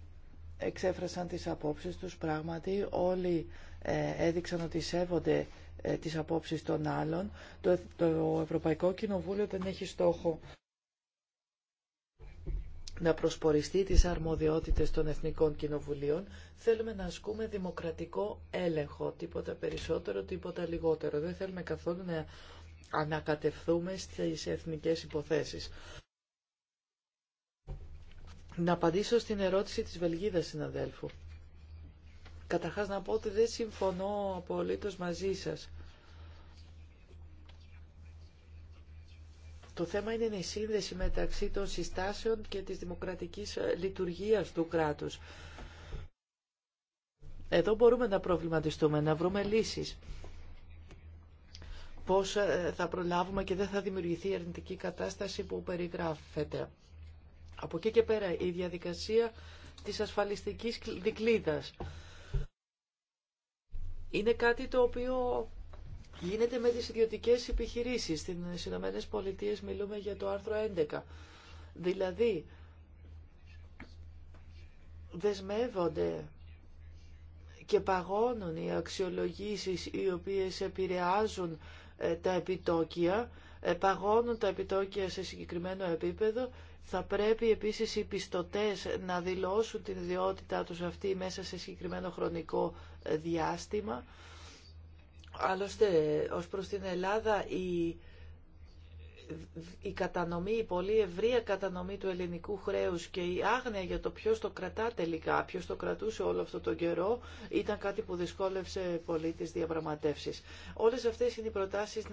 Speaker 1: εξέφρασαν τις απόψεις τους πράγματι, όλοι ε, έδειξαν ότι σέβονται ε, τις απόψεις των άλλων. Το Ευρωπαϊκό Κοινοβούλιο δεν έχει στόχο να προσποριστεί τις αρμοδιότητες των Εθνικών Κοινοβουλίων. Θέλουμε να ασκούμε δημοκρατικό έλεγχο, τίποτα περισσότερο, τίποτα λιγότερο. Δεν θέλουμε καθόλου να ανακατευθούμε στις εθνικές υποθέσεις. Να απαντήσω στην ερώτηση της Βελγίδας συναδέλφου. Καταρχάς να πω ότι δεν συμφωνώ απολύτως μαζί σας Το θέμα είναι η σύνδεση μεταξύ των συστάσεων και της δημοκρατικής ε, λειτουργίας του κράτους. Εδώ μπορούμε να προβληματιστούμε, να βρούμε λύσεις. Πώς ε, θα προλάβουμε και δεν θα δημιουργηθεί η αρνητική κατάσταση που περιγράφεται. Από εκεί και πέρα η διαδικασία της ασφαλιστικής δικλίδας. Είναι κάτι το οποίο γίνεται με τις ιδιωτικές επιχειρήσεις. Στις Ηνωμένες Πολιτείες μιλούμε για το άρθρο 11. Δηλαδή, δεσμεύονται και παγώνουν οι αξιολογήσεις οι οποίες επηρεάζουν ε, τα επιτόκια, ε, παγώνουν τα επιτόκια σε συγκεκριμένο επίπεδο. Θα πρέπει επίσης οι πιστωτές να δηλώσουν την ιδιότητά τους αυτή μέσα σε συγκεκριμένο χρονικό ε, διάστημα. Άλλωστε, ως προς την Ελλάδα, η, η κατανομή, η πολύ ευρία κατανομή του ελληνικού χρέους και η άγνοια για το ποιος το κρατά τελικά, ποιος το κρατούσε όλο αυτό τον καιρό, ήταν κάτι που δυσκόλευσε πολύ τις διαπραγματεύσεις. Όλες αυτές είναι οι προτάσεις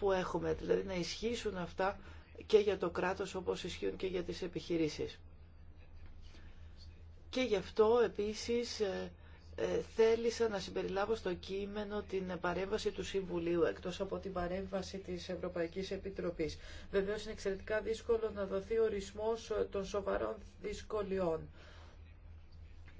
Speaker 1: που έχουμε, δηλαδή να ισχύσουν αυτά και για το κράτος όπως ισχύουν και για τις επιχειρήσεις. Και γι' αυτό επίσης ε, ε, θέλησα να συμπεριλάβω στο κείμενο την παρέμβαση του Συμβουλίου εκτός από την παρέμβαση της Ευρωπαϊκής Επιτροπής. Βεβαίως είναι εξαιρετικά δύσκολο να δοθεί ορισμός των σοβαρών δυσκολιών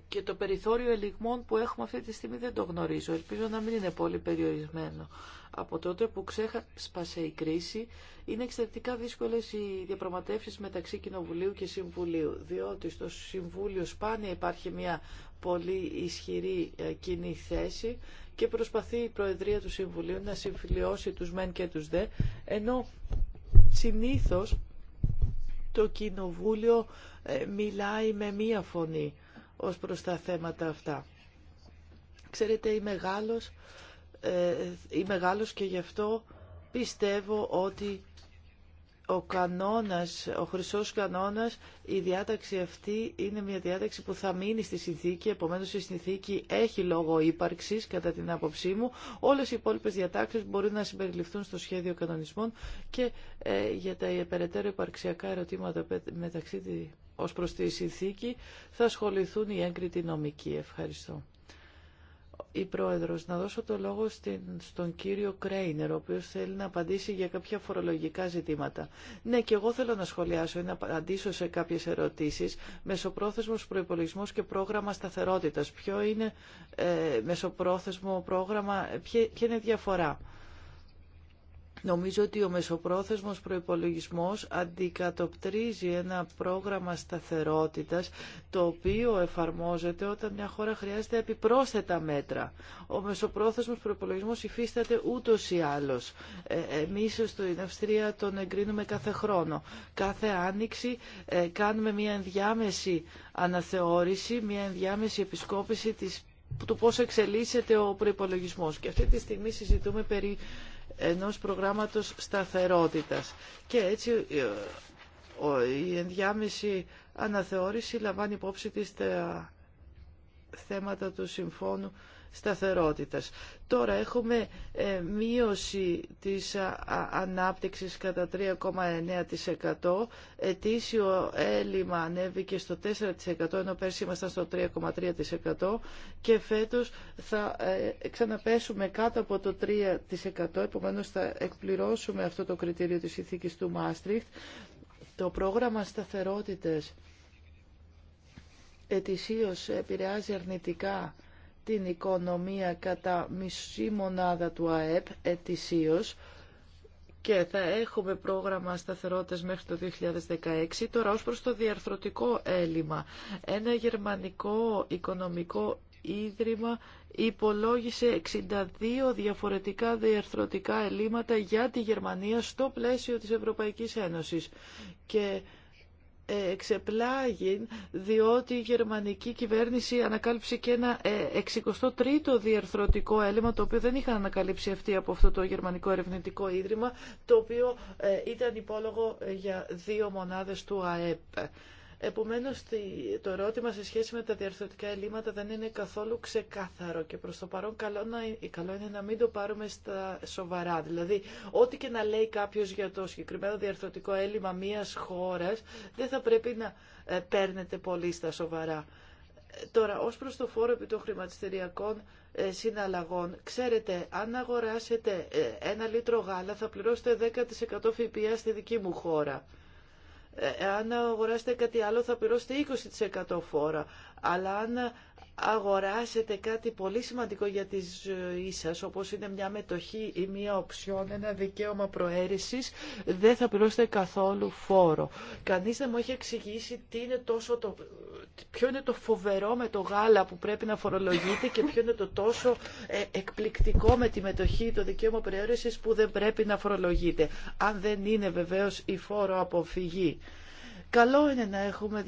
Speaker 1: και το περιθώριο ελιγμών που έχουμε αυτή τη στιγμή δεν το γνωρίζω. Ελπίζω να μην είναι πολύ περιορισμένο. Από τότε που ξέχασε η κρίση, είναι εξαιρετικά δύσκολε οι διαπραγματεύσει μεταξύ Κοινοβουλίου και Συμβουλίου, διότι στο Συμβούλιο σπάνια υπάρχει μια πολύ ισχυρή ε, κοινή θέση και προσπαθεί η Προεδρία του Συμβουλίου να συμφιλειώσει του μεν και του δε, ενώ συνήθω το Κοινοβούλιο ε, μιλάει με μία φωνή ως προς τα θέματα αυτά. Ξέρετε, είμαι μεγάλος, ε, και γι' αυτό πιστεύω ότι ο κανόνας, ο χρυσός κανόνας, η διάταξη αυτή είναι μια διάταξη που θα μείνει στη συνθήκη, επομένως η συνθήκη έχει λόγο ύπαρξης κατά την άποψή μου. Όλες οι υπόλοιπες διατάξεις μπορούν να συμπεριληφθούν στο σχέδιο κανονισμών και ε, για τα περαιτέρω υπαρξιακά ερωτήματα μεταξύ ως προς τη συνθήκη θα ασχοληθούν οι έγκριτοι νομικοί. Ευχαριστώ. Η Πρόεδρος, να δώσω το λόγο στην, στον κύριο Κρέινερ, ο οποίος θέλει να απαντήσει για κάποια φορολογικά ζητήματα. Ναι, και εγώ θέλω να σχολιάσω ή να απαντήσω σε κάποιες ερωτήσεις. Μεσοπρόθεσμος προπολογισμό και πρόγραμμα σταθερότητας. Ποιο είναι ε, μεσοπρόθεσμο πρόγραμμα, ποια, ποια είναι διαφορά. Νομίζω ότι ο μεσοπρόθεσμος προϋπολογισμός αντικατοπτρίζει ένα πρόγραμμα σταθερότητας το οποίο εφαρμόζεται όταν μια χώρα χρειάζεται επιπρόσθετα μέτρα. Ο μεσοπρόθεσμος προϋπολογισμός υφίσταται ούτως ή άλλως. Ε, εμείς στην Αυστρία τον εγκρίνουμε κάθε χρόνο. Κάθε άνοιξη ε, κάνουμε μια ενδιάμεση αναθεώρηση, μια ενδιάμεση επισκόπηση της, του πώς εξελίσσεται ο προϋπολογισμός. Και αυτή τη στιγμή συζητούμε περί ενός προγράμματος σταθερότητας. Και έτσι ε, η ενδιάμεση αναθεώρηση λαμβάνει υπόψη της θέματα του συμφώνου σταθερότητας. Τώρα έχουμε ε, μείωση της ανάπτυξης κατά 3,9%. Ετήσιο έλλειμμα ανέβηκε στο 4% ενώ πέρσι ήμασταν στο 3,3% και φέτος θα ε, ξαναπέσουμε κάτω από το 3%. Επομένως θα εκπληρώσουμε αυτό το κριτήριο της ηθίκης του Μάστριχτ. Το πρόγραμμα σταθερότητες ετησίως επηρεάζει αρνητικά την οικονομία κατά μισή μονάδα του ΑΕΠ ετησίως και θα έχουμε πρόγραμμα σταθερότητας μέχρι το 2016. Τώρα ως προς το διαρθρωτικό έλλειμμα, ένα γερμανικό οικονομικό ίδρυμα υπολόγισε 62 διαφορετικά διαρθρωτικά ελλείμματα για τη Γερμανία στο πλαίσιο της Ευρωπαϊκής Ένωσης. Και εξεπλάγει διότι η γερμανική κυβέρνηση ανακάλυψε και ένα 63ο ε, διαρθρωτικό έλλειμμα το οποίο δεν είχαν ανακαλύψει αυτοί από αυτό το γερμανικό ερευνητικό ίδρυμα το οποίο ε, ήταν υπόλογο ε, για δύο μονάδες του ΑΕΠ. Επομένως το ερώτημα σε σχέση με τα διαρθρωτικά ελλείμματα δεν είναι καθόλου ξεκάθαρο και προς το παρόν καλό, καλό είναι να μην το πάρουμε στα σοβαρά. Δηλαδή ό,τι και να λέει κάποιος για το συγκεκριμένο διαρθρωτικό έλλειμμα μιας χώρας δεν θα πρέπει να ε, παίρνετε πολύ στα σοβαρά. Ε, τώρα, ως προς το φόρο επί των χρηματιστηριακών ε, συναλλαγών, ξέρετε, αν αγοράσετε ένα λίτρο γάλα θα πληρώσετε 10% ΦΠΑ στη δική μου χώρα αν αγοράσετε κάτι άλλο θα πληρώσετε 20% φόρα. Αλλά αν αγοράσετε κάτι πολύ σημαντικό για τη ζωή σας, όπως είναι μια μετοχή ή μια οψιόν, ένα δικαίωμα προαίρεσης, δεν θα πληρώσετε καθόλου φόρο. Κανείς δεν μου έχει εξηγήσει τι είναι τόσο το, ποιο είναι το φοβερό με το γάλα που πρέπει να φορολογείται και ποιο είναι το τόσο ε, εκπληκτικό με τη μετοχή το δικαίωμα περιόρισης που δεν πρέπει να φορολογείται. Αν δεν είναι βεβαίως η φόρο αποφυγή. Καλό είναι να έχουμε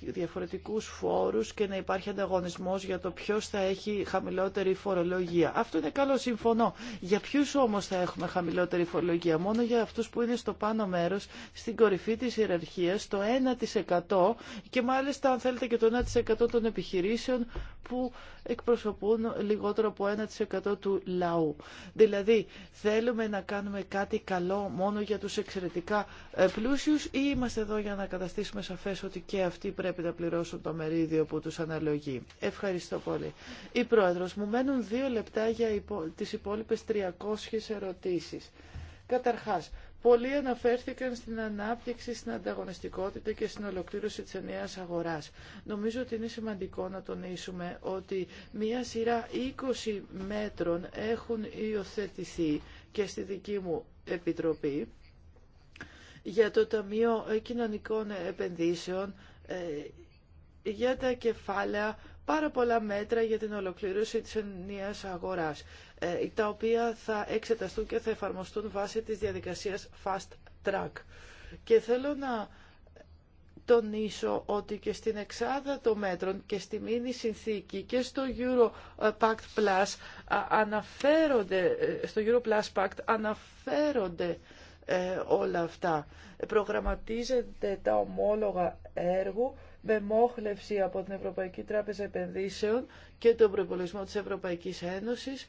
Speaker 1: διαφορετικούς φόρους και να υπάρχει ανταγωνισμός για το ποιος θα έχει χαμηλότερη φορολογία. Αυτό είναι καλό, συμφωνώ. Για ποιους όμως θα έχουμε χαμηλότερη φορολογία. Μόνο για αυτούς που είναι στο πάνω μέρος, στην κορυφή της ιεραρχίας, το 1% και μάλιστα αν θέλετε και το 1% των επιχειρήσεων που εκπροσωπούν λιγότερο από 1% του λαού. Δηλαδή, θέλουμε να κάνουμε κάτι καλό μόνο για τους εξαιρετικά ε, πλούσιους ή είμαστε εδώ για να καταστήσουμε σαφές ότι και αυτοί πρέπει να πληρώσουν το μερίδιο που τους αναλογεί. Ευχαριστώ πολύ. Η Πρόεδρος, μου μένουν δύο λεπτά για τις υπόλοιπες 300 ερωτήσεις. Καταρχάς, Πολλοί αναφέρθηκαν στην ανάπτυξη, στην ανταγωνιστικότητα και στην ολοκλήρωση της νέας αγοράς. Νομίζω ότι είναι σημαντικό να τονίσουμε ότι μία σειρά 20 μέτρων έχουν υιοθετηθεί και στη δική μου επιτροπή για το Ταμείο Κοινωνικών Επενδύσεων, ε, για τα κεφάλαια πάρα πολλά μέτρα για την ολοκλήρωση της ενιαίας αγοράς, ε, τα οποία θα εξεταστούν και θα εφαρμοστούν βάσει της διαδικασίας fast track. Και θέλω να τονίσω ότι και στην εξάδα των μέτρων και στη μήνυ συνθήκη και στο ε, Pact Plus ε, αναφέρονται, στο Plus Pact αναφέρονται όλα αυτά. Προγραμματίζεται τα ομόλογα έργου με μόχλευση από την Ευρωπαϊκή Τράπεζα Επενδύσεων και τον προπολογισμό της Ευρωπαϊκής Ένωσης.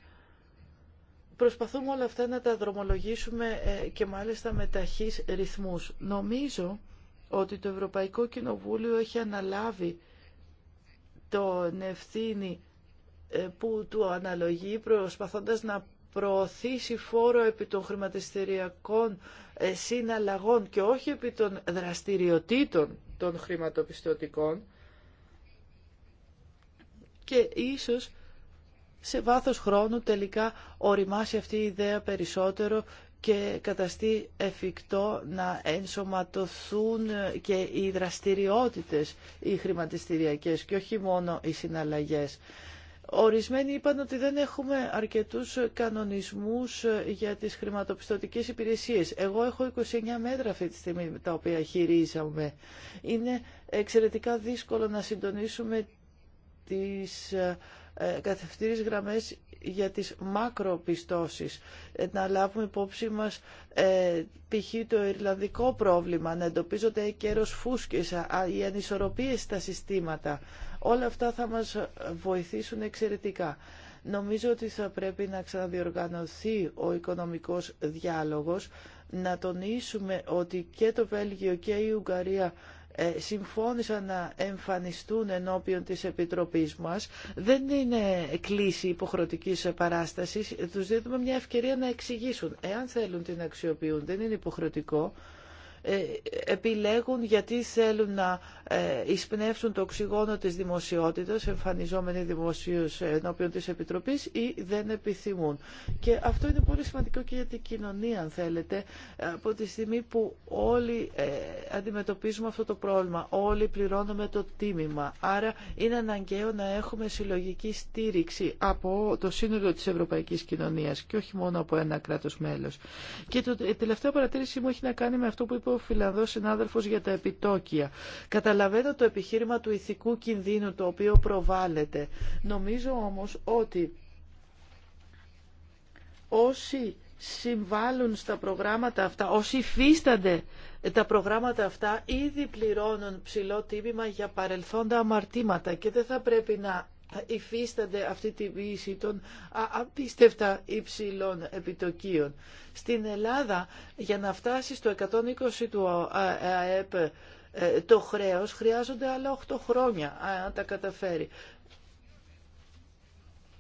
Speaker 1: Προσπαθούμε όλα αυτά να τα δρομολογήσουμε ε, και μάλιστα με ταχύς ρυθμούς. Νομίζω ότι το Ευρωπαϊκό Κοινοβούλιο έχει αναλάβει το ευθύνη ε, που του αναλογεί προσπαθώντας να προωθήσει φόρο επί των χρηματιστηριακών ε, συναλλαγών και όχι επί των δραστηριοτήτων των χρηματοπιστωτικών και ίσως σε βάθος χρόνου τελικά οριμάσει αυτή η ιδέα περισσότερο και καταστεί εφικτό να ενσωματωθούν και οι δραστηριότητες οι χρηματιστηριακές και όχι μόνο οι συναλλαγές. Ορισμένοι είπαν ότι δεν έχουμε αρκετούς κανονισμούς για τις χρηματοπιστωτικές υπηρεσίες. Εγώ έχω 29 μέτρα αυτή τη στιγμή τα οποία χειρίζαμε. Είναι εξαιρετικά δύσκολο να συντονίσουμε τις ε, ε, καθευτήρες γραμμές για τις μακροπιστώσεις, ε, να λάβουμε υπόψη μας ε, π.χ. το Ιρλανδικό πρόβλημα, να εντοπίζονται καιρός φούσκες, οι ανισορροπίες στα συστήματα. Όλα αυτά θα μας βοηθήσουν εξαιρετικά. Νομίζω ότι θα πρέπει να ξαναδιοργανωθεί ο οικονομικός διάλογος, να τονίσουμε ότι και το Βέλγιο και η Ουγγαρία ε, συμφώνησαν να εμφανιστούν ενώπιον της Επιτροπής μας. Δεν είναι κλίση υποχρεωτικής παράστασης. Τους δίνουμε μια ευκαιρία να εξηγήσουν. Εάν θέλουν την αξιοποιούν, δεν είναι υποχρεωτικό. Ε, επιλέγουν γιατί θέλουν να ε, εισπνεύσουν το οξυγόνο της δημοσιότητας, εμφανιζόμενοι δημοσίως ενώπιον της Επιτροπής ή δεν επιθυμούν. Και αυτό είναι πολύ σημαντικό και για την κοινωνία, αν θέλετε, από τη στιγμή που όλοι ε, αντιμετωπίζουμε αυτό το πρόβλημα, όλοι πληρώνουμε το τίμημα. Άρα είναι αναγκαίο να έχουμε συλλογική στήριξη από το σύνολο της Ευρωπαϊκής Κοινωνίας και όχι μόνο από ένα κράτος μέλος. Και η τελευταία παρατήρηση μου έχει να κάνει με αυτό που ο Φιλανδός συνάδελφος για τα επιτόκια. Καταλαβαίνω το επιχείρημα του ηθικού κινδύνου το οποίο προβάλλεται. Νομίζω όμως ότι όσοι συμβάλλουν στα προγράμματα αυτά, όσοι υφίστανται τα προγράμματα αυτά, ήδη πληρώνουν ψηλό τίμημα για παρελθόντα αμαρτήματα και δεν θα πρέπει να υφίστανται αυτή τη βύση των απίστευτα υψηλών επιτοκίων. Στην Ελλάδα για να φτάσει στο 120 του ΑΕΠ ε, το χρέος χρειάζονται άλλα 8 χρόνια αν τα καταφέρει.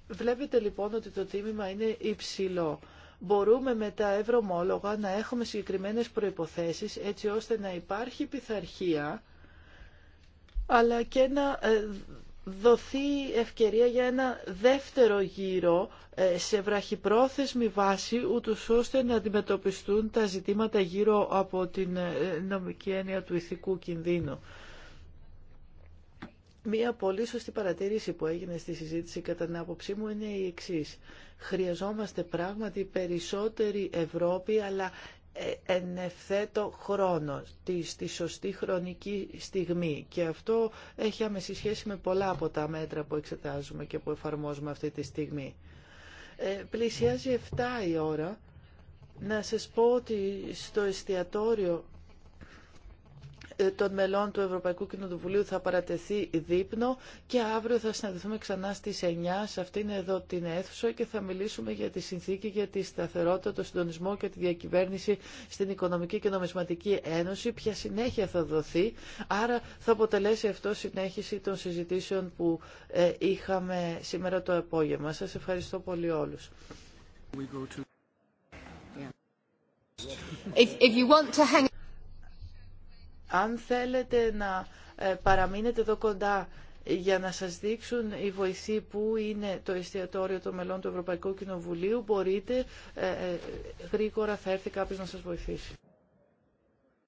Speaker 1: Βλέπετε λοιπόν ότι το τίμημα είναι υψηλό. Μπορούμε με τα ευρωμόλογα να έχουμε συγκεκριμένες προϋποθέσεις έτσι ώστε να υπάρχει πειθαρχία αλλά και να ε, δοθεί ευκαιρία για ένα δεύτερο γύρο ε, σε βραχυπρόθεσμη βάση, ούτως ώστε να αντιμετωπιστούν τα ζητήματα γύρω από την ε, νομική έννοια του ηθικού κινδύνου. Μία πολύ σωστή παρατήρηση που έγινε στη συζήτηση κατά την άποψή μου είναι η εξής. Χρειαζόμαστε πράγματι περισσότερη Ευρώπη, αλλά ε, εν ευθέτω χρόνο, τη, στη σωστή χρονική στιγμή. Και αυτό έχει άμεση σχέση με πολλά από τα μέτρα που εξετάζουμε και που εφαρμόζουμε αυτή τη στιγμή. Ε, πλησιάζει 7 η ώρα. Να σας πω ότι στο εστιατόριο ε, των μελών του Ευρωπαϊκού Κοινοβουλίου θα παρατεθεί δείπνο και αύριο θα συναντηθούμε ξανά στις 9 σε αυτήν εδώ την αίθουσα και θα μιλήσουμε για τη συνθήκη για τη σταθερότητα, το συντονισμό και τη διακυβέρνηση στην Οικονομική και Νομισματική Ένωση, ποια συνέχεια θα δοθεί. Άρα θα αποτελέσει αυτό συνέχιση των συζητήσεων που ε, είχαμε σήμερα το απόγευμα. Σας ευχαριστώ πολύ όλους. If, if you want to hang αν θέλετε να ε, παραμείνετε εδώ κοντά για να σας δείξουν η βοηθή που είναι το εστιατόριο των μελών του Ευρωπαϊκού Κοινοβουλίου, μπορείτε, ε, ε, γρήγορα θα έρθει κάποιος να σας βοηθήσει.